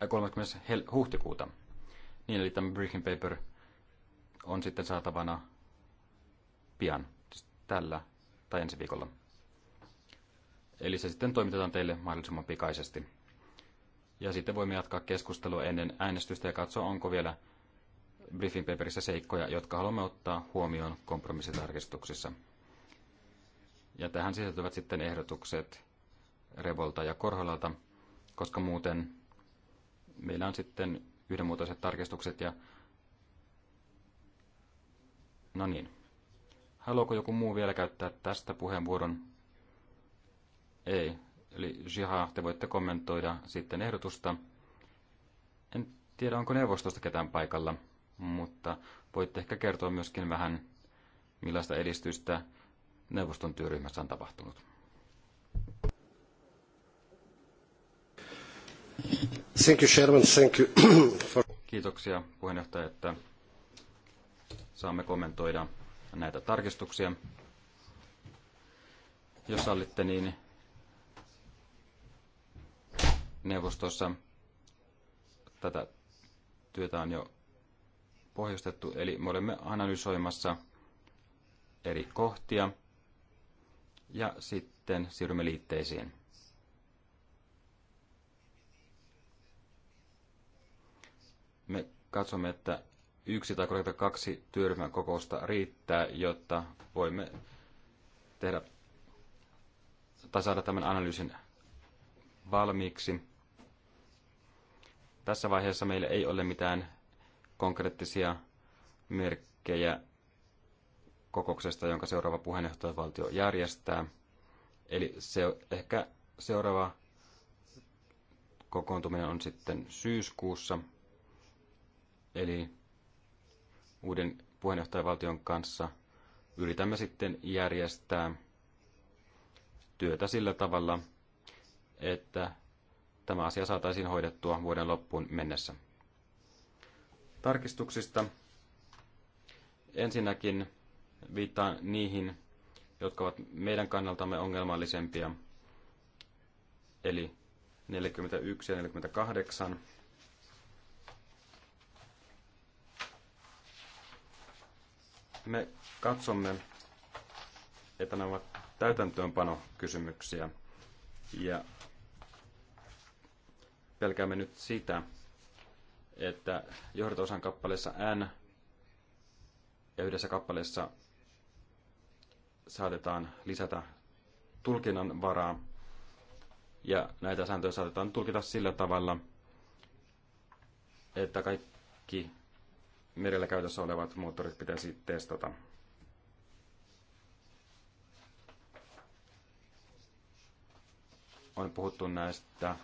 äh, 30. huhtikuuta. Niin, eli tämä briefing paper on sitten saatavana pian, siis tällä tai ensi viikolla. Eli se sitten toimitetaan teille mahdollisimman pikaisesti. Ja sitten voimme jatkaa keskustelua ennen äänestystä ja katsoa, onko vielä briefing paperissa seikkoja, jotka haluamme ottaa huomioon kompromissitarkistuksissa. Ja tähän sisältyvät sitten ehdotukset Revolta ja Korholalta, koska muuten meillä on sitten yhdenmuotoiset tarkistukset ja No niin. Haluaako joku muu vielä käyttää tästä puheenvuoron? Ei. Eli Jiha, te voitte kommentoida sitten ehdotusta. En tiedä, onko neuvostosta ketään paikalla, mutta voitte ehkä kertoa myöskin vähän, millaista edistystä neuvoston työryhmässä on tapahtunut. Thank you, Chairman. Thank you. *coughs* Kiitoksia puheenjohtaja, että saamme kommentoida näitä tarkistuksia. Jos sallitte, niin neuvostossa tätä työtä on jo pohjustettu, eli me olemme analysoimassa eri kohtia ja sitten siirrymme liitteisiin. Me katsomme, että yksi tai korkeintaan kaksi työryhmän kokousta riittää, jotta voimme tehdä tai saada tämän analyysin valmiiksi. Tässä vaiheessa meillä ei ole mitään konkreettisia merkkejä kokouksesta, jonka seuraava puheenjohtajavaltio järjestää. Eli se, ehkä seuraava kokoontuminen on sitten syyskuussa. Eli uuden puheenjohtajavaltion kanssa yritämme sitten järjestää työtä sillä tavalla, että tämä asia saataisiin hoidettua vuoden loppuun mennessä. Tarkistuksista ensinnäkin viittaan niihin, jotka ovat meidän kannaltamme ongelmallisempia, eli 41 ja 48. Me katsomme, että nämä ovat täytäntöönpanokysymyksiä ja pelkäämme nyt sitä, että johdotosan kappaleessa N ja yhdessä kappaleessa saatetaan lisätä tulkinnan varaa. Ja näitä sääntöjä saatetaan tulkita sillä tavalla, että kaikki merellä käytössä olevat moottorit pitäisi testata. On puhuttu näistä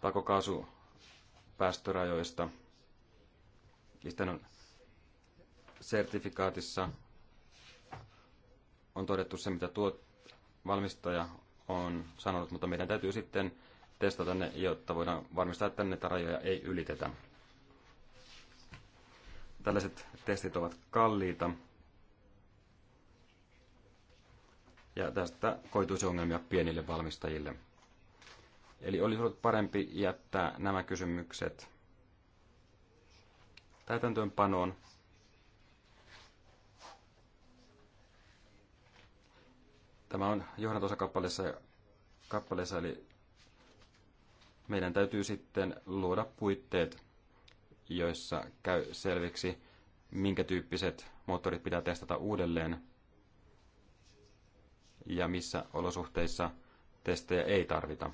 pakokaasupäästörajoista. Niistä on sertifikaatissa on todettu se, mitä tuo valmistaja on sanonut, mutta meidän täytyy sitten testata ne, jotta voidaan varmistaa, että näitä rajoja ei ylitetä. Tällaiset testit ovat kalliita. Ja tästä koituisi ongelmia pienille valmistajille. Eli olisi ollut parempi jättää nämä kysymykset täytäntöönpanoon. Tämä on johdantosa kappaleessa, kappaleessa, eli meidän täytyy sitten luoda puitteet joissa käy selviksi, minkä tyyppiset moottorit pitää testata uudelleen ja missä olosuhteissa testejä ei tarvita.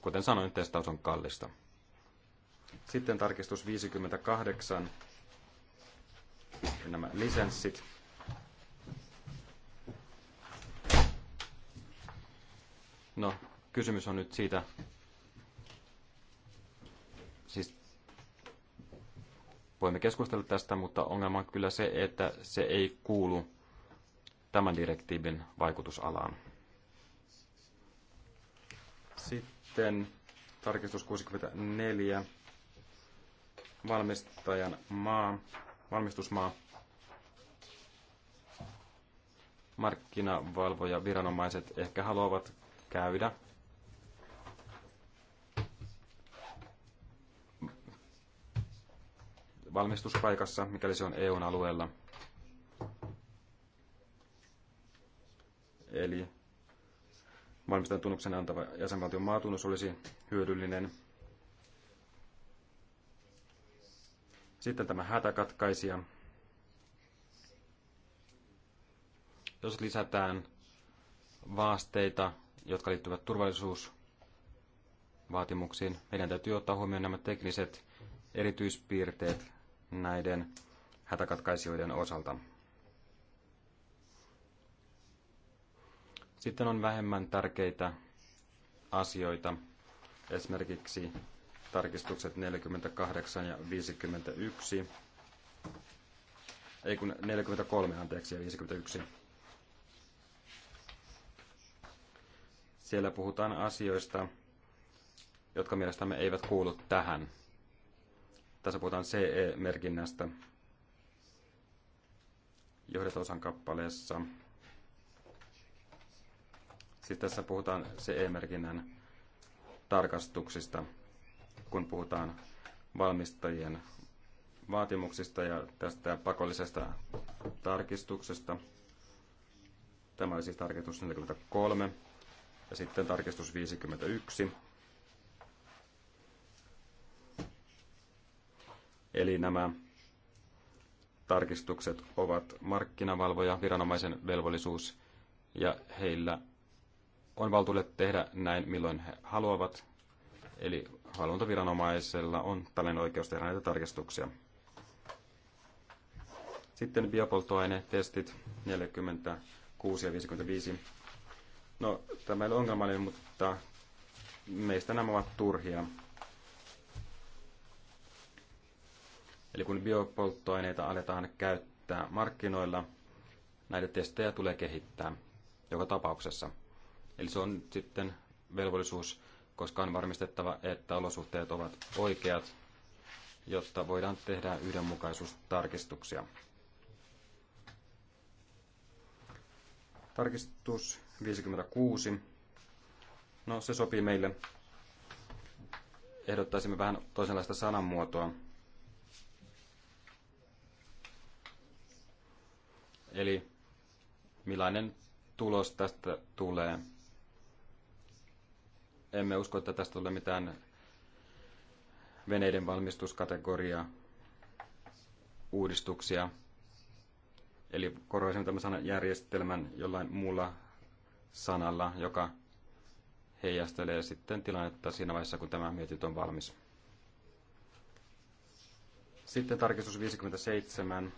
Kuten sanoin, testaus on kallista. Sitten tarkistus 58, nämä lisenssit. No, kysymys on nyt siitä, siis voimme keskustella tästä, mutta ongelma on kyllä se, että se ei kuulu tämän direktiivin vaikutusalaan. Sitten tarkistus 64. Valmistajan maa, valmistusmaa. Markkinavalvoja viranomaiset ehkä haluavat käydä valmistuspaikassa, mikäli se on EUn alueella. Eli valmistajan tunnuksen antava jäsenvaltion maatunnus olisi hyödyllinen. Sitten tämä hätäkatkaisija. Jos lisätään vaasteita, jotka liittyvät turvallisuusvaatimuksiin, meidän täytyy ottaa huomioon nämä tekniset erityispiirteet näiden hätäkatkaisijoiden osalta. Sitten on vähemmän tärkeitä asioita, esimerkiksi tarkistukset 48 ja 51, ei kun 43 anteeksi ja 51. Siellä puhutaan asioista, jotka mielestämme eivät kuulu tähän tässä puhutaan CE-merkinnästä johdetosan kappaleessa. Sitten siis tässä puhutaan CE-merkinnän tarkastuksista, kun puhutaan valmistajien vaatimuksista ja tästä pakollisesta tarkistuksesta. Tämä oli siis tarkistus 43 ja sitten tarkistus 51. Eli nämä tarkistukset ovat markkinavalvoja, viranomaisen velvollisuus, ja heillä on valtuudet tehdä näin, milloin he haluavat. Eli hallintoviranomaisella on tällainen oikeus tehdä näitä tarkistuksia. Sitten biopolttoainetestit 46 ja 55. No, tämä ei ole ongelmallinen, mutta meistä nämä ovat turhia. Eli kun biopolttoaineita aletaan käyttää markkinoilla, näitä testejä tulee kehittää joka tapauksessa. Eli se on sitten velvollisuus, koska on varmistettava, että olosuhteet ovat oikeat, jotta voidaan tehdä yhdenmukaisuustarkistuksia. Tarkistus 56. No, se sopii meille. Ehdottaisimme vähän toisenlaista sananmuotoa Eli millainen tulos tästä tulee. Emme usko, että tästä tulee mitään veneiden valmistuskategoriaa, uudistuksia. Eli korvaisin tämän sanan järjestelmän jollain muulla sanalla, joka heijastelee sitten tilannetta siinä vaiheessa, kun tämä mietit on valmis. Sitten tarkistus 57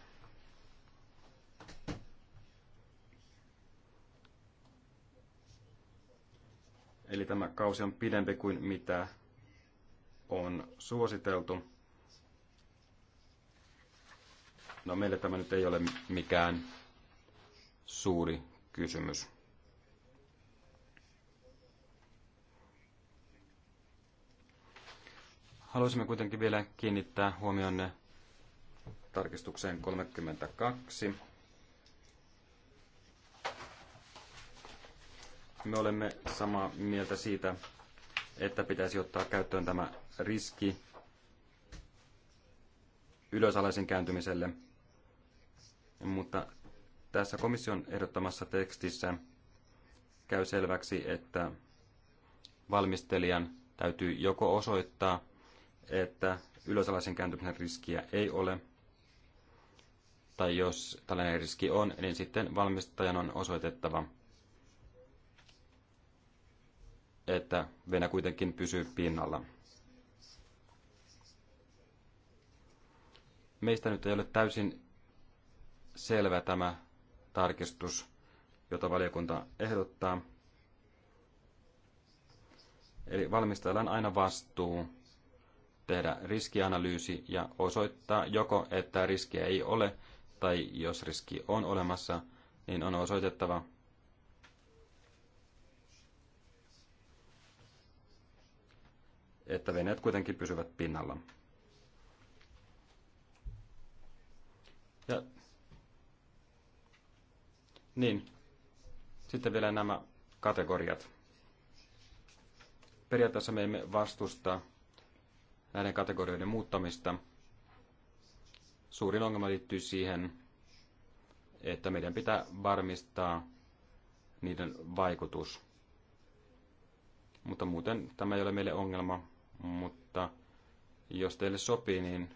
Eli tämä kausi on pidempi kuin mitä on suositeltu. No meille tämä nyt ei ole mikään suuri kysymys. Haluaisimme kuitenkin vielä kiinnittää huomionne tarkistukseen 32 Me olemme samaa mieltä siitä, että pitäisi ottaa käyttöön tämä riski ylösalaisin kääntymiselle, mutta tässä komission ehdottamassa tekstissä käy selväksi, että valmistelijan täytyy joko osoittaa, että ylösalaisin kääntymisen riskiä ei ole, tai jos tällainen riski on, niin sitten valmistajan on osoitettava, että Venäjä kuitenkin pysyy pinnalla. Meistä nyt ei ole täysin selvä tämä tarkistus, jota valiokunta ehdottaa. Eli valmistellaan aina vastuu tehdä riskianalyysi ja osoittaa joko, että riskiä ei ole, tai jos riski on olemassa, niin on osoitettava, että veneet kuitenkin pysyvät pinnalla. Ja, niin, sitten vielä nämä kategoriat. Periaatteessa me emme vastusta näiden kategorioiden muuttamista. Suurin ongelma liittyy siihen, että meidän pitää varmistaa niiden vaikutus. Mutta muuten tämä ei ole meille ongelma mutta jos teille sopii, niin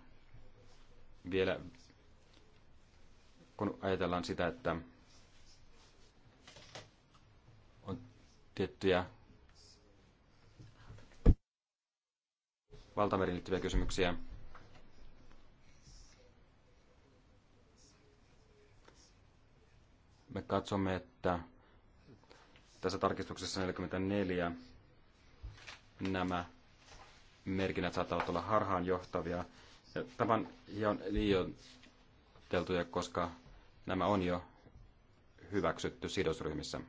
vielä kun ajatellaan sitä, että on tiettyjä valtameriin liittyviä kysymyksiä, me katsomme, että tässä tarkistuksessa 44 nämä merkinnät saattavat olla johtavia. Ja Tämän on liian liioiteltuja, koska nämä on jo hyväksytty sidosryhmissä.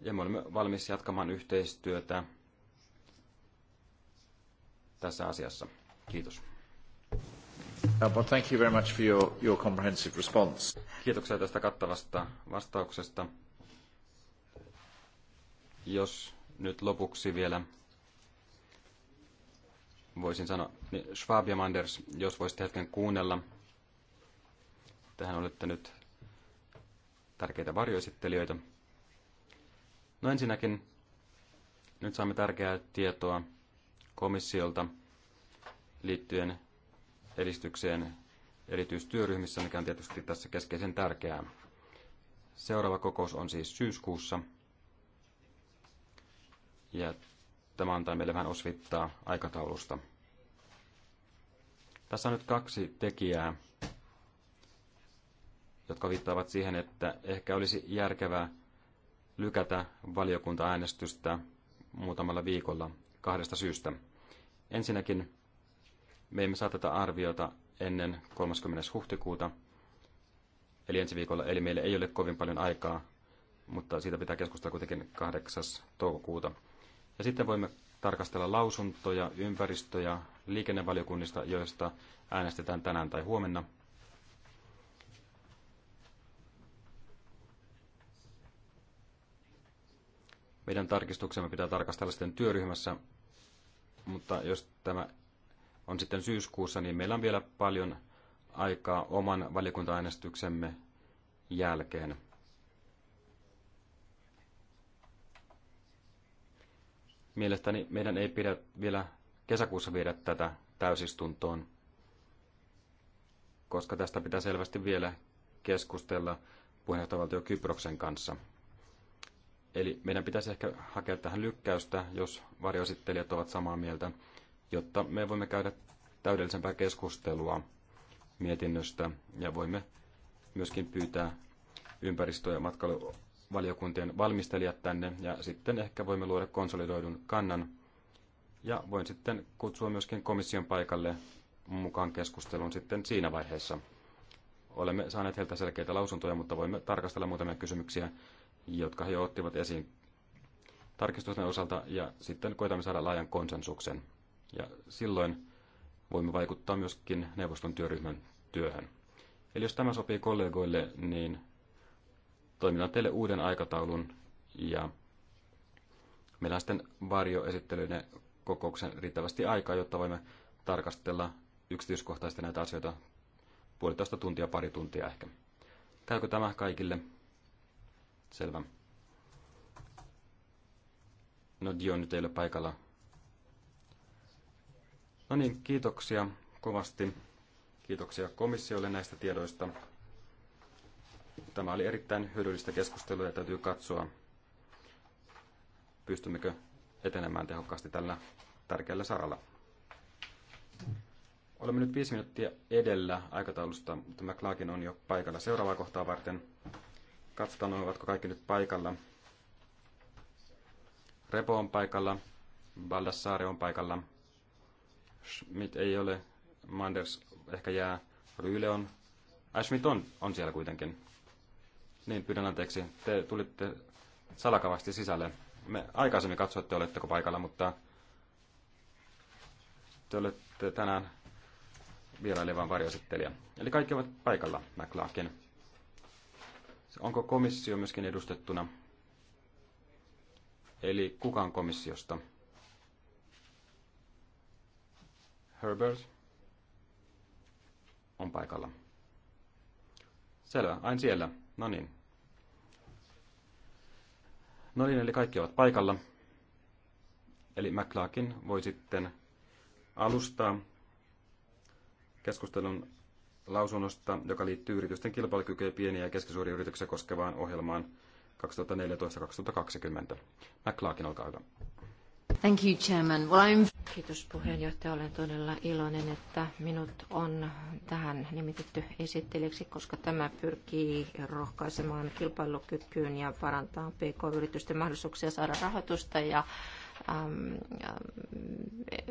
Ja me olemme valmis jatkamaan yhteistyötä tässä asiassa. Kiitos. Uh, thank you very much for your, your comprehensive response. Kiitoksia tästä kattavasta vastauksesta. Jos nyt lopuksi vielä voisin sanoa, niin Schwab ja Manders, jos voisitte hetken kuunnella. Tähän olette nyt tärkeitä varjoesittelijöitä. No ensinnäkin, nyt saamme tärkeää tietoa komissiolta liittyen edistykseen erityistyöryhmissä, mikä on tietysti tässä keskeisen tärkeää. Seuraava kokous on siis syyskuussa – ja tämä antaa meille vähän osvittaa aikataulusta. Tässä on nyt kaksi tekijää, jotka viittaavat siihen, että ehkä olisi järkevää lykätä valiokuntaäänestystä muutamalla viikolla kahdesta syystä. Ensinnäkin me emme saa tätä arviota ennen 30. huhtikuuta, eli ensi viikolla, eli meillä ei ole kovin paljon aikaa, mutta siitä pitää keskustella kuitenkin 8. toukokuuta. Ja sitten voimme tarkastella lausuntoja, ympäristöjä, liikennevaliokunnista, joista äänestetään tänään tai huomenna. Meidän tarkistuksemme pitää tarkastella sitten työryhmässä, mutta jos tämä on sitten syyskuussa, niin meillä on vielä paljon aikaa oman valiokuntaäänestyksemme jälkeen. Mielestäni meidän ei pidä vielä kesäkuussa viedä tätä täysistuntoon, koska tästä pitää selvästi vielä keskustella puheenjohtajavaltio Kyproksen kanssa. Eli meidän pitäisi ehkä hakea tähän lykkäystä, jos varjoesittelijät ovat samaa mieltä, jotta me voimme käydä täydellisempää keskustelua mietinnöstä ja voimme myöskin pyytää ympäristö- ja matkailu valiokuntien valmistelijat tänne ja sitten ehkä voimme luoda konsolidoidun kannan. Ja voin sitten kutsua myöskin komission paikalle mukaan keskusteluun sitten siinä vaiheessa. Olemme saaneet heiltä selkeitä lausuntoja, mutta voimme tarkastella muutamia kysymyksiä, jotka he jo ottivat esiin tarkistusten osalta ja sitten koitamme saada laajan konsensuksen. Ja silloin voimme vaikuttaa myöskin neuvoston työryhmän työhön. Eli jos tämä sopii kollegoille, niin toimitan teille uuden aikataulun ja meillä on sitten varjoesittelyiden kokouksen riittävästi aikaa, jotta voimme tarkastella yksityiskohtaisesti näitä asioita puolitoista tuntia, pari tuntia ehkä. Käykö tämä kaikille? Selvä. No Dion nyt ei ole paikalla. No niin, kiitoksia kovasti. Kiitoksia komissiolle näistä tiedoista. Tämä oli erittäin hyödyllistä keskustelua ja täytyy katsoa, pystymmekö etenemään tehokkaasti tällä tärkeällä saralla. Olemme nyt viisi minuuttia edellä aikataulusta, mutta McLaakin on jo paikalla seuraavaa kohtaa varten. Katsotaan, ovatko kaikki nyt paikalla. Repo on paikalla, Baldassare on paikalla, Schmidt ei ole, Manders ehkä jää, Ryle on, Ashmit äh, on, on siellä kuitenkin. Niin, pyydän anteeksi. Te tulitte salakavasti sisälle. Me aikaisemmin katsoitte, oletteko paikalla, mutta te olette tänään vierailevan varjoesittelijä. Eli kaikki ovat paikalla, McLaughlin. Onko komissio myöskin edustettuna? Eli kukaan komissiosta? Herbert on paikalla. Selvä, aina siellä. No niin. No niin, eli kaikki ovat paikalla. Eli McLaakin voi sitten alustaa keskustelun lausunnosta, joka liittyy yritysten kilpailukykyä pieniä ja keskisuuria yrityksiä koskevaan ohjelmaan 2014-2020. McLaakin, olkaa hyvä. Thank you, Chairman. Well, I'm... Kiitos puheenjohtaja. Olen todella iloinen, että minut on tähän nimitetty esittelijäksi, koska tämä pyrkii rohkaisemaan kilpailukykyyn ja parantaa pk-yritysten mahdollisuuksia saada rahoitusta ja Ähm, ähm,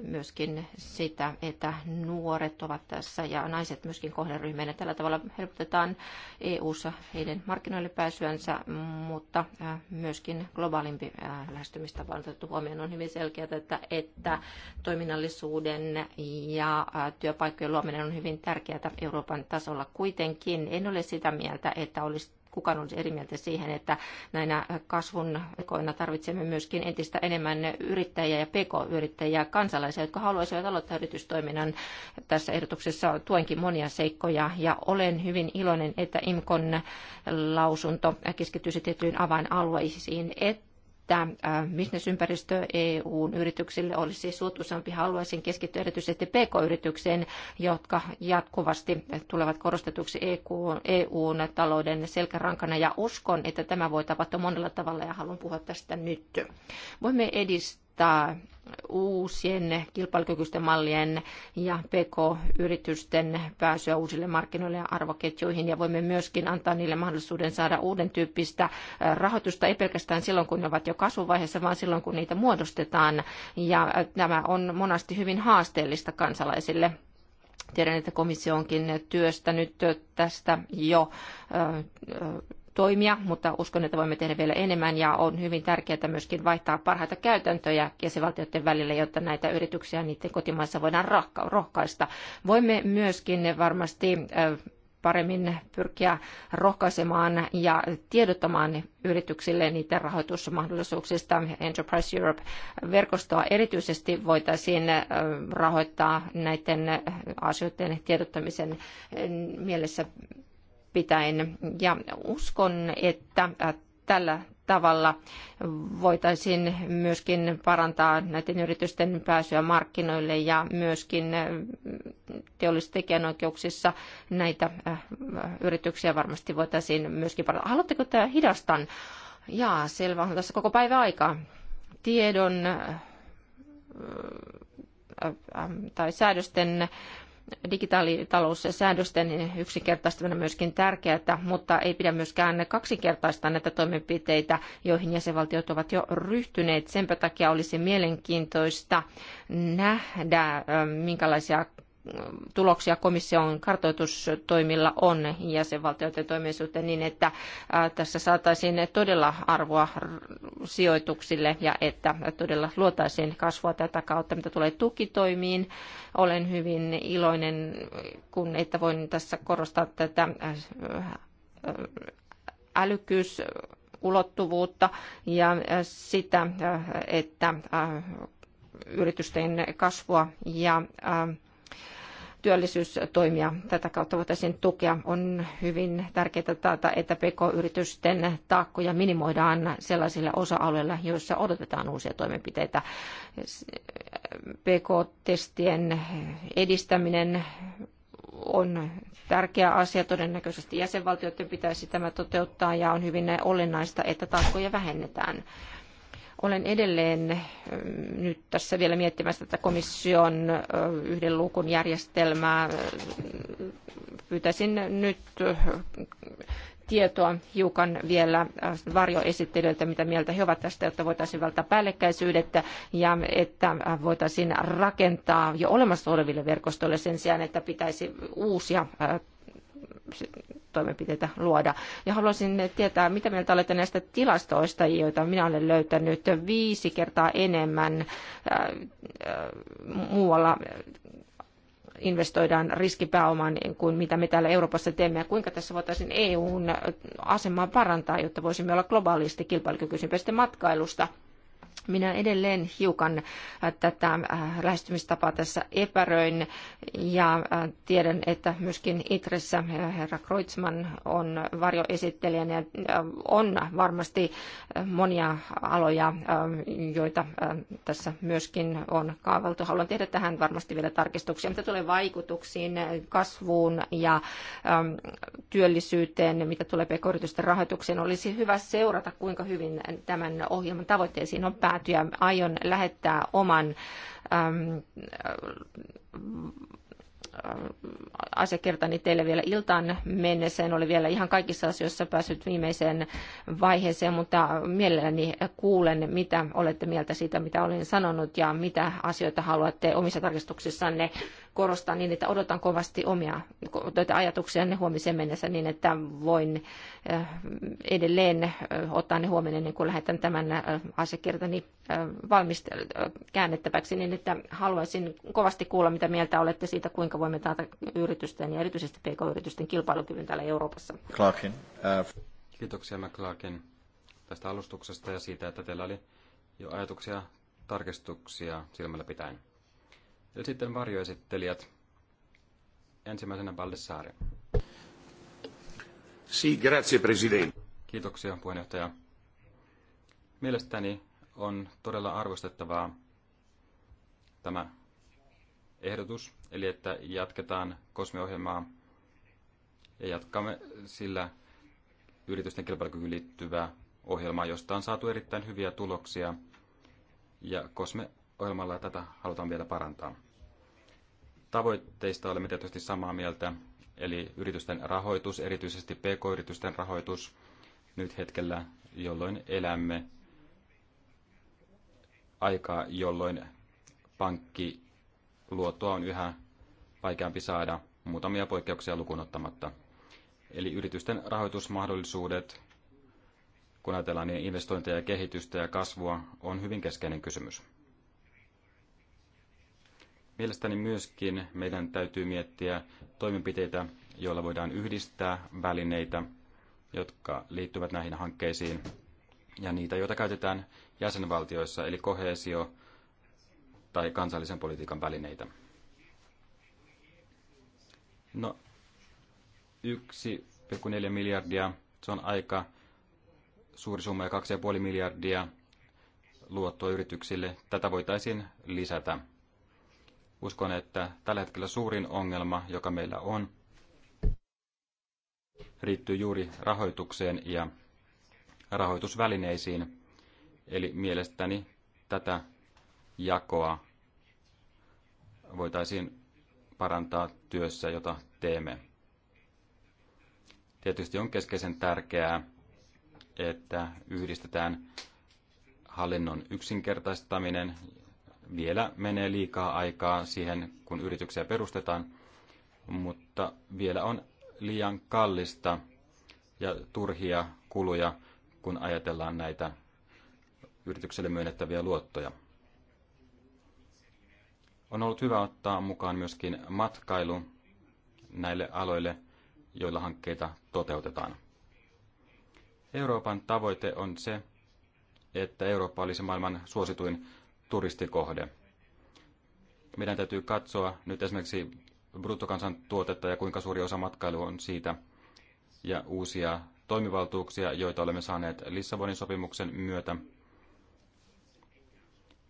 myöskin sitä, että nuoret ovat tässä ja naiset myöskin kohderyhmänä. Tällä tavalla helpotetaan EU-ssa heidän markkinoille pääsyänsä, mutta äh, myöskin globaalimpi äh, lähestymistapa on otettu huomioon. On hyvin selkeää, että, että toiminnallisuuden ja äh, työpaikkojen luominen on hyvin tärkeää Euroopan tasolla. Kuitenkin en ole sitä mieltä, että olisi kukaan olisi eri mieltä siihen, että näinä kasvun koina tarvitsemme myöskin entistä enemmän yrittäjiä ja pk-yrittäjiä, kansalaisia, jotka haluaisivat aloittaa yritystoiminnan. Tässä ehdotuksessa tuenkin monia seikkoja ja olen hyvin iloinen, että IMKON lausunto keskittyisi tiettyihin avainalueisiin, että että äh, bisnesympäristö EUn yrityksille olisi suotuisampi. Haluaisin keskittyä erityisesti PK-yritykseen, jotka jatkuvasti tulevat korostetuksi EUn e talouden selkärankana ja uskon, että tämä voi tapahtua monella tavalla ja haluan puhua tästä nyt. Voimme edistää auttaa uusien kilpailukykyisten mallien ja PK-yritysten pääsyä uusille markkinoille ja arvoketjuihin. Ja voimme myöskin antaa niille mahdollisuuden saada uuden tyyppistä rahoitusta, ei pelkästään silloin, kun ne ovat jo kasvuvaiheessa, vaan silloin, kun niitä muodostetaan. Ja tämä on monasti hyvin haasteellista kansalaisille. Tiedän, että komissio onkin työstänyt tästä jo toimia, mutta uskon, että voimme tehdä vielä enemmän ja on hyvin tärkeää myöskin vaihtaa parhaita käytäntöjä jäsenvaltioiden välillä, jotta näitä yrityksiä niiden kotimaissa voidaan rohkaista. Voimme myöskin varmasti paremmin pyrkiä rohkaisemaan ja tiedottamaan yrityksille niiden rahoitusmahdollisuuksista. Enterprise Europe-verkostoa erityisesti voitaisiin rahoittaa näiden asioiden tiedottamisen mielessä pitäen. Ja uskon, että tällä tavalla voitaisiin myöskin parantaa näiden yritysten pääsyä markkinoille ja myöskin teollistekijänoikeuksissa näitä yrityksiä varmasti voitaisiin myöskin parantaa. Haluatteko tämä hidastan? Jaa, selvä on tässä koko päivä aikaa. Tiedon tai säädösten digitaalitaloussäädösten yksinkertaistaminen on myöskin tärkeää, mutta ei pidä myöskään kaksinkertaistaa näitä toimenpiteitä, joihin jäsenvaltiot ovat jo ryhtyneet. Senpä takia olisi mielenkiintoista nähdä, minkälaisia tuloksia komission kartoitustoimilla on jäsenvaltioiden toimien suhteen niin, että tässä saataisiin todella arvoa sijoituksille ja että todella luotaisiin kasvua tätä kautta, mitä tulee tukitoimiin. Olen hyvin iloinen, kun että voin tässä korostaa tätä älykkyys ulottuvuutta ja sitä, että yritysten kasvua ja äh, työllisyystoimia tätä kautta voitaisiin tukea. On hyvin tärkeää taata, että PK-yritysten taakkoja minimoidaan sellaisilla osa-alueilla, joissa odotetaan uusia toimenpiteitä. PK-testien edistäminen on tärkeä asia. Todennäköisesti jäsenvaltioiden pitäisi tämä toteuttaa ja on hyvin olennaista, että taakkoja vähennetään. Olen edelleen nyt tässä vielä miettimässä tätä komission yhden luukun järjestelmää. Pyytäisin nyt tietoa hiukan vielä varjoesittelijöiltä, mitä mieltä he ovat tästä, jotta voitaisiin välttää päällekkäisyydet ja että voitaisiin rakentaa jo olemassa oleville verkostoille sen sijaan, että pitäisi uusia toimenpiteitä luoda. Ja haluaisin tietää, mitä mieltä olette näistä tilastoista, joita minä olen löytänyt viisi kertaa enemmän äh, äh, muualla investoidaan riskipääomaan kuin mitä me täällä Euroopassa teemme ja kuinka tässä voitaisiin EUn asemaa parantaa, jotta voisimme olla globaalisti kilpailukykyisempiä matkailusta. Minä edelleen hiukan äh, tätä äh, lähestymistapaa tässä epäröin ja äh, tiedän, että myöskin Itressä herra Kreutzmann on varjoesittelijänä ja on varmasti monia aloja, joita tässä myöskin on kaavaltu. Haluan tehdä tähän varmasti vielä tarkistuksia, mitä tulee vaikutuksiin, kasvuun ja ähm, työllisyyteen, mitä tulee pk rahoitukseen. Olisi hyvä seurata, kuinka hyvin tämän ohjelman tavoitteisiin on päätyä aion lähettää oman äm, asiakirtani teille vielä iltaan mennessä. En ole vielä ihan kaikissa asioissa päässyt viimeiseen vaiheeseen, mutta mielelläni kuulen, mitä olette mieltä siitä, mitä olen sanonut ja mitä asioita haluatte omissa tarkistuksissanne korostaa niin, että odotan kovasti omia ajatuksia ne huomiseen mennessä niin, että voin eh, edelleen eh, ottaa ne huomioon ennen kuin lähetän tämän eh, asiakirjani käännettäväksi, niin että haluaisin kovasti kuulla, mitä mieltä olette siitä, kuinka voimme taata yritysten ja erityisesti pk-yritysten kilpailukyvyn täällä Euroopassa. Clarkin. Uh... Kiitoksia McClarkin tästä alustuksesta ja siitä, että teillä oli jo ajatuksia tarkistuksia silmällä pitäen. Ja sitten varjoesittelijät. Ensimmäisenä Baldessari. Si, grazie, presidente. Kiitoksia, puheenjohtaja. Mielestäni on todella arvostettavaa tämä ehdotus, eli että jatketaan kosmiohjelmaa ja jatkamme sillä yritysten kilpailukykyyn liittyvää ohjelmaa, josta on saatu erittäin hyviä tuloksia. Ja Kosme ohjelmalla tätä halutaan vielä parantaa. Tavoitteista olemme tietysti samaa mieltä, eli yritysten rahoitus, erityisesti pk-yritysten rahoitus nyt hetkellä, jolloin elämme aikaa, jolloin pankkiluottoa on yhä vaikeampi saada, muutamia poikkeuksia lukuun ottamatta. Eli yritysten rahoitusmahdollisuudet, kun ajatellaan niin investointeja, kehitystä ja kasvua, on hyvin keskeinen kysymys. Mielestäni myöskin meidän täytyy miettiä toimenpiteitä, joilla voidaan yhdistää välineitä, jotka liittyvät näihin hankkeisiin, ja niitä, joita käytetään jäsenvaltioissa, eli kohesio tai kansallisen politiikan välineitä. No, 1,4 miljardia, se on aika suuri summa ja 2,5 miljardia luottoa yrityksille. Tätä voitaisiin lisätä Uskon, että tällä hetkellä suurin ongelma, joka meillä on, riittyy juuri rahoitukseen ja rahoitusvälineisiin. Eli mielestäni tätä jakoa voitaisiin parantaa työssä, jota teemme. Tietysti on keskeisen tärkeää, että yhdistetään hallinnon yksinkertaistaminen vielä menee liikaa aikaa siihen, kun yrityksiä perustetaan, mutta vielä on liian kallista ja turhia kuluja, kun ajatellaan näitä yritykselle myönnettäviä luottoja. On ollut hyvä ottaa mukaan myöskin matkailu näille aloille, joilla hankkeita toteutetaan. Euroopan tavoite on se, että Eurooppa olisi maailman suosituin turistikohde. Meidän täytyy katsoa nyt esimerkiksi bruttokansantuotetta ja kuinka suuri osa matkailu on siitä ja uusia toimivaltuuksia, joita olemme saaneet Lissabonin sopimuksen myötä.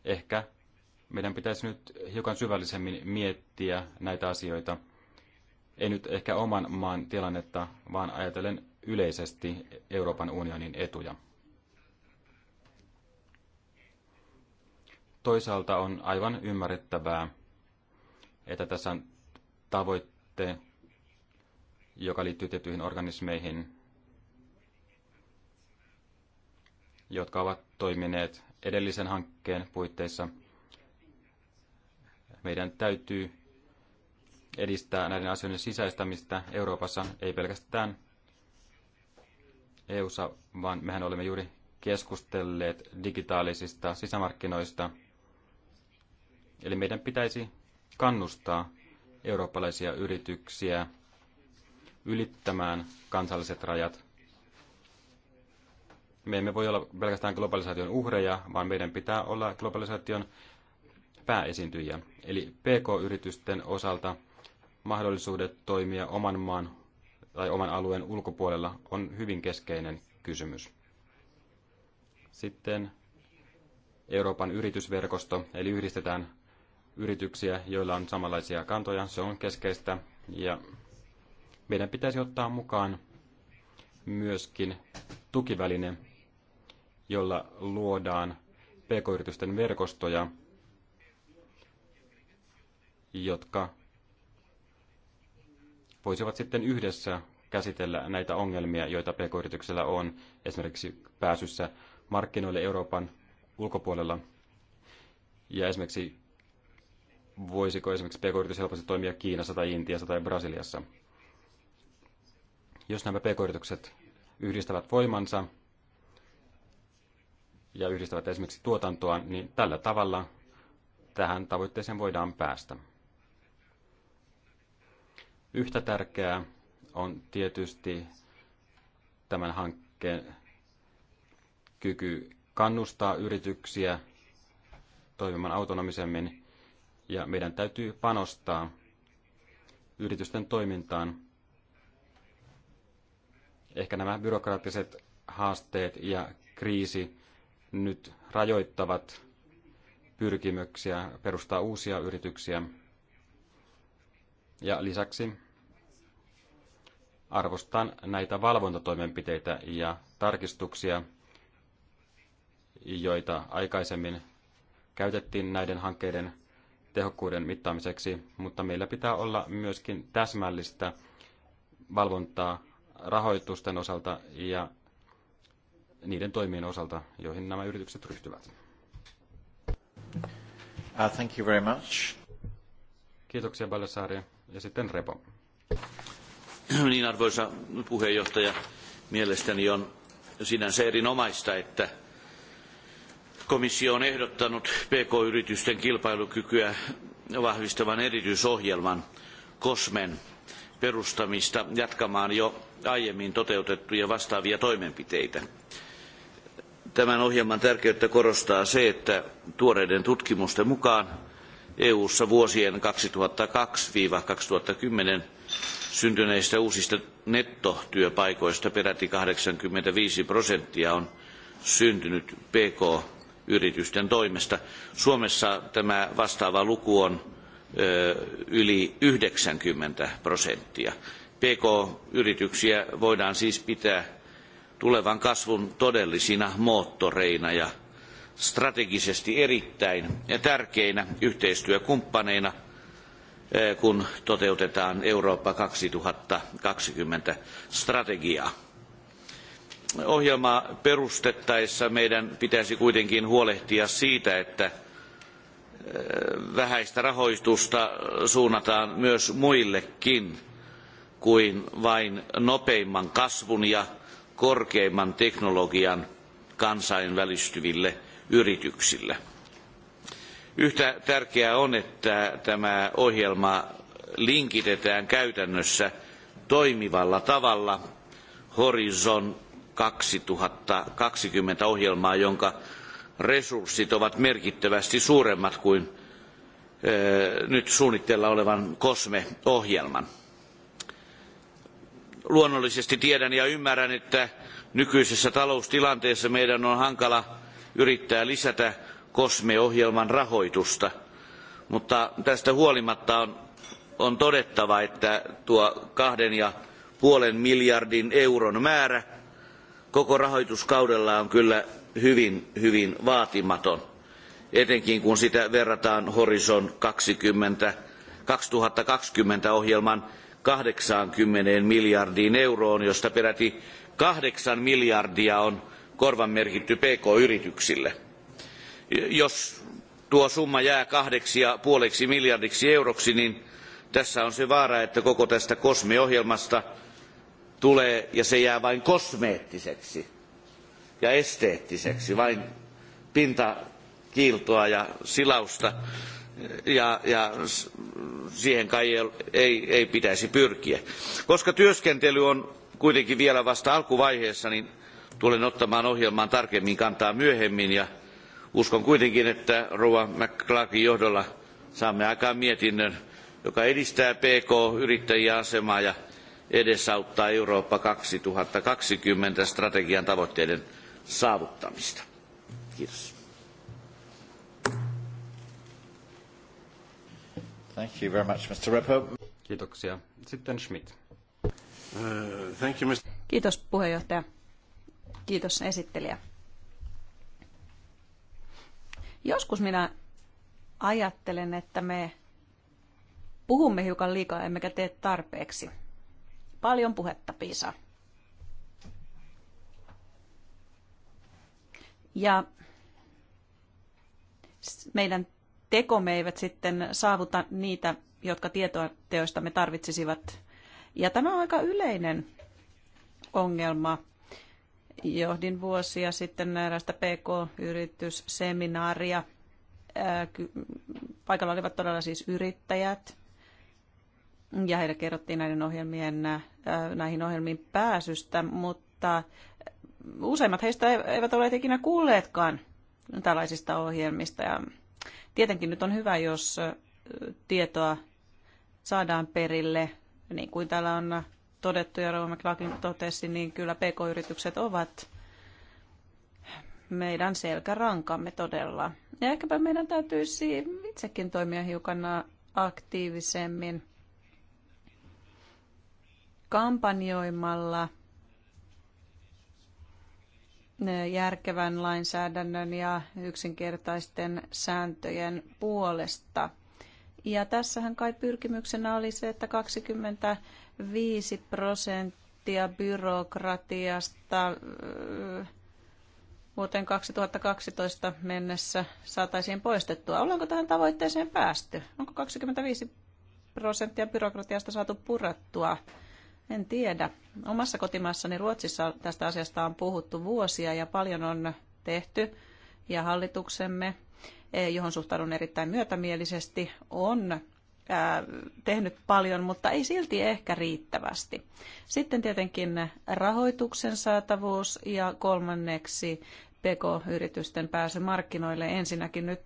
Ehkä meidän pitäisi nyt hiukan syvällisemmin miettiä näitä asioita. Ei nyt ehkä oman maan tilannetta, vaan ajatellen yleisesti Euroopan unionin etuja. Toisaalta on aivan ymmärrettävää, että tässä on tavoitte, joka liittyy tiettyihin organismeihin, jotka ovat toimineet edellisen hankkeen puitteissa. Meidän täytyy edistää näiden asioiden sisäistämistä Euroopassa, ei pelkästään eu vaan mehän olemme juuri keskustelleet digitaalisista sisämarkkinoista – Eli meidän pitäisi kannustaa eurooppalaisia yrityksiä ylittämään kansalliset rajat. Me emme voi olla pelkästään globalisaation uhreja, vaan meidän pitää olla globalisaation pääesiintyjiä. Eli PK-yritysten osalta mahdollisuudet toimia oman maan tai oman alueen ulkopuolella on hyvin keskeinen kysymys. Sitten Euroopan yritysverkosto, eli yhdistetään yrityksiä, joilla on samanlaisia kantoja. Se on keskeistä ja meidän pitäisi ottaa mukaan myöskin tukiväline, jolla luodaan pk-yritysten verkostoja, jotka voisivat sitten yhdessä käsitellä näitä ongelmia, joita pk-yrityksellä on esimerkiksi pääsyssä markkinoille Euroopan ulkopuolella. Ja esimerkiksi voisiko esimerkiksi pk-yritys helposti toimia Kiinassa tai Intiassa tai Brasiliassa. Jos nämä pk-yritykset yhdistävät voimansa ja yhdistävät esimerkiksi tuotantoa, niin tällä tavalla tähän tavoitteeseen voidaan päästä. Yhtä tärkeää on tietysti tämän hankkeen kyky kannustaa yrityksiä toimimaan autonomisemmin ja meidän täytyy panostaa yritysten toimintaan. Ehkä nämä byrokraattiset haasteet ja kriisi nyt rajoittavat pyrkimyksiä perustaa uusia yrityksiä. Ja lisäksi arvostan näitä valvontatoimenpiteitä ja tarkistuksia, joita aikaisemmin käytettiin näiden hankkeiden tehokkuuden mittaamiseksi, mutta meillä pitää olla myöskin täsmällistä valvontaa rahoitusten osalta ja niiden toimien osalta, joihin nämä yritykset ryhtyvät. Uh, thank you very much. Kiitoksia paljon Saari. Ja sitten Repo. *clears throat* Niin arvoisa puheenjohtaja, mielestäni on sinänsä erinomaista, että Komissio on ehdottanut PK-yritysten kilpailukykyä vahvistavan erityisohjelman COSMEN perustamista jatkamaan jo aiemmin toteutettuja vastaavia toimenpiteitä. Tämän ohjelman tärkeyttä korostaa se, että tuoreiden tutkimusten mukaan EU-ssa vuosien 2002-2010 syntyneistä uusista nettotyöpaikoista peräti 85 prosenttia on syntynyt PK yritysten toimesta. Suomessa tämä vastaava luku on yli 90 prosenttia. PK-yrityksiä voidaan siis pitää tulevan kasvun todellisina moottoreina ja strategisesti erittäin tärkeinä yhteistyökumppaneina, kun toteutetaan Eurooppa 2020 strategiaa ohjelmaa perustettaessa meidän pitäisi kuitenkin huolehtia siitä, että eh, vähäistä rahoitusta suunnataan myös muillekin kuin vain nopeimman kasvun ja korkeimman teknologian kansainvälistyville yrityksille. Yhtä tärkeää on, että tämä ohjelma linkitetään käytännössä toimivalla tavalla Horizon 2020 ohjelmaa, jonka resurssit ovat merkittävästi suuremmat kuin nyt suunnitteilla olevan COSME-ohjelman. Luonnollisesti tiedän ja ymmärrän, että nykyisessä taloustilanteessa meidän on hankala yrittää lisätä COSME-ohjelman rahoitusta, mutta tästä huolimatta on, on todettava, että tuo kahden ja puolen miljardin euron määrä – koko rahoituskaudella on kyllä hyvin, hyvin vaatimaton, etenkin kun sitä verrataan Horizon 20, 2020 ohjelman 80 miljardiin euroon, josta peräti 8 miljardia on korvamerkitty PK-yrityksille. Jos tuo summa jää kahdeksi ja puoleksi miljardiksi euroksi, niin tässä on se vaara, että koko tästä kosmeohjelmasta ohjelmasta tulee ja se jää vain kosmeettiseksi ja esteettiseksi, mm. vain pintakiiltoa ja silausta ja, ja siihen kai ei, ei, ei pitäisi pyrkiä. Koska työskentely on kuitenkin vielä vasta alkuvaiheessa, niin tulen ottamaan ohjelmaan tarkemmin kantaa myöhemmin ja uskon kuitenkin, että Rouva McClarkin johdolla saamme aikaan mietinnön, joka edistää PK-yrittäjien asemaa ja edesauttaa Eurooppa 2020 strategian tavoitteiden saavuttamista. Kiitos. Thank you very much, Mr. Repo. Kiitoksia. Sitten Schmidt. Uh, thank you, Mr. Kiitos puheenjohtaja. Kiitos esittelijä. Joskus minä ajattelen, että me puhumme hiukan liikaa emmekä tee tarpeeksi. Paljon puhetta, Piisa. Ja meidän tekomme eivät sitten saavuta niitä, jotka tietoa teoista me tarvitsisivat. Ja tämä on aika yleinen ongelma. Johdin vuosia sitten näistä PK-yritysseminaaria. Paikalla olivat todella siis yrittäjät, ja heille kerrottiin näiden ohjelmien, äh, näihin ohjelmiin pääsystä, mutta useimmat heistä eivät ole ikinä kuulleetkaan tällaisista ohjelmista. Ja tietenkin nyt on hyvä, jos äh, tietoa saadaan perille, niin kuin täällä on todettu ja Rova McLaughlin totesi, niin kyllä pk-yritykset ovat meidän selkärankamme todella. Ja ehkäpä meidän täytyisi itsekin toimia hiukan aktiivisemmin kampanjoimalla järkevän lainsäädännön ja yksinkertaisten sääntöjen puolesta. Ja tässähän kai pyrkimyksenä oli se, että 25 prosenttia byrokratiasta vuoteen 2012 mennessä saataisiin poistettua. Ollaanko tähän tavoitteeseen päästy? Onko 25 prosenttia byrokratiasta saatu purattua? En tiedä. Omassa kotimaassani Ruotsissa tästä asiasta on puhuttu vuosia ja paljon on tehty ja hallituksemme, e, johon suhtaudun erittäin myötämielisesti, on tehnyt paljon, mutta ei silti ehkä riittävästi. Sitten tietenkin rahoituksen saatavuus ja kolmanneksi PK-yritysten pääsy markkinoille ensinnäkin nyt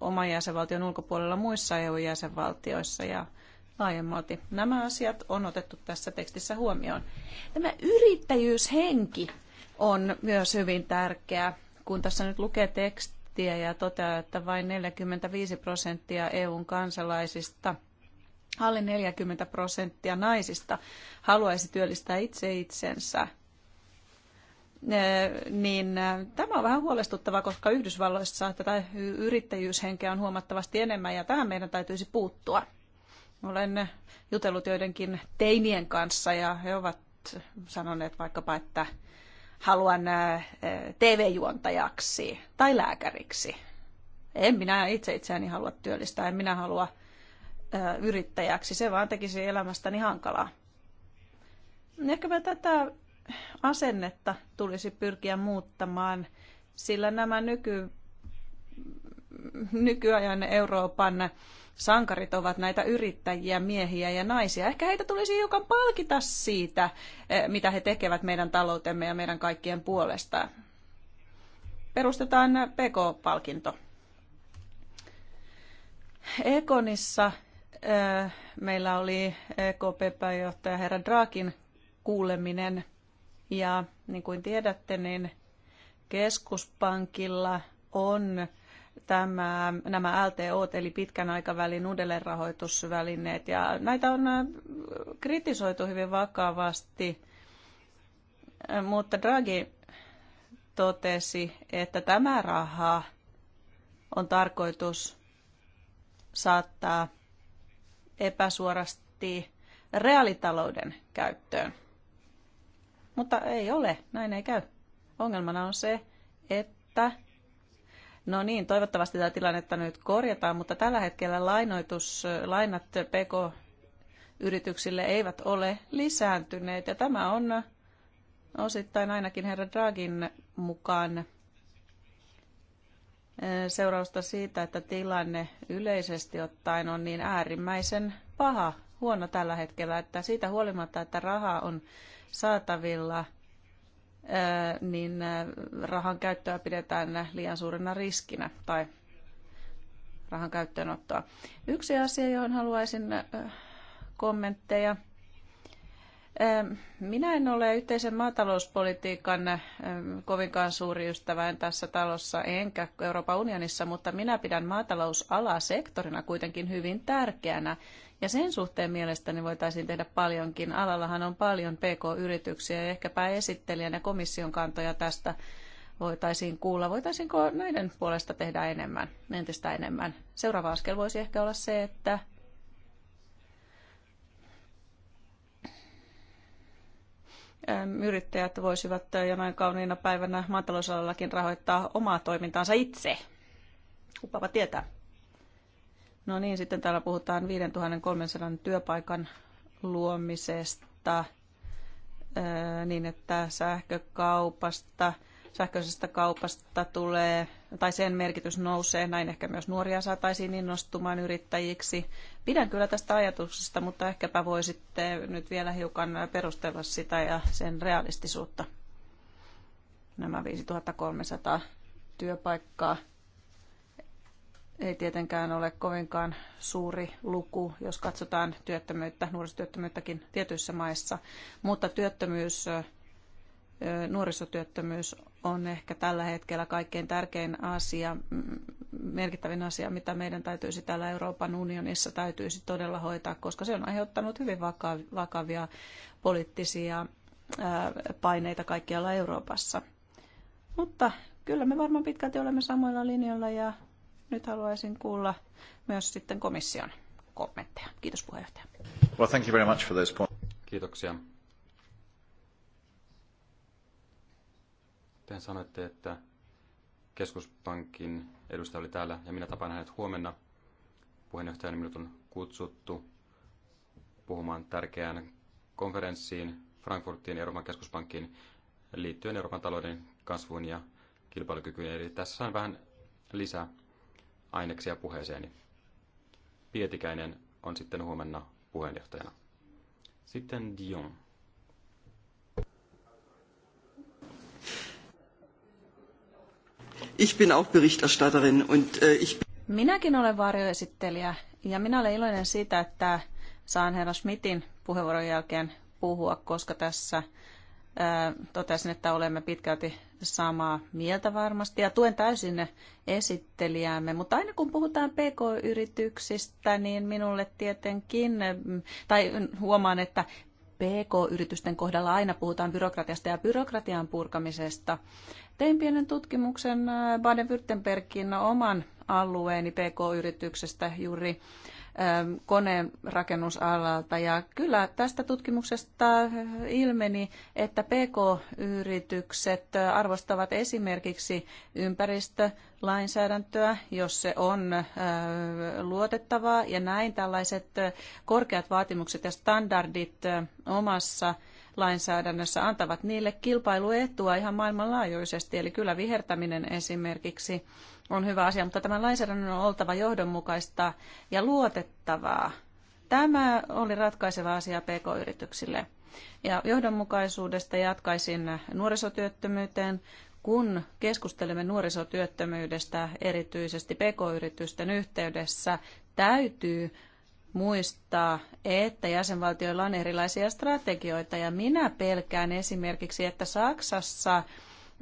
oman jäsenvaltion ulkopuolella muissa EU-jäsenvaltioissa ja laajemmalti. Nämä asiat on otettu tässä tekstissä huomioon. Tämä yrittäjyyshenki on myös hyvin tärkeä, kun tässä nyt lukee tekstiä ja toteaa, että vain 45 prosenttia EUn kansalaisista – alle 40 prosenttia naisista haluaisi työllistää itse itsensä, niin tämä on vähän huolestuttavaa, koska Yhdysvalloissa tätä yrittäjyyshenkeä on huomattavasti enemmän ja tähän meidän täytyisi puuttua. Olen jutellut joidenkin teinien kanssa ja he ovat sanoneet vaikkapa, että haluan TV-juontajaksi tai lääkäriksi. En minä itse itseäni halua työllistää, en minä halua yrittäjäksi. Se vaan tekisi elämästäni hankalaa. Ehkä me tätä asennetta tulisi pyrkiä muuttamaan, sillä nämä nyky, nykyajan Euroopan sankarit ovat näitä yrittäjiä, miehiä ja naisia. Ehkä heitä tulisi hiukan palkita siitä, eh, mitä he tekevät meidän taloutemme ja meidän kaikkien puolesta. Perustetaan PK-palkinto. Ekonissa eh, meillä oli EKP-pääjohtaja herra Draakin kuuleminen. Ja niin kuin tiedätte, niin keskuspankilla on tämä, nämä LTO, eli pitkän aikavälin uudelleenrahoitusvälineet, ja näitä on äh, kritisoitu hyvin vakavasti, äh, mutta Draghi totesi, että tämä raha on tarkoitus saattaa epäsuorasti reaalitalouden käyttöön. Mutta ei ole, näin ei käy. Ongelmana on se, että No niin, toivottavasti tämä tilannetta nyt korjataan, mutta tällä hetkellä lainoitus, lainat PK-yrityksille eivät ole lisääntyneet ja tämä on osittain ainakin herra Dragin mukaan eh, seurausta siitä, että tilanne yleisesti ottaen on niin äärimmäisen paha, huono tällä hetkellä, että siitä huolimatta, että rahaa on saatavilla – niin rahan käyttöä pidetään liian suurena riskinä tai rahan käyttöönottoa. Yksi asia, johon haluaisin kommentteja. Minä en ole yhteisen maatalouspolitiikan kovinkaan suuri ystävä en tässä talossa enkä Euroopan unionissa, mutta minä pidän maatalousalaa sektorina kuitenkin hyvin tärkeänä. Ja sen suhteen mielestäni voitaisiin tehdä paljonkin. Alallahan on paljon PK-yrityksiä ja ehkäpä esittelijän ja komission kantoja tästä voitaisiin kuulla. Voitaisiinko näiden puolesta tehdä enemmän, entistä enemmän? Seuraava askel voisi ehkä olla se, että yrittäjät voisivat jonain kauniina päivänä maatalousalallakin rahoittaa omaa toimintaansa itse. Kupaava tietää. No niin, sitten täällä puhutaan 5300 työpaikan luomisesta niin, että sähkökaupasta, sähköisestä kaupasta tulee, tai sen merkitys nousee, näin ehkä myös nuoria saataisiin innostumaan yrittäjiksi. Pidän kyllä tästä ajatuksesta, mutta ehkäpä voisitte nyt vielä hiukan perustella sitä ja sen realistisuutta. Nämä 5300 työpaikkaa ei tietenkään ole kovinkaan suuri luku, jos katsotaan työttömyyttä, nuorisotyöttömyyttäkin tietyissä maissa, mutta työttömyys, nuorisotyöttömyys on ehkä tällä hetkellä kaikkein tärkein asia, merkittävin asia, mitä meidän täytyisi täällä Euroopan unionissa täytyisi todella hoitaa, koska se on aiheuttanut hyvin vakavia poliittisia paineita kaikkialla Euroopassa. Mutta kyllä me varmaan pitkälti olemme samoilla linjoilla ja nyt haluaisin kuulla myös sitten komission kommentteja. Kiitos puheenjohtaja. Well, thank you very much for those points. Kiitoksia. Te sanoitte, että keskuspankin edustaja oli täällä ja minä tapaan hänet huomenna. Puheenjohtajan minut on kutsuttu puhumaan tärkeään konferenssiin Frankfurtin Euroopan keskuspankkiin liittyen Euroopan talouden kasvuun ja kilpailukykyyn. Eli tässä on vähän lisää aineksia puheeseeni. Pietikäinen on sitten huomenna puheenjohtajana. Sitten Dion. Ich bin auch Berichterstatterin und äh, ich Minäkin olen varjoesittelijä ja minä olen iloinen siitä, että saan herra Schmidtin puheenvuoron jälkeen puhua, koska tässä äh, totesin, että olemme pitkälti samaa mieltä varmasti ja tuen täysin esittelijäämme, mutta aina kun puhutaan PK-yrityksistä, niin minulle tietenkin, tai huomaan, että PK-yritysten kohdalla aina puhutaan byrokratiasta ja byrokratian purkamisesta. Tein pienen tutkimuksen Baden-Württembergin oman alueeni PK-yrityksestä juuri Ähm, koneen rakennusalalta. Ja kyllä tästä tutkimuksesta äh, ilmeni, että PK-yritykset äh, arvostavat esimerkiksi ympäristölainsäädäntöä, jos se on äh, luotettavaa. Ja näin tällaiset korkeat vaatimukset ja standardit omassa lainsäädännössä antavat niille kilpailuetua ihan maailmanlaajuisesti. Eli kyllä vihertäminen esimerkiksi on hyvä asia, mutta tämän lainsäädännön on oltava johdonmukaista ja luotettavaa. Tämä oli ratkaiseva asia pk-yrityksille. Ja johdonmukaisuudesta jatkaisin nuorisotyöttömyyteen. Kun keskustelemme nuorisotyöttömyydestä erityisesti pk-yritysten yhteydessä, täytyy muistaa, että jäsenvaltioilla on erilaisia strategioita ja minä pelkään esimerkiksi, että Saksassa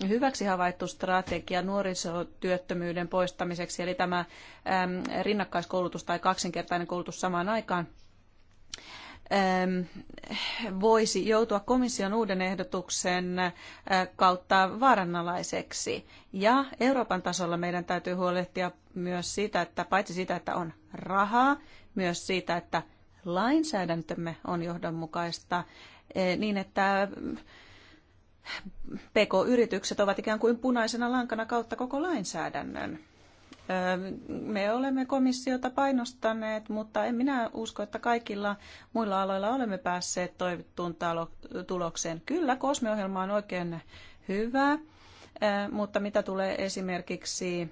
hyväksi havaittu strategia nuorisotyöttömyyden poistamiseksi, eli tämä rinnakkaiskoulutus tai kaksinkertainen koulutus samaan aikaan, voisi joutua komission uuden ehdotuksen kautta vaarannalaiseksi. Ja Euroopan tasolla meidän täytyy huolehtia myös siitä, että paitsi sitä, että on rahaa, myös siitä, että lainsäädäntömme on johdonmukaista eh, niin, että PK-yritykset ovat ikään kuin punaisena lankana kautta koko lainsäädännön. Me olemme komissiota painostaneet, mutta en minä usko, että kaikilla muilla aloilla olemme päässeet toivottuun tulokseen. Kyllä, kosmeohjelma on oikein hyvä, eh, mutta mitä tulee esimerkiksi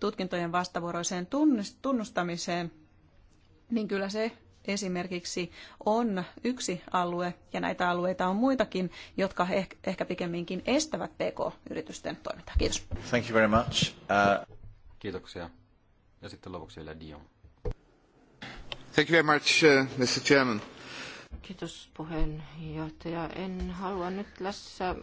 tutkintojen vastavuoroiseen tunnustamiseen, niin kyllä se esimerkiksi on yksi alue, ja näitä alueita on muitakin, jotka ehkä pikemminkin estävät PK-yritysten toimintaa. Kiitos. Thank you very much. Uh... Kiitoksia. Ja sitten lopuksi vielä Dion. Thank you very much, uh, Mr. Chairman. Kiitos puheenjohtaja. En halua nyt tässä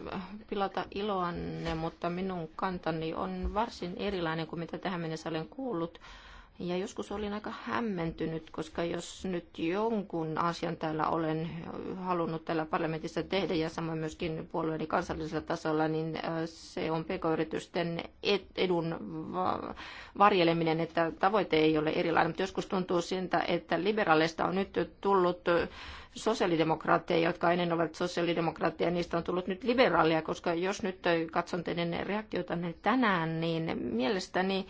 pilata iloanne, mutta minun kantani on varsin erilainen kuin mitä tähän mennessä olen kuullut. Uh, ja joskus olin aika hämmentynyt, koska jos nyt jonkun asian täällä olen halunnut täällä parlamentissa tehdä ja samoin myöskin puolueeni kansallisella tasolla, niin äh, se on pk-yritysten edun varjeleminen, että tavoite ei ole erilainen. Mutta joskus tuntuu siltä, että liberaaleista on nyt tullut äh, sosiaalidemokraatteja, jotka ennen ovat sosiaalidemokraatteja, niistä on tullut nyt liberaalia, koska jos nyt äh, katson teidän reaktiotanne tänään, niin mielestäni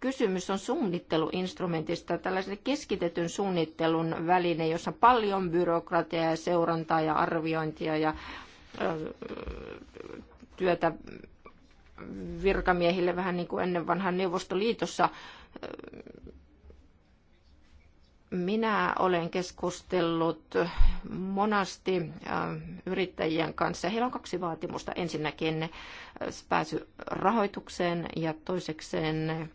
kysymys on suunnitteluinstrumentista, tällaisen keskitetyn suunnittelun väline, jossa on paljon byrokratiaa ja seurantaa ja arviointia ja työtä virkamiehille vähän niin kuin ennen vanhan Neuvostoliitossa. Minä olen keskustellut monasti yrittäjien kanssa. Heillä on kaksi vaatimusta. Ensinnäkin pääsy rahoitukseen ja toisekseen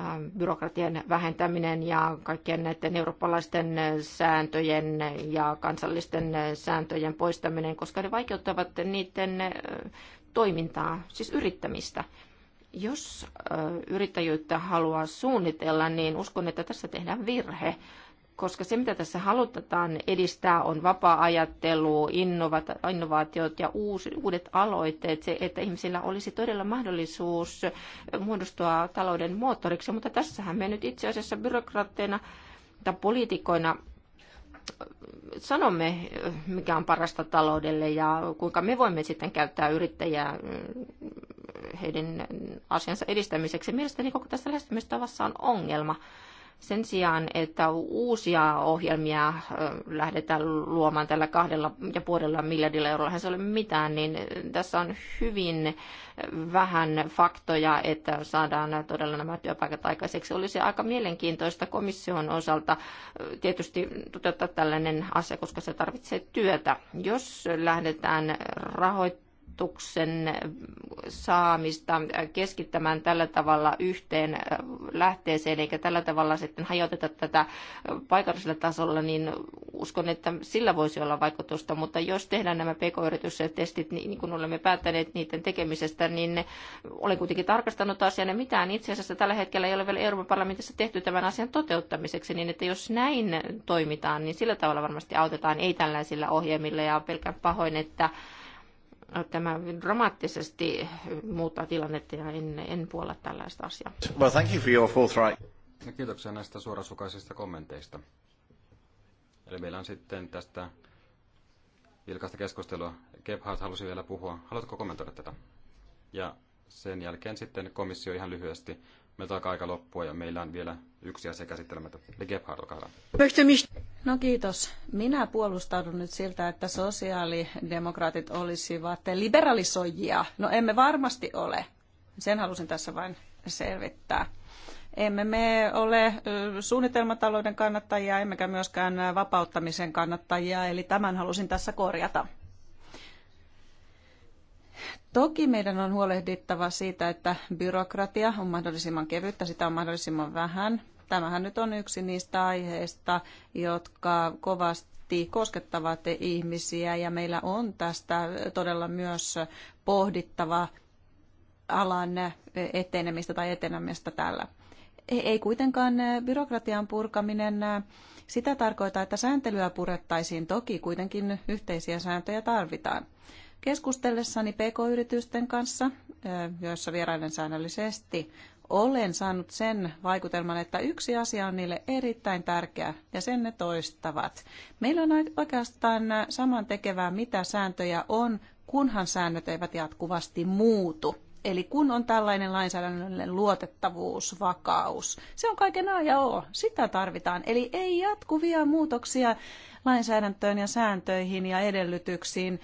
Ähm, byrokratian vähentäminen ja kaikkien näiden eurooppalaisten sääntöjen ja kansallisten sääntöjen poistaminen, koska ne vaikeuttavat niiden äh, toimintaa, siis yrittämistä. Jos äh, yrittäjyyttä haluaa suunnitella, niin uskon, että tässä tehdään virhe koska se, mitä tässä halutetaan edistää, on vapaa-ajattelu, innovaatiot ja uudet aloitteet, se, että ihmisillä olisi todella mahdollisuus muodostua talouden moottoriksi, mutta tässähän me nyt itse asiassa byrokraatteina tai poliitikoina sanomme, mikä on parasta taloudelle ja kuinka me voimme sitten käyttää yrittäjää mm, heidän asiansa edistämiseksi. Mielestäni koko tässä lähestymistavassa on ongelma sen sijaan, että uusia ohjelmia lähdetään luomaan tällä kahdella ja puolella miljardilla eurolla, hän se ole mitään, niin tässä on hyvin vähän faktoja, että saadaan todella nämä työpaikat aikaiseksi. Olisi aika mielenkiintoista komission osalta tietysti toteuttaa tällainen asia, koska se tarvitsee työtä. Jos lähdetään rahoittamaan rahoituksen saamista keskittämään tällä tavalla yhteen äh, lähteeseen, eikä tällä tavalla sitten hajoteta tätä paikallisella tasolla, niin uskon, että sillä voisi olla vaikutusta. Mutta jos tehdään nämä pk-yritystestit, niin, niin kuin olemme päättäneet niiden tekemisestä, niin olen kuitenkin tarkastanut asian, ja mitään itse asiassa tällä hetkellä ei ole vielä Euroopan parlamentissa tehty tämän asian toteuttamiseksi, niin että jos näin toimitaan, niin sillä tavalla varmasti autetaan, ei tällaisilla ohjelmilla, ja pelkään pahoin, että tämä dramaattisesti muuttaa tilannetta ja en, en puolla tällaista asiaa. Well, thank you for your forthright. Ja kiitoksia näistä suorasukaisista kommenteista. Eli meillä on sitten tästä vilkaista keskustelua. Gebhardt halusi vielä puhua. Haluatko kommentoida tätä? Ja sen jälkeen sitten komissio ihan lyhyesti me alkaa aika loppua ja meillä on vielä yksi asia käsittelemättä. Gebhard, olkaa No kiitos. Minä puolustaudun nyt siltä, että sosiaalidemokraatit olisivat liberalisoijia. No emme varmasti ole. Sen halusin tässä vain selvittää. Emme me ole suunnitelmatalouden kannattajia, emmekä myöskään vapauttamisen kannattajia, eli tämän halusin tässä korjata. Toki meidän on huolehdittava siitä, että byrokratia on mahdollisimman kevyttä, sitä on mahdollisimman vähän. Tämähän nyt on yksi niistä aiheista, jotka kovasti koskettavat ihmisiä ja meillä on tästä todella myös pohdittava alan etenemistä tai etenemistä tällä ei kuitenkaan byrokratian purkaminen sitä tarkoita, että sääntelyä purettaisiin. Toki kuitenkin yhteisiä sääntöjä tarvitaan. Keskustellessani PK-yritysten kanssa, joissa vierailen säännöllisesti, olen saanut sen vaikutelman, että yksi asia on niille erittäin tärkeä ja sen ne toistavat. Meillä on oikeastaan saman tekevää, mitä sääntöjä on, kunhan säännöt eivät jatkuvasti muutu. Eli kun on tällainen lainsäädännöllinen luotettavuus, vakaus, se on kaiken A ja O, sitä tarvitaan. Eli ei jatkuvia muutoksia lainsäädäntöön ja sääntöihin ja edellytyksiin,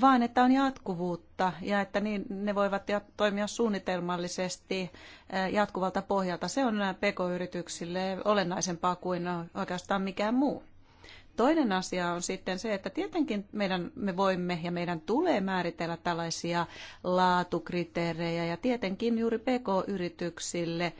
vaan että on jatkuvuutta ja että niin, ne voivat toimia suunnitelmallisesti eh, jatkuvalta pohjalta. Se on pk-yrityksille olennaisempaa kuin oikeastaan mikään muu. Toinen asia on sitten se, että tietenkin meidän, me voimme ja meidän tulee määritellä tällaisia laatukriteerejä ja tietenkin juuri pk-yrityksille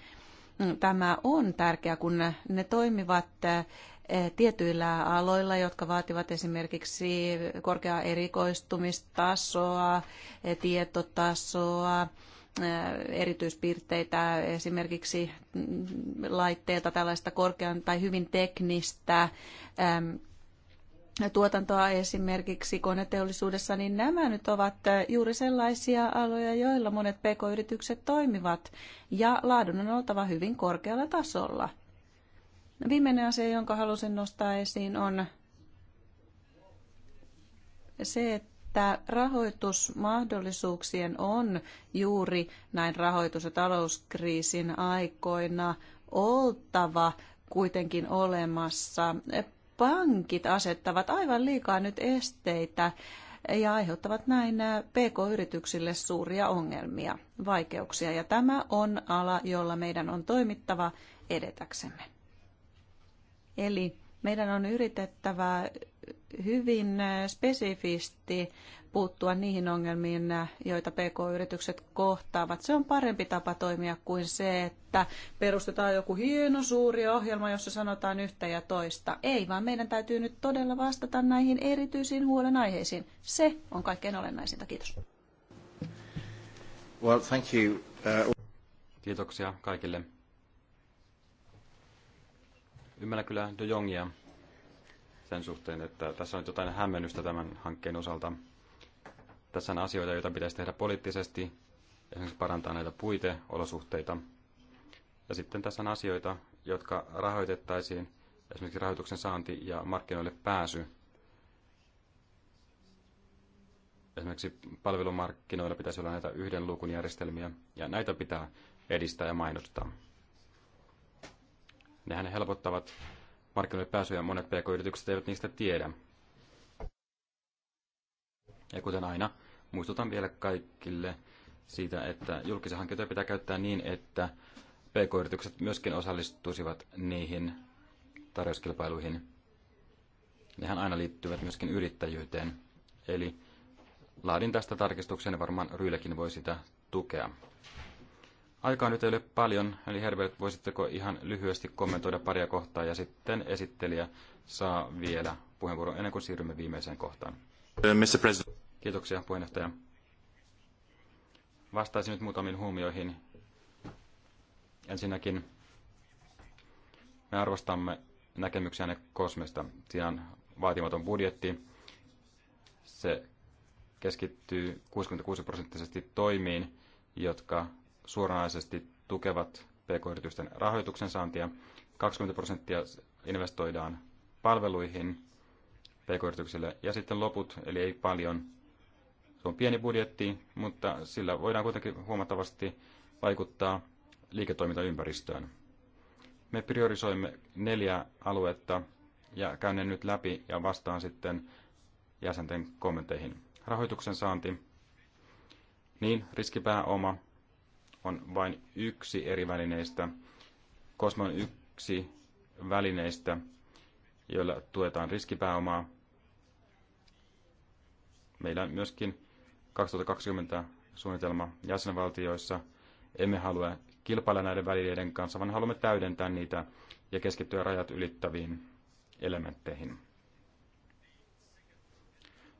mm, tämä on tärkeää, kun ne toimivat eh, Eh, tietyillä aloilla, jotka vaativat esimerkiksi korkeaa erikoistumistasoa, eh, tietotasoa, eh, erityispiirteitä esimerkiksi mm, laitteilta tällaista korkean tai hyvin teknistä ehm, tuotantoa esimerkiksi koneteollisuudessa, niin nämä nyt ovat juuri sellaisia aloja, joilla monet pk-yritykset toimivat ja laadun on oltava hyvin korkealla tasolla. Viimeinen asia, jonka halusin nostaa esiin, on se, että rahoitusmahdollisuuksien on juuri näin rahoitus- ja talouskriisin aikoina oltava kuitenkin olemassa. Pankit asettavat aivan liikaa nyt esteitä ja aiheuttavat näin PK-yrityksille suuria ongelmia, vaikeuksia. Ja tämä on ala, jolla meidän on toimittava edetäksemme. Eli meidän on yritettävä hyvin spesifisti puuttua niihin ongelmiin, joita PK-yritykset kohtaavat. Se on parempi tapa toimia kuin se, että perustetaan joku hieno suuri ohjelma, jossa sanotaan yhtä ja toista. Ei, vaan meidän täytyy nyt todella vastata näihin erityisiin huolenaiheisiin. Se on kaikkein olennaisinta. Kiitos. Well, thank you. Uh... Kiitoksia kaikille. Ymmärrän kyllä De Jongia sen suhteen, että tässä on jotain hämmennystä tämän hankkeen osalta. Tässä on asioita, joita pitäisi tehdä poliittisesti, esimerkiksi parantaa näitä puiteolosuhteita. Ja sitten tässä on asioita, jotka rahoitettaisiin, esimerkiksi rahoituksen saanti ja markkinoille pääsy. Esimerkiksi palvelumarkkinoilla pitäisi olla näitä yhden luukun järjestelmiä, ja näitä pitää edistää ja mainostaa. Nehän helpottavat markkinoille pääsyä ja monet pk-yritykset eivät niistä tiedä. Ja kuten aina, muistutan vielä kaikille siitä, että julkisia hankintoja pitää käyttää niin, että pk-yritykset myöskin osallistuisivat niihin tarjouskilpailuihin. Nehän aina liittyvät myöskin yrittäjyyteen. Eli laadin tästä tarkistuksen ja varmaan Ryyläkin voi sitä tukea. Aikaa nyt ei ole paljon, eli Herbert, voisitteko ihan lyhyesti kommentoida paria kohtaa ja sitten esittelijä saa vielä puheenvuoron ennen kuin siirrymme viimeiseen kohtaan. Äh, Mr. President. Kiitoksia puheenjohtaja. Vastaisin nyt muutamiin huomioihin. Ensinnäkin me arvostamme näkemyksiänne Kosmesta. Siinä on vaatimaton budjetti. Se keskittyy 66 prosenttisesti toimiin, jotka suoranaisesti tukevat pk-yritysten rahoituksen saantia. 20 prosenttia investoidaan palveluihin pk-yrityksille ja sitten loput, eli ei paljon. Se on pieni budjetti, mutta sillä voidaan kuitenkin huomattavasti vaikuttaa liiketoimintaympäristöön. Me priorisoimme neljä aluetta ja käyn ne nyt läpi ja vastaan sitten jäsenten kommenteihin. Rahoituksen saanti, niin riskipääoma, on vain yksi eri välineistä. Kosmon yksi välineistä, joilla tuetaan riskipääomaa. Meillä on myöskin 2020 suunnitelma jäsenvaltioissa. Emme halua kilpailla näiden välineiden kanssa, vaan haluamme täydentää niitä ja keskittyä rajat ylittäviin elementteihin.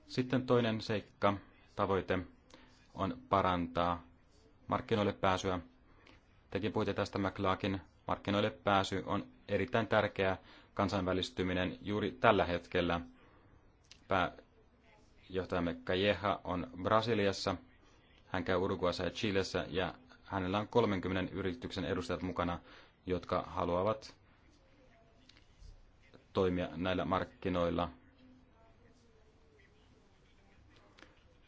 Sitten toinen seikka, tavoite, on parantaa markkinoille pääsyä. Tekin puhuitte tästä McLaakin. Markkinoille pääsy on erittäin tärkeä kansainvälistyminen juuri tällä hetkellä. Pääjohtajamme Calleja on Brasiliassa. Hän käy Uruguassa ja Chilessä ja hänellä on 30 yrityksen edustajat mukana, jotka haluavat toimia näillä markkinoilla –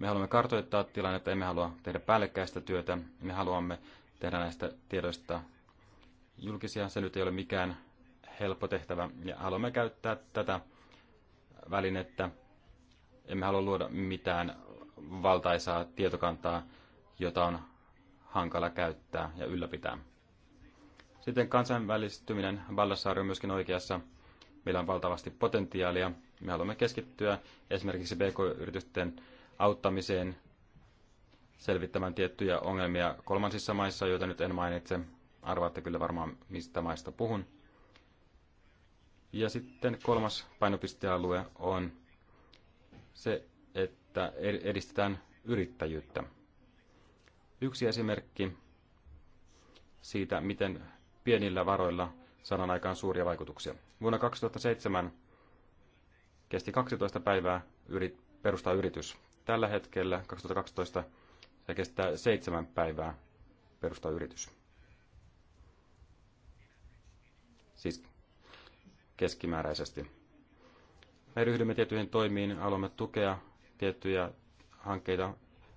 Me haluamme kartoittaa tilannetta, emme halua tehdä päällekkäistä työtä. Me haluamme tehdä näistä tiedoista julkisia. Se nyt ei ole mikään helppo tehtävä ja haluamme käyttää tätä välinettä. Emme halua luoda mitään valtaisaa tietokantaa, jota on hankala käyttää ja ylläpitää. Sitten kansainvälistyminen. Vallassaari on myöskin oikeassa. Meillä on valtavasti potentiaalia. Me haluamme keskittyä esimerkiksi pk-yritysten auttamiseen selvittämään tiettyjä ongelmia kolmansissa maissa, joita nyt en mainitse. Arvaatte kyllä varmaan, mistä maista puhun. Ja sitten kolmas painopistealue on se, että edistetään yrittäjyyttä. Yksi esimerkki siitä, miten pienillä varoilla saadaan aikaan suuria vaikutuksia. Vuonna 2007 kesti 12 päivää yrit, perustaa yritys Tällä hetkellä 2012 se kestää seitsemän päivää perustaa yritys. Siis keskimääräisesti. Me ryhdymme tiettyihin toimiin, haluamme tukea tiettyjä hankkeita,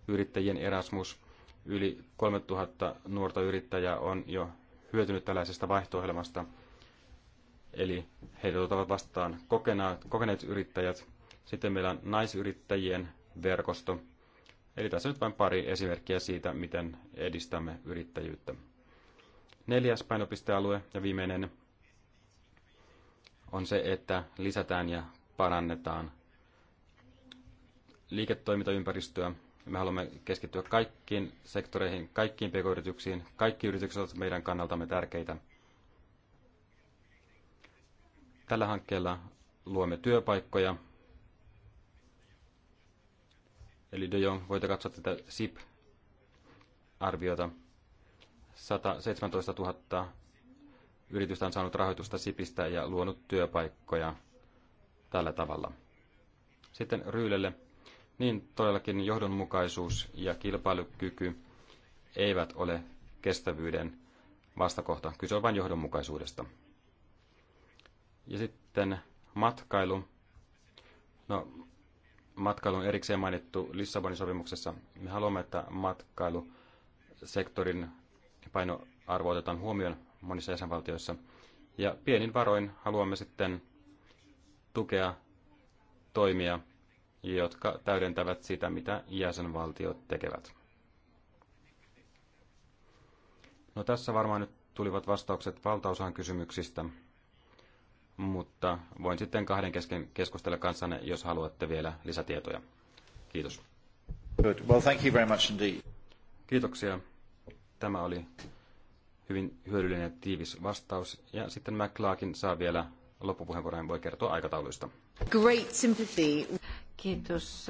yrittäjien Erasmus. Yli 3000 nuorta yrittäjää on jo hyötynyt tällaisesta vaihto -ohjelmasta. Eli heitä otetaan vastaan kokeneet yrittäjät. Sitten meillä on naisyrittäjien verkosto. Eli tässä nyt vain pari esimerkkiä siitä, miten edistämme yrittäjyyttä. Neljäs painopistealue ja viimeinen on se, että lisätään ja parannetaan liiketoimintaympäristöä. Me haluamme keskittyä kaikkiin sektoreihin, kaikkiin pk-yrityksiin. Kaikki yritykset ovat meidän kannaltamme tärkeitä. Tällä hankkeella luomme työpaikkoja Eli De Jong, voitte katsoa tätä SIP-arviota. 117 000 yritystä on saanut rahoitusta SIPistä ja luonut työpaikkoja tällä tavalla. Sitten Ryylelle. Niin todellakin johdonmukaisuus ja kilpailukyky eivät ole kestävyyden vastakohta. Kyse on vain johdonmukaisuudesta. Ja sitten matkailu. No, matkailu on erikseen mainittu Lissabonin sopimuksessa. Me haluamme, että matkailusektorin painoarvo otetaan huomioon monissa jäsenvaltioissa. Ja pienin varoin haluamme sitten tukea toimia, jotka täydentävät sitä, mitä jäsenvaltiot tekevät. No tässä varmaan nyt tulivat vastaukset valtaosaan kysymyksistä mutta voin sitten kahden kesken keskustella kanssanne, jos haluatte vielä lisätietoja. Kiitos. Good. Well, thank you very much indeed. Kiitoksia. Tämä oli hyvin hyödyllinen ja tiivis vastaus. Ja sitten McClarkin saa vielä loppupuheenvuoron voi kertoa aikatauluista. Great sympathy. Kiitos.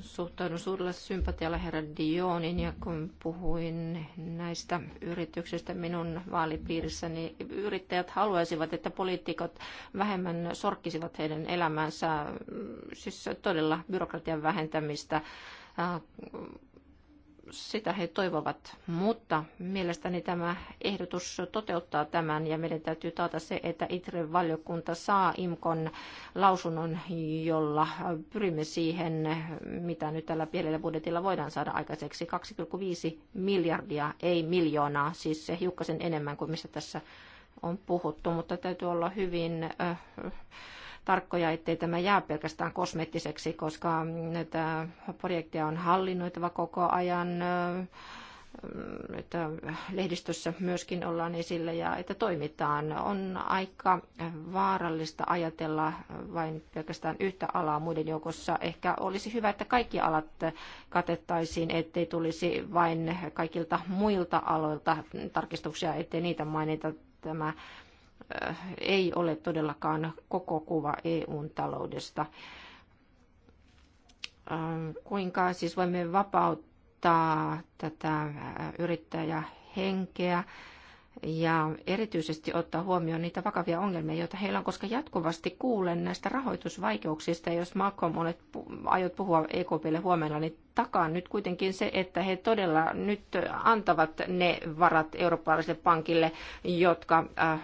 Suhtaudun suurella sympatialla herra Dionin ja kun puhuin näistä yrityksistä minun vaalipiirissäni, niin yrittäjät haluaisivat, että poliitikot vähemmän sorkkisivat heidän elämänsä, siis todella byrokratian vähentämistä sitä he toivovat, mutta mielestäni tämä ehdotus toteuttaa tämän ja meidän täytyy taata se, että ITREn valiokunta saa IMKON lausunnon, jolla pyrimme siihen, mitä nyt tällä pienellä budjetilla voidaan saada aikaiseksi. 2,5 miljardia, ei miljoonaa, siis se hiukkasen enemmän kuin mistä tässä on puhuttu, mutta täytyy olla hyvin... Äh, tarkkoja, ettei tämä jää pelkästään kosmeettiseksi, koska näitä projekteja on hallinnoitava koko ajan että lehdistössä myöskin ollaan esillä ja että toimitaan. On aika vaarallista ajatella vain pelkästään yhtä alaa muiden joukossa. Ehkä olisi hyvä, että kaikki alat katettaisiin, ettei tulisi vain kaikilta muilta aloilta tarkistuksia, ettei niitä mainita. Tämä ei ole todellakaan koko kuva EUn taloudesta. Kuinka siis voimme vapauttaa tätä yrittäjähenkeä? henkeä? ja erityisesti ottaa huomioon niitä vakavia ongelmia, joita heillä on, koska jatkuvasti kuulen näistä rahoitusvaikeuksista. Jos Malcolm olet, aiot puhua EKPlle huomenna, niin takaa nyt kuitenkin se, että he todella nyt antavat ne varat eurooppalaiselle pankille, jotka äh,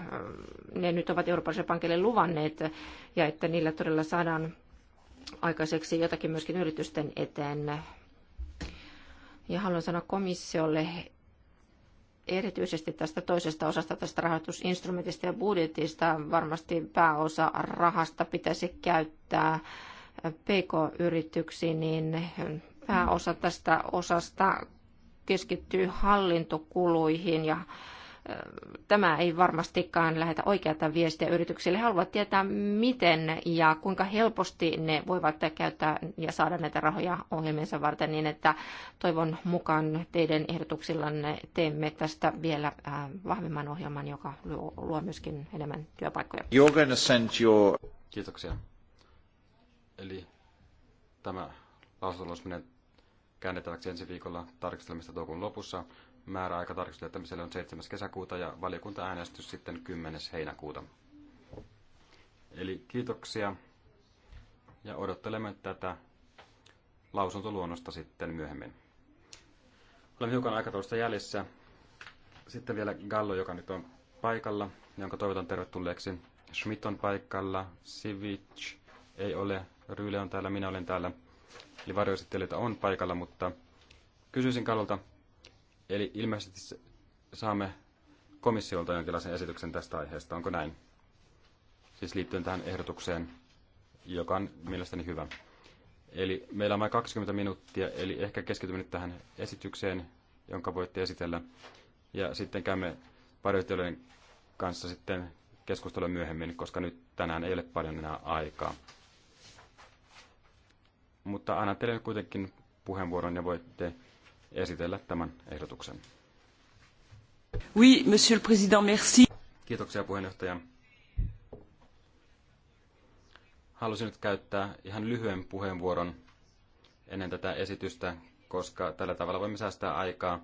ne nyt ovat eurooppalaiselle pankille luvanneet, ja että niillä todella saadaan aikaiseksi jotakin myöskin yritysten eteen. Ja haluan sanoa komissiolle, erityisesti tästä toisesta osasta, tästä rahoitusinstrumentista ja budjetista, varmasti pääosa rahasta pitäisi käyttää PK-yrityksiin, niin pääosa tästä osasta keskittyy hallintokuluihin ja Tämä ei varmastikaan lähetä oikeata viestiä yrityksille. Haluavat tietää, miten ja kuinka helposti ne voivat käyttää ja saada näitä rahoja ohjelmiensa varten, niin että toivon mukaan teidän ehdotuksillanne teemme tästä vielä äh, vahvemman ohjelman, joka luo myöskin enemmän työpaikkoja. You're gonna send your... Kiitoksia. Eli tämä lausuntoluonnos menee käännettäväksi ensi viikolla tarkistelemista toukun lopussa määräaika tarkistettamiselle on 7. kesäkuuta ja valiokuntaäänestys sitten 10. heinäkuuta. Eli kiitoksia ja odottelemme tätä lausuntoluonnosta sitten myöhemmin. Olemme hiukan aikataulusta jäljessä. Sitten vielä Gallo, joka nyt on paikalla, jonka toivotan tervetulleeksi. Schmidt on paikalla, Sivic ei ole, Ryle on täällä, minä olen täällä. Eli varjoesittelijöitä on paikalla, mutta kysyisin Kallolta, Eli ilmeisesti saamme komissiolta jonkinlaisen esityksen tästä aiheesta. Onko näin? Siis liittyen tähän ehdotukseen, joka on mielestäni hyvä. Eli meillä on vain 20 minuuttia, eli ehkä keskitymme nyt tähän esitykseen, jonka voitte esitellä. Ja sitten käymme varjoittelijoiden kanssa sitten keskustella myöhemmin, koska nyt tänään ei ole paljon enää aikaa. Mutta annan teille kuitenkin puheenvuoron ja voitte esitellä tämän ehdotuksen. Oui, monsieur le président, merci. Kiitoksia puheenjohtaja. Halusin nyt käyttää ihan lyhyen puheenvuoron ennen tätä esitystä, koska tällä tavalla voimme säästää aikaa.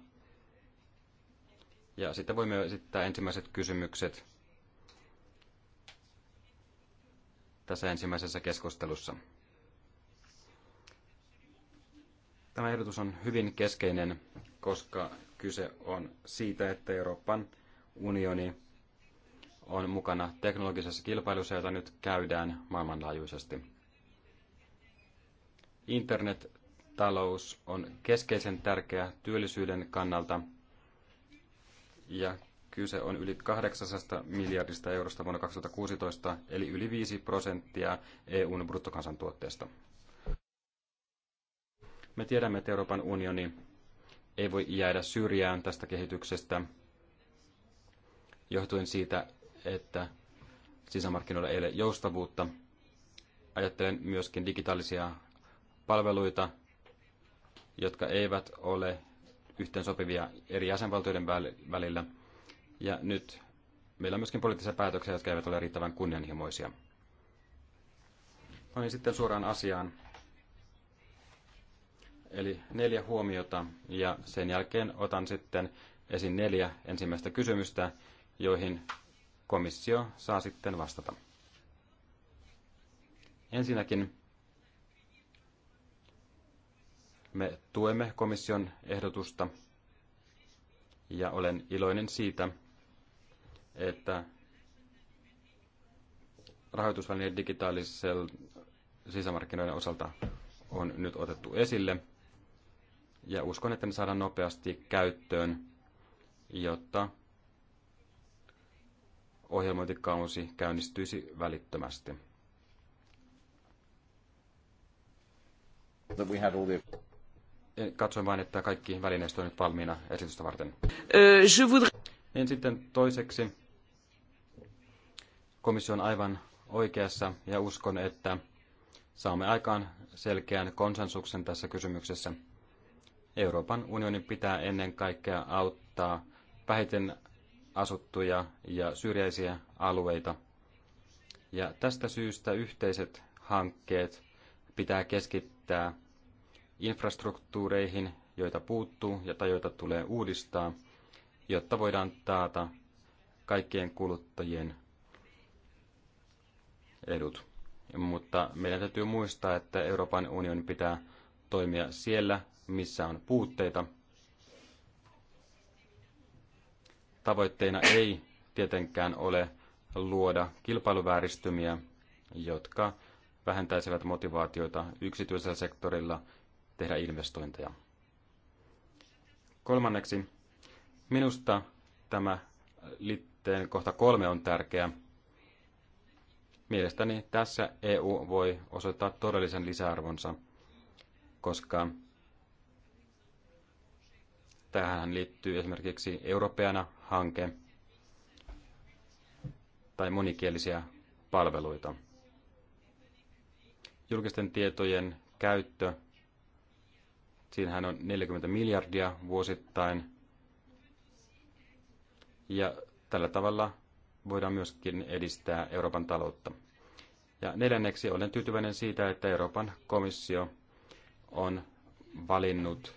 Ja sitten voimme esittää ensimmäiset kysymykset tässä ensimmäisessä keskustelussa. Tämä ehdotus on hyvin keskeinen, koska kyse on siitä, että Euroopan unioni on mukana teknologisessa kilpailussa, jota nyt käydään maailmanlaajuisesti. Internettalous on keskeisen tärkeä työllisyyden kannalta ja kyse on yli 800 miljardista eurosta vuonna 2016, eli yli 5 prosenttia EUn bruttokansantuotteesta. Me tiedämme, että Euroopan unioni ei voi jäädä syrjään tästä kehityksestä johtuen siitä, että sisämarkkinoilla ei ole joustavuutta. Ajattelen myöskin digitaalisia palveluita, jotka eivät ole yhteensopivia eri jäsenvaltioiden välillä. Ja nyt meillä on myöskin poliittisia päätöksiä, jotka eivät ole riittävän kunnianhimoisia. No niin, sitten suoraan asiaan. Eli neljä huomiota ja sen jälkeen otan sitten esiin neljä ensimmäistä kysymystä, joihin komissio saa sitten vastata. Ensinnäkin me tuemme komission ehdotusta ja olen iloinen siitä, että rahoitusvälineen digitaalisen sisämarkkinoiden osalta on nyt otettu esille – ja uskon, että me saadaan nopeasti käyttöön, jotta ohjelmointikausi käynnistyisi välittömästi. Katsoin vain, että kaikki välineistö on nyt valmiina esitystä varten. Euh, niin sitten toiseksi komissio on aivan oikeassa ja uskon, että saamme aikaan selkeän konsensuksen tässä kysymyksessä – Euroopan unionin pitää ennen kaikkea auttaa vähiten asuttuja ja syrjäisiä alueita. Ja tästä syystä yhteiset hankkeet pitää keskittää infrastruktuureihin, joita puuttuu ja tai joita tulee uudistaa, jotta voidaan taata kaikkien kuluttajien edut. Mutta meidän täytyy muistaa, että Euroopan unionin pitää toimia siellä, missä on puutteita. Tavoitteena ei tietenkään ole luoda kilpailuvääristymiä, jotka vähentäisivät motivaatiota yksityisellä sektorilla tehdä investointeja. Kolmanneksi, minusta tämä liitteen kohta kolme on tärkeä. Mielestäni tässä EU voi osoittaa todellisen lisäarvonsa, koska Tähän liittyy esimerkiksi Europeana hanke tai monikielisiä palveluita. Julkisten tietojen käyttö, siinähän on 40 miljardia vuosittain. Ja tällä tavalla voidaan myöskin edistää Euroopan taloutta. Ja neljänneksi olen tyytyväinen siitä, että Euroopan komissio on valinnut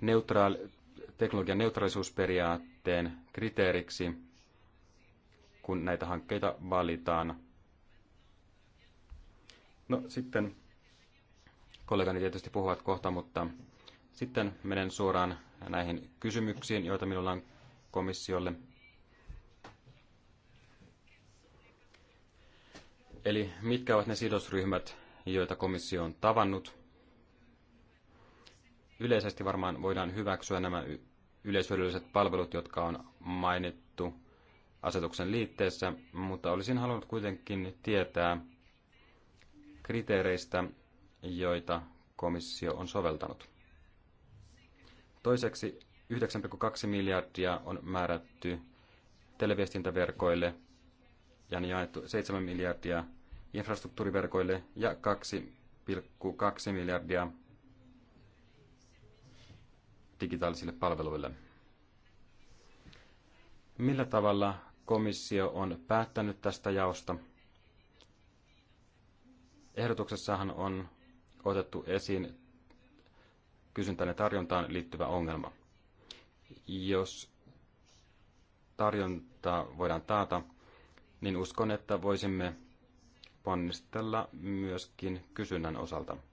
neutraali, teknologian neutraalisuusperiaatteen kriteeriksi, kun näitä hankkeita valitaan. No sitten kollegani tietysti puhuvat kohta, mutta sitten menen suoraan näihin kysymyksiin, joita minulla on komissiolle. Eli mitkä ovat ne sidosryhmät, joita komissio on tavannut? Yleisesti varmaan voidaan hyväksyä nämä yleishyödylliset palvelut, jotka on mainittu asetuksen liitteessä, mutta olisin halunnut kuitenkin tietää kriteereistä, joita komissio on soveltanut. Toiseksi 9,2 miljardia on määrätty televiestintäverkoille ja niin jaettu 7 miljardia infrastruktuuriverkoille ja 2,2 miljardia digitaalisille palveluille. Millä tavalla komissio on päättänyt tästä jaosta? Ehdotuksessahan on otettu esiin kysyntään ja tarjontaan liittyvä ongelma. Jos tarjontaa voidaan taata, niin uskon, että voisimme ponnistella myöskin kysynnän osalta –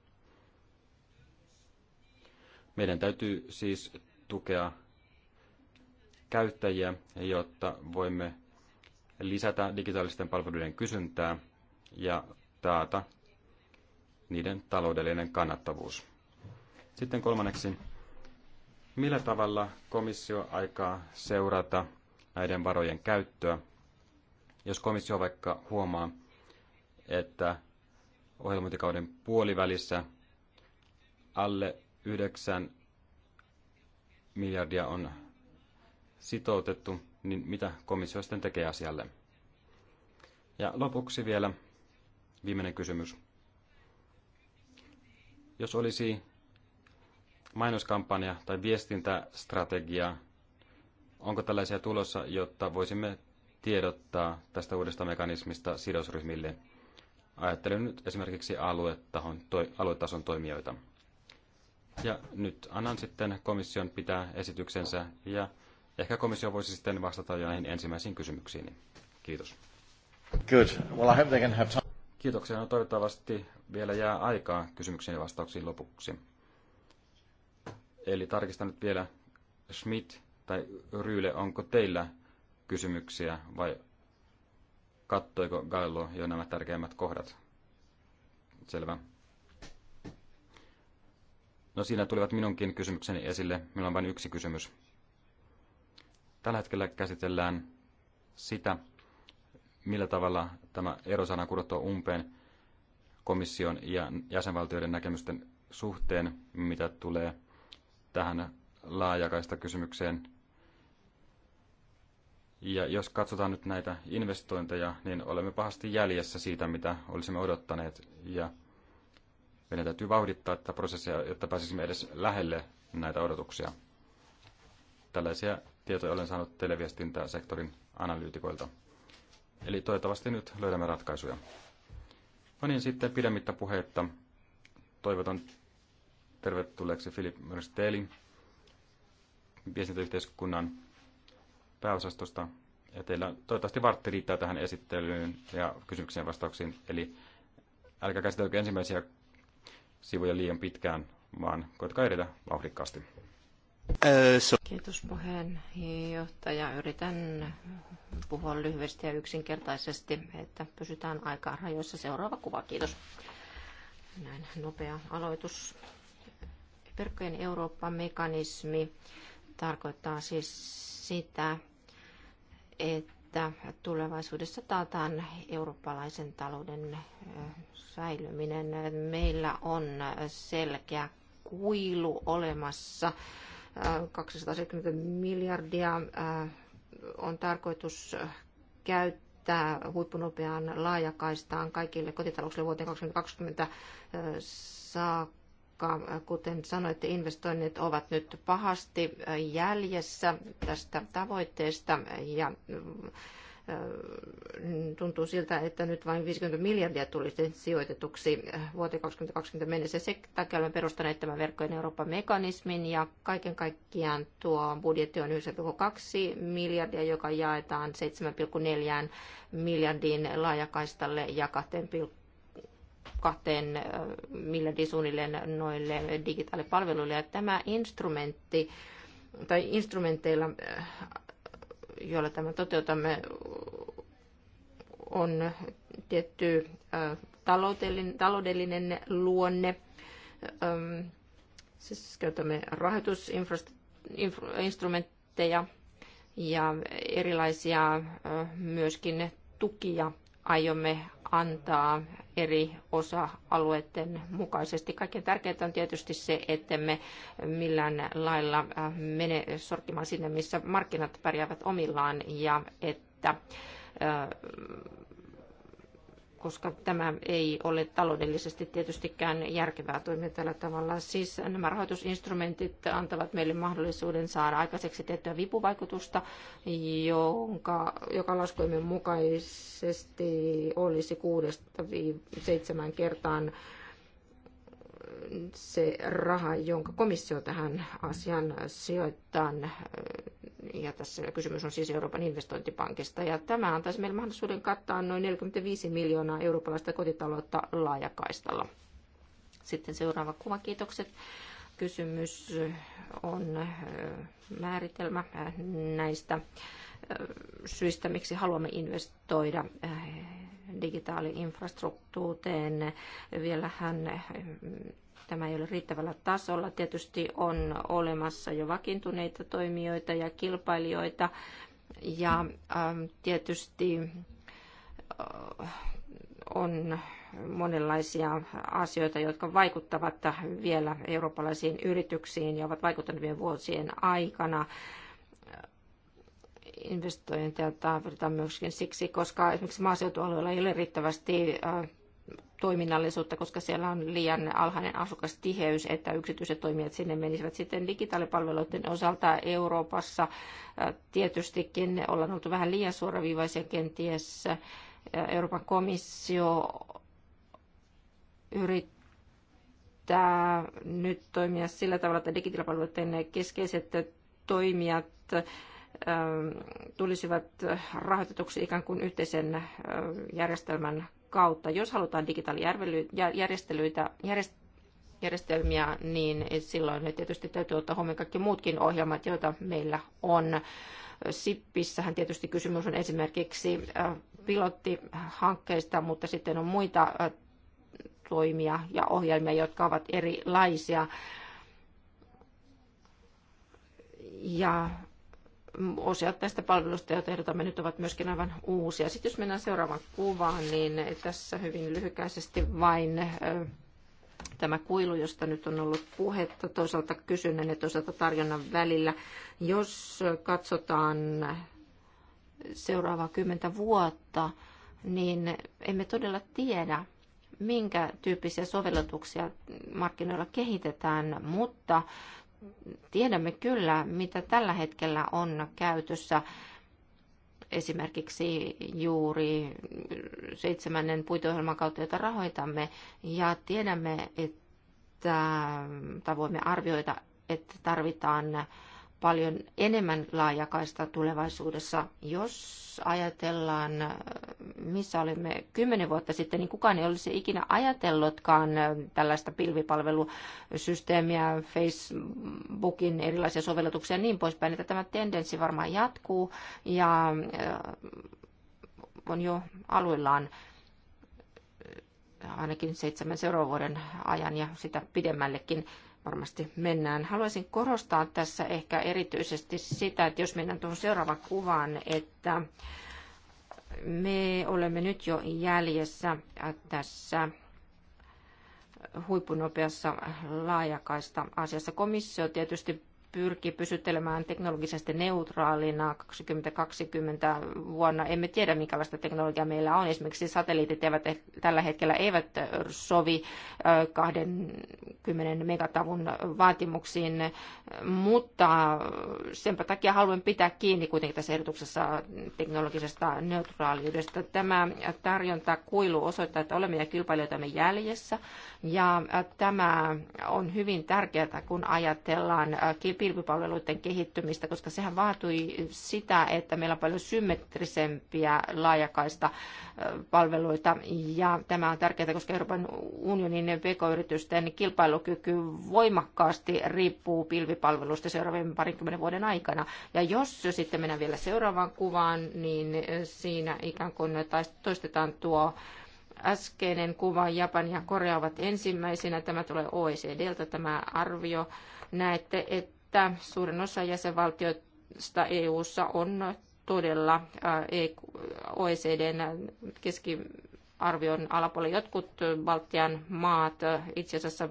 meidän täytyy siis tukea käyttäjiä, jotta voimme lisätä digitaalisten palveluiden kysyntää ja taata niiden taloudellinen kannattavuus. Sitten kolmanneksi, millä tavalla komissio aikaa seurata näiden varojen käyttöä, jos komissio vaikka huomaa, että ohjelmointikauden puolivälissä alle 9 miljardia on sitoutettu, niin mitä komissio sitten tekee asialle? Ja lopuksi vielä viimeinen kysymys. Jos olisi mainoskampanja tai viestintästrategia, onko tällaisia tulossa, jotta voisimme tiedottaa tästä uudesta mekanismista sidosryhmille? Ajattelen nyt esimerkiksi aluetason toimijoita. Ja nyt annan sitten komission pitää esityksensä ja ehkä komissio voisi sitten vastata jo näihin ensimmäisiin kysymyksiin. Kiitos. Good. Well, I hope they can have time. Kiitoksia. No, toivottavasti vielä jää aikaa kysymyksiin ja vastauksiin lopuksi. Eli tarkistan nyt vielä Schmidt tai Ryyle, onko teillä kysymyksiä vai kattoiko Gallo jo nämä tärkeimmät kohdat? Selvä. No siinä tulivat minunkin kysymykseni esille. Minulla on vain yksi kysymys. Tällä hetkellä käsitellään sitä, millä tavalla tämä erosana kurottua umpeen komission ja jäsenvaltioiden näkemysten suhteen, mitä tulee tähän laajakaista kysymykseen. Ja jos katsotaan nyt näitä investointeja, niin olemme pahasti jäljessä siitä, mitä olisimme odottaneet. Ja meidän täytyy vauhdittaa tätä prosessia, jotta pääsisimme edes lähelle näitä odotuksia. Tällaisia tietoja olen saanut televiestintäsektorin analyytikoilta. Eli toivottavasti nyt löydämme ratkaisuja. No niin, sitten pidemmittä puheitta. Toivotan tervetulleeksi Philip Mörsteelin viestintäyhteiskunnan pääosastosta. Ja teillä toivottavasti vartti riittää tähän esittelyyn ja kysymyksiin vastauksiin. Eli älkää käsitelkö ensimmäisiä sivuja liian pitkään, vaan koetkaa edetä vauhdikkaasti. Kiitos puheenjohtaja. Yritän puhua lyhyesti ja yksinkertaisesti, että pysytään aikaa rajoissa. Seuraava kuva, kiitos. Näin nopea aloitus. Verkkojen Eurooppa-mekanismi tarkoittaa siis sitä, että että tulevaisuudessa taataan eurooppalaisen talouden säilyminen. Meillä on selkeä kuilu olemassa. 270 miljardia on tarkoitus käyttää että huippunopeaan laajakaistaan kaikille kotitalouksille vuoteen 2020 saakka koska kuten sanoitte, investoinnit ovat nyt pahasti jäljessä tästä tavoitteesta ja tuntuu siltä, että nyt vain 50 miljardia tulisi sijoitetuksi vuoteen 2020 mennessä. Sen takia olemme perustaneet tämän verkkojen Euroopan mekanismin ja kaiken kaikkiaan tuo budjetti on 9,2 miljardia, joka jaetaan 7,4 miljardin laajakaistalle ja kahteen miljardin suunnilleen noille digitaalipalveluille. Ja tämä instrumentti tai instrumenteilla, joilla tämä toteutamme, on tietty taloudellinen, taloudellinen luonne. Siis käytämme rahoitusinstrumentteja ja erilaisia myöskin tukia aiomme antaa eri osa-alueiden mukaisesti. Kaikkein tärkeintä on tietysti se, että me millään lailla äh, mene sortimaan sinne, missä markkinat pärjäävät omillaan ja että äh, koska tämä ei ole taloudellisesti tietystikään järkevää toimia tällä tavalla. Siis nämä rahoitusinstrumentit antavat meille mahdollisuuden saada aikaiseksi tiettyä vipuvaikutusta, jonka, joka laskuimen mukaisesti olisi 6-7 kertaan se raha, jonka komissio tähän asian sijoittaa. Äh, ja tässä kysymys on siis Euroopan investointipankista. Ja tämä antaisi meille mahdollisuuden kattaa noin 45 miljoonaa eurooppalaista kotitaloutta laajakaistalla. Sitten seuraava kuva, kiitokset. Kysymys on äh, määritelmä äh, näistä syistä, miksi haluamme investoida digitaali-infrastruktuuteen. Vielähän tämä ei ole riittävällä tasolla. Tietysti on olemassa jo vakiintuneita toimijoita ja kilpailijoita. Ja ähm, tietysti äh, on monenlaisia asioita, jotka vaikuttavat vielä eurooppalaisiin yrityksiin ja ovat vaikuttaneet vuosien aikana investointeja tarvitaan myöskin siksi, koska esimerkiksi maaseutualueella ei ole riittävästi toiminnallisuutta, koska siellä on liian alhainen asukastiheys, että yksityiset toimijat sinne menisivät sitten digitaalipalveluiden osalta Euroopassa. Tietystikin ollaan oltu vähän liian suoraviivaisia kenties. Euroopan komissio yrittää nyt toimia sillä tavalla, että digitaalipalveluiden keskeiset toimijat Ähm, tulisivat rahoitetuksi ikään kuin yhteisen ähm, järjestelmän kautta. Jos halutaan digitaalijärjestelyitä, järjestelmiä, niin silloin tietysti täytyy ottaa huomioon kaikki muutkin ohjelmat, joita meillä on. SIPPissähän tietysti kysymys on esimerkiksi äh, pilottihankkeista, mutta sitten on muita äh, toimia ja ohjelmia, jotka ovat erilaisia. Ja osia tästä palvelusta, joita ehdotamme nyt, ovat myöskin aivan uusia. Sitten jos mennään seuraavaan kuvaan, niin tässä hyvin lyhykäisesti vain tämä kuilu, josta nyt on ollut puhetta, toisaalta kysynnän ja toisaalta tarjonnan välillä. Jos katsotaan seuraavaa kymmentä vuotta, niin emme todella tiedä, minkä tyyppisiä sovellutuksia markkinoilla kehitetään, mutta tiedämme kyllä, mitä tällä hetkellä on käytössä esimerkiksi juuri seitsemännen puiteohjelman kautta, jota rahoitamme, ja tiedämme, että tai voimme arvioida, että tarvitaan paljon enemmän laajakaista tulevaisuudessa. Jos ajatellaan, missä olimme kymmenen vuotta sitten, niin kukaan ei olisi ikinä ajatellutkaan tällaista pilvipalvelusysteemiä, Facebookin erilaisia sovellutuksia ja niin poispäin, että tämä tendenssi varmaan jatkuu ja äh, on jo aluillaan ainakin seitsemän seuraavan vuoden ajan ja sitä pidemmällekin varmasti mennään. Haluaisin korostaa tässä ehkä erityisesti sitä, että jos mennään tuohon seuraavaan kuvaan, että me olemme nyt jo jäljessä tässä huippunopeassa laajakaista asiassa. Komissio tietysti pyrkii pysyttelemään teknologisesti neutraalina 2020 vuonna. Emme tiedä, minkälaista teknologiaa meillä on. Esimerkiksi satelliitit eivät eh, tällä hetkellä eivät sovi 20 megatavun vaatimuksiin, mutta senpä takia haluan pitää kiinni kuitenkin tässä ehdotuksessa teknologisesta neutraaliudesta. Tämä kuilu osoittaa, että olemme ja kilpailijoitamme jäljessä ja äh, tämä on hyvin tärkeää, kun ajatellaan äh, pilvipalveluiden kehittymistä, koska sehän vaatui sitä, että meillä on paljon symmetrisempiä laajakaista äh, palveluita. Ja tämä on tärkeää, koska Euroopan unionin pk-yritysten kilpailukyky voimakkaasti riippuu pilvipalveluista seuraavien parinkymmenen vuoden aikana. Ja jos sitten mennään vielä seuraavaan kuvaan, niin siinä ikään kuin toistetaan tuo äskeinen kuva, Japani ja Korea ovat ensimmäisenä. Tämä tulee OECDltä tämä arvio. Näette, että suurin osa jäsenvaltioista EU:ssa on todella e OECDn keskiarvion alapuolella. Jotkut Baltian maat itse asiassa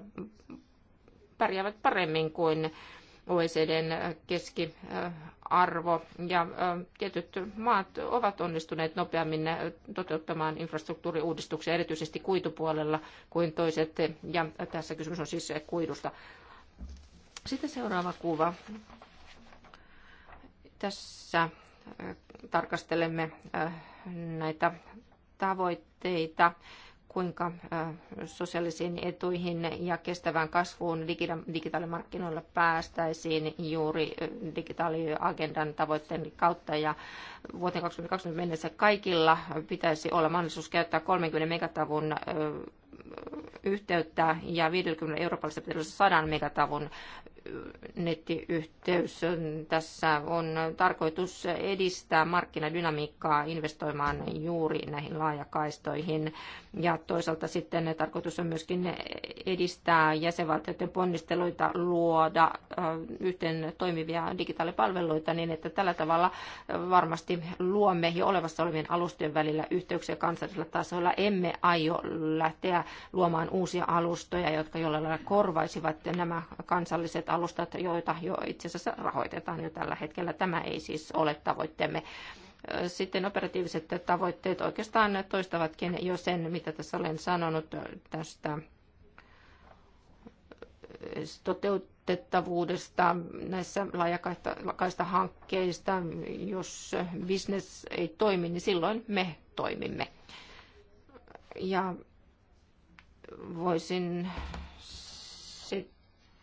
pärjäävät paremmin kuin OECDn keskiarvio arvo. Ja tietyt maat ovat onnistuneet nopeammin toteuttamaan infrastruktuuriuudistuksia, erityisesti kuitupuolella kuin toiset. Ja tässä kysymys on siis kuidusta. Sitten seuraava kuva. Tässä tarkastelemme näitä tavoitteita kuinka sosiaalisiin etuihin ja kestävään kasvuun digitaalimarkkinoilla päästäisiin juuri digitaaliagendan tavoitteen kautta. Ja vuoteen 2020 mennessä kaikilla pitäisi olla mahdollisuus käyttää 30 megatavun yhteyttä ja 50 eurooppalaisessa pitäisi 100 megatavun nettiyhteys. Tässä on tarkoitus edistää markkinadynamiikkaa investoimaan juuri näihin laajakaistoihin. Ja toisaalta sitten tarkoitus on myöskin edistää jäsenvaltioiden ponnisteluita luoda yhteen toimivia digitaalipalveluita niin, että tällä tavalla varmasti luomme jo olevassa olevien alustojen välillä yhteyksiä kansallisella tasolla. Emme aio lähteä luomaan uusia alustoja, jotka jollain lailla korvaisivat nämä kansalliset alustat, joita jo itse asiassa rahoitetaan jo tällä hetkellä. Tämä ei siis ole tavoitteemme. Sitten operatiiviset tavoitteet oikeastaan toistavatkin jo sen, mitä tässä olen sanonut tästä toteutettavuudesta näissä laajakaista hankkeista. Jos business ei toimi, niin silloin me toimimme. Ja voisin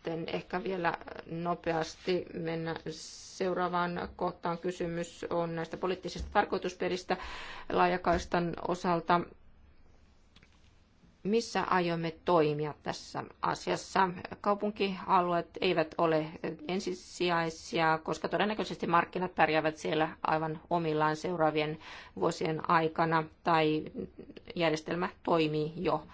sitten ehkä vielä nopeasti mennä seuraavaan kohtaan. Kysymys on näistä poliittisista tarkoitusperistä laajakaistan osalta. Missä aiomme toimia tässä asiassa? Kaupunkialueet eivät ole ensisijaisia, koska todennäköisesti markkinat pärjäävät siellä aivan omillaan seuraavien vuosien aikana tai järjestelmä toimii jo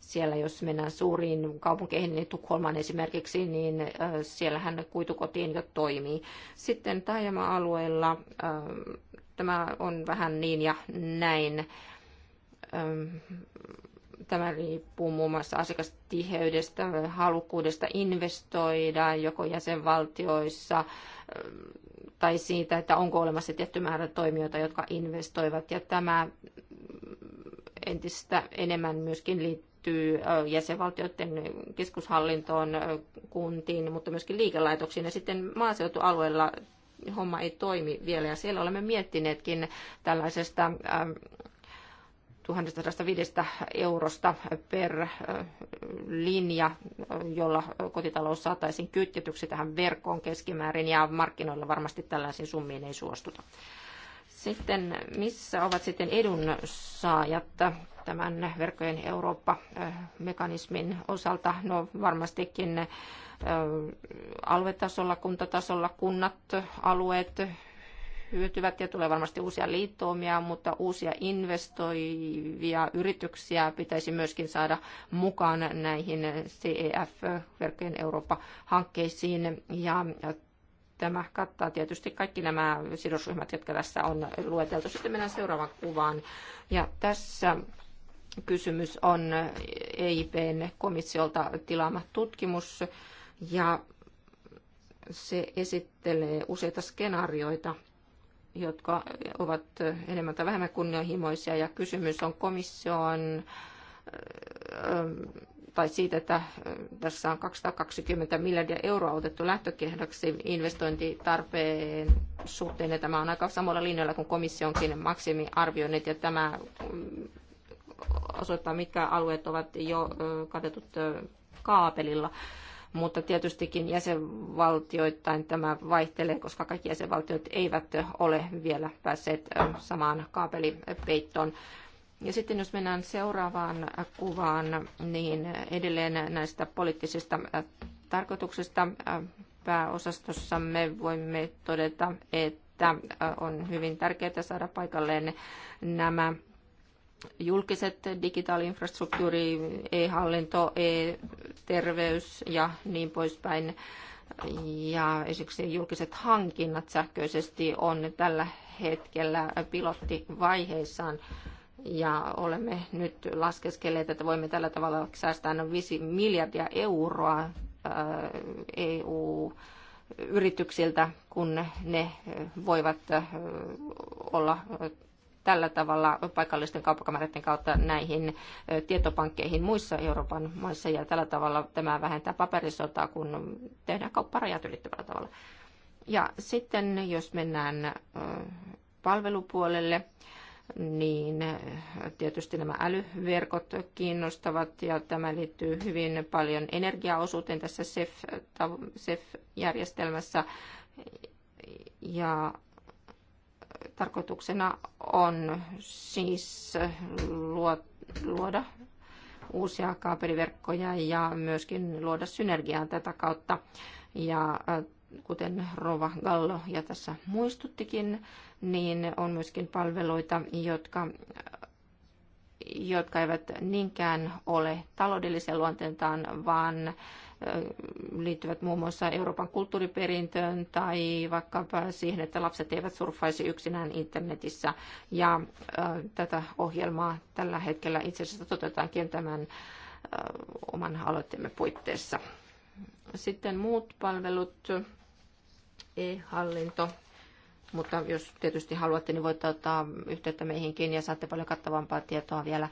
siellä jos mennään suuriin kaupunkeihin, niin tukholman esimerkiksi, niin siellähän kuitukotiin jo toimii. Sitten taajama-alueella tämä on vähän niin ja näin. Tämä riippuu muun muassa asiakastiheydestä, halukkuudesta investoida joko jäsenvaltioissa tai siitä, että onko olemassa tietty määrä toimijoita, jotka investoivat. Ja tämä entistä enemmän myöskin liittyy jäsenvaltioiden keskushallintoon, kuntiin, mutta myöskin liikelaitoksiin. Ja sitten maaseutualueella homma ei toimi vielä, ja siellä olemme miettineetkin tällaisesta 1105 eurosta per linja, jolla kotitalous saataisiin kytketyksi tähän verkkoon keskimäärin, ja markkinoilla varmasti tällaisiin summiin ei suostuta. Sitten missä ovat sitten edunsaajat tämän verkkojen Eurooppa-mekanismin osalta? No varmastikin aluetasolla, kuntatasolla kunnat, alueet hyötyvät ja tulee varmasti uusia liittoumia, mutta uusia investoivia yrityksiä pitäisi myöskin saada mukaan näihin CEF-verkkojen Eurooppa-hankkeisiin ja Tämä kattaa tietysti kaikki nämä sidosryhmät, jotka tässä on lueteltu. Sitten mennään seuraavaan kuvaan. Ja tässä kysymys on EIPn komissiolta tilaama tutkimus ja se esittelee useita skenaarioita, jotka ovat enemmän tai vähemmän kunnianhimoisia ja kysymys on komission tai siitä, että äh, tässä on 220 miljardia euroa otettu lähtökehdoksi investointitarpeen suhteen, ja tämä on aika samalla linjalla kuin komissionkin maksimiarvioinnit, ja tämä mm, osoittaa, mitkä alueet ovat jo katetut kaapelilla mutta tietystikin jäsenvaltioittain tämä vaihtelee, koska kaikki jäsenvaltiot eivät ole vielä päässeet samaan kaapelipeittoon. Ja sitten jos mennään seuraavaan kuvaan, niin edelleen näistä poliittisista äh, tarkoituksista äh, pääosastossamme voimme todeta, että äh, on hyvin tärkeää saada paikalleen nämä julkiset digitaalinfrastruktuuri, e-hallinto, e-terveys ja niin poispäin. Ja esimerkiksi julkiset hankinnat sähköisesti on tällä hetkellä pilottivaiheissaan. vaiheissaan ja olemme nyt laskeskelleet, että voimme tällä tavalla säästää noin 5 miljardia euroa äh, EU yrityksiltä, kun ne voivat äh, olla äh, tällä tavalla paikallisten kauppakamareiden kautta näihin tietopankkeihin muissa Euroopan maissa. Ja tällä tavalla tämä vähentää paperisotaa, kun tehdään kaupparajat ylittävällä tavalla. Ja sitten jos mennään palvelupuolelle, niin eh, tietysti nämä älyverkot kiinnostavat ja tämä liittyy hyvin paljon energiaosuuteen tässä SEF-järjestelmässä. Ja tarkoituksena on siis luoda uusia kaapeliverkkoja ja myöskin luoda synergiaa tätä kautta. Ja eh, kuten Rova Gallo ja tässä muistuttikin, niin on myöskin palveluita, jotka jotka eivät niinkään ole taloudellisen luonteeltaan, vaan liittyvät muun muassa Euroopan kulttuuriperintöön tai vaikkapa siihen, että lapset eivät surffaisi yksinään internetissä. Ja tätä ohjelmaa tällä hetkellä itse asiassa toteutetaankin tämän oman aloitteemme puitteissa. Sitten muut palvelut e-hallinto. Mutta jos tietysti haluatte, niin voitte ottaa yhteyttä meihinkin ja saatte paljon kattavampaa tietoa vielä.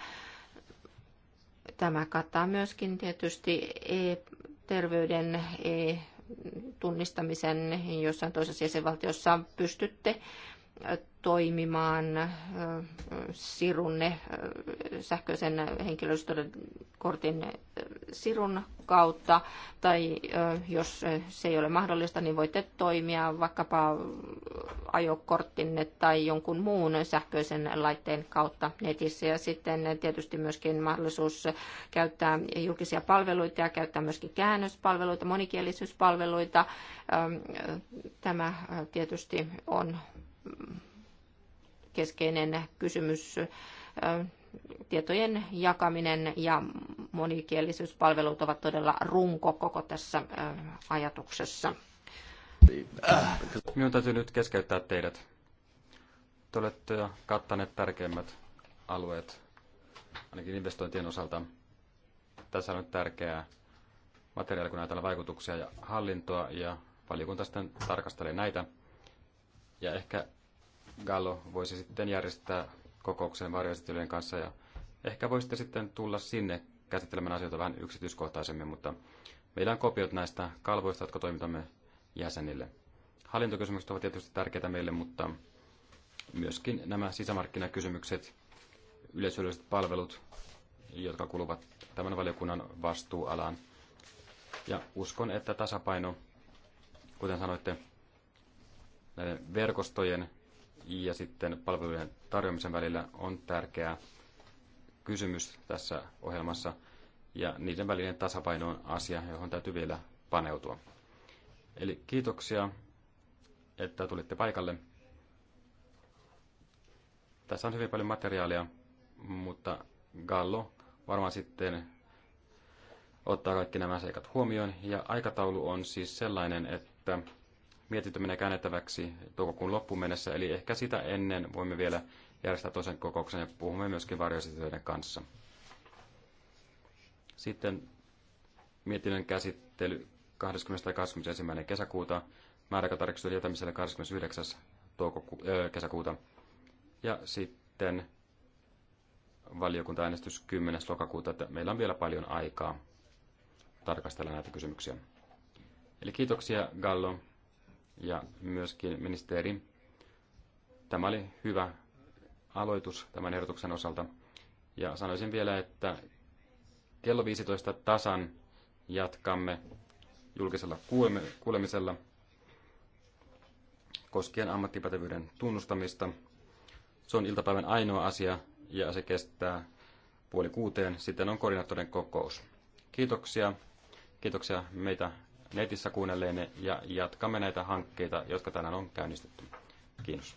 Tämä kattaa myöskin tietysti e-terveyden, e-tunnistamisen jossain toisessa jäsenvaltiossa pystytte toimimaan sirunne, sähköisen henkilöstökortin sirun kautta, tai jos se ei ole mahdollista, niin voitte toimia vaikkapa ajokorttinne tai jonkun muun sähköisen laitteen kautta netissä. Ja sitten tietysti myöskin mahdollisuus käyttää julkisia palveluita ja käyttää myöskin käännöspalveluita, monikielisyyspalveluita. Tämä tietysti on keskeinen kysymys tietojen jakaminen ja monikielisyyspalvelut ovat todella runko koko tässä ajatuksessa. Minun täytyy nyt keskeyttää teidät. Te olette jo kattaneet tärkeimmät alueet, ainakin investointien osalta. Tässä on nyt tärkeää materiaalia, kun näitä vaikutuksia ja hallintoa, ja valiokunta sitten tarkastelee näitä. Ja ehkä Gallo voisi sitten järjestää kokouksen varjoesittelyjen kanssa ja ehkä voisitte sitten tulla sinne käsittelemään asioita vähän yksityiskohtaisemmin, mutta meillä on kopiot näistä kalvoista, jotka toimitamme jäsenille. Hallintokysymykset ovat tietysti tärkeitä meille, mutta myöskin nämä sisämarkkinakysymykset, yleisölliset palvelut, jotka kuuluvat tämän valiokunnan vastuualaan. Ja uskon, että tasapaino, kuten sanoitte, näiden verkostojen ja sitten palvelujen tarjoamisen välillä on tärkeä kysymys tässä ohjelmassa, ja niiden välinen tasapaino on asia, johon täytyy vielä paneutua. Eli kiitoksia, että tulitte paikalle. Tässä on hyvin paljon materiaalia, mutta Gallo varmaan sitten ottaa kaikki nämä seikat huomioon. Ja aikataulu on siis sellainen, että mietintö menee käännettäväksi toukokuun loppuun mennessä, eli ehkä sitä ennen voimme vielä järjestää toisen kokouksen ja puhumme myöskin varjoesityöiden kanssa. Sitten mietinnön käsittely 20. ja 21. kesäkuuta, määräkatarkistuksen jätämiselle 29. Toukoku- öö, kesäkuuta ja sitten valiokuntaäänestys 10. lokakuuta, että meillä on vielä paljon aikaa tarkastella näitä kysymyksiä. Eli kiitoksia Gallo ja myöskin ministeri. Tämä oli hyvä aloitus tämän ehdotuksen osalta. Ja sanoisin vielä, että kello 15 tasan jatkamme julkisella kuulemisella koskien ammattipätevyyden tunnustamista. Se on iltapäivän ainoa asia ja se kestää puoli kuuteen. Sitten on koordinaattorin kokous. Kiitoksia. Kiitoksia meitä netissä kuunnelleenne ja jatkamme näitä hankkeita, jotka tänään on käynnistetty. Kiitos.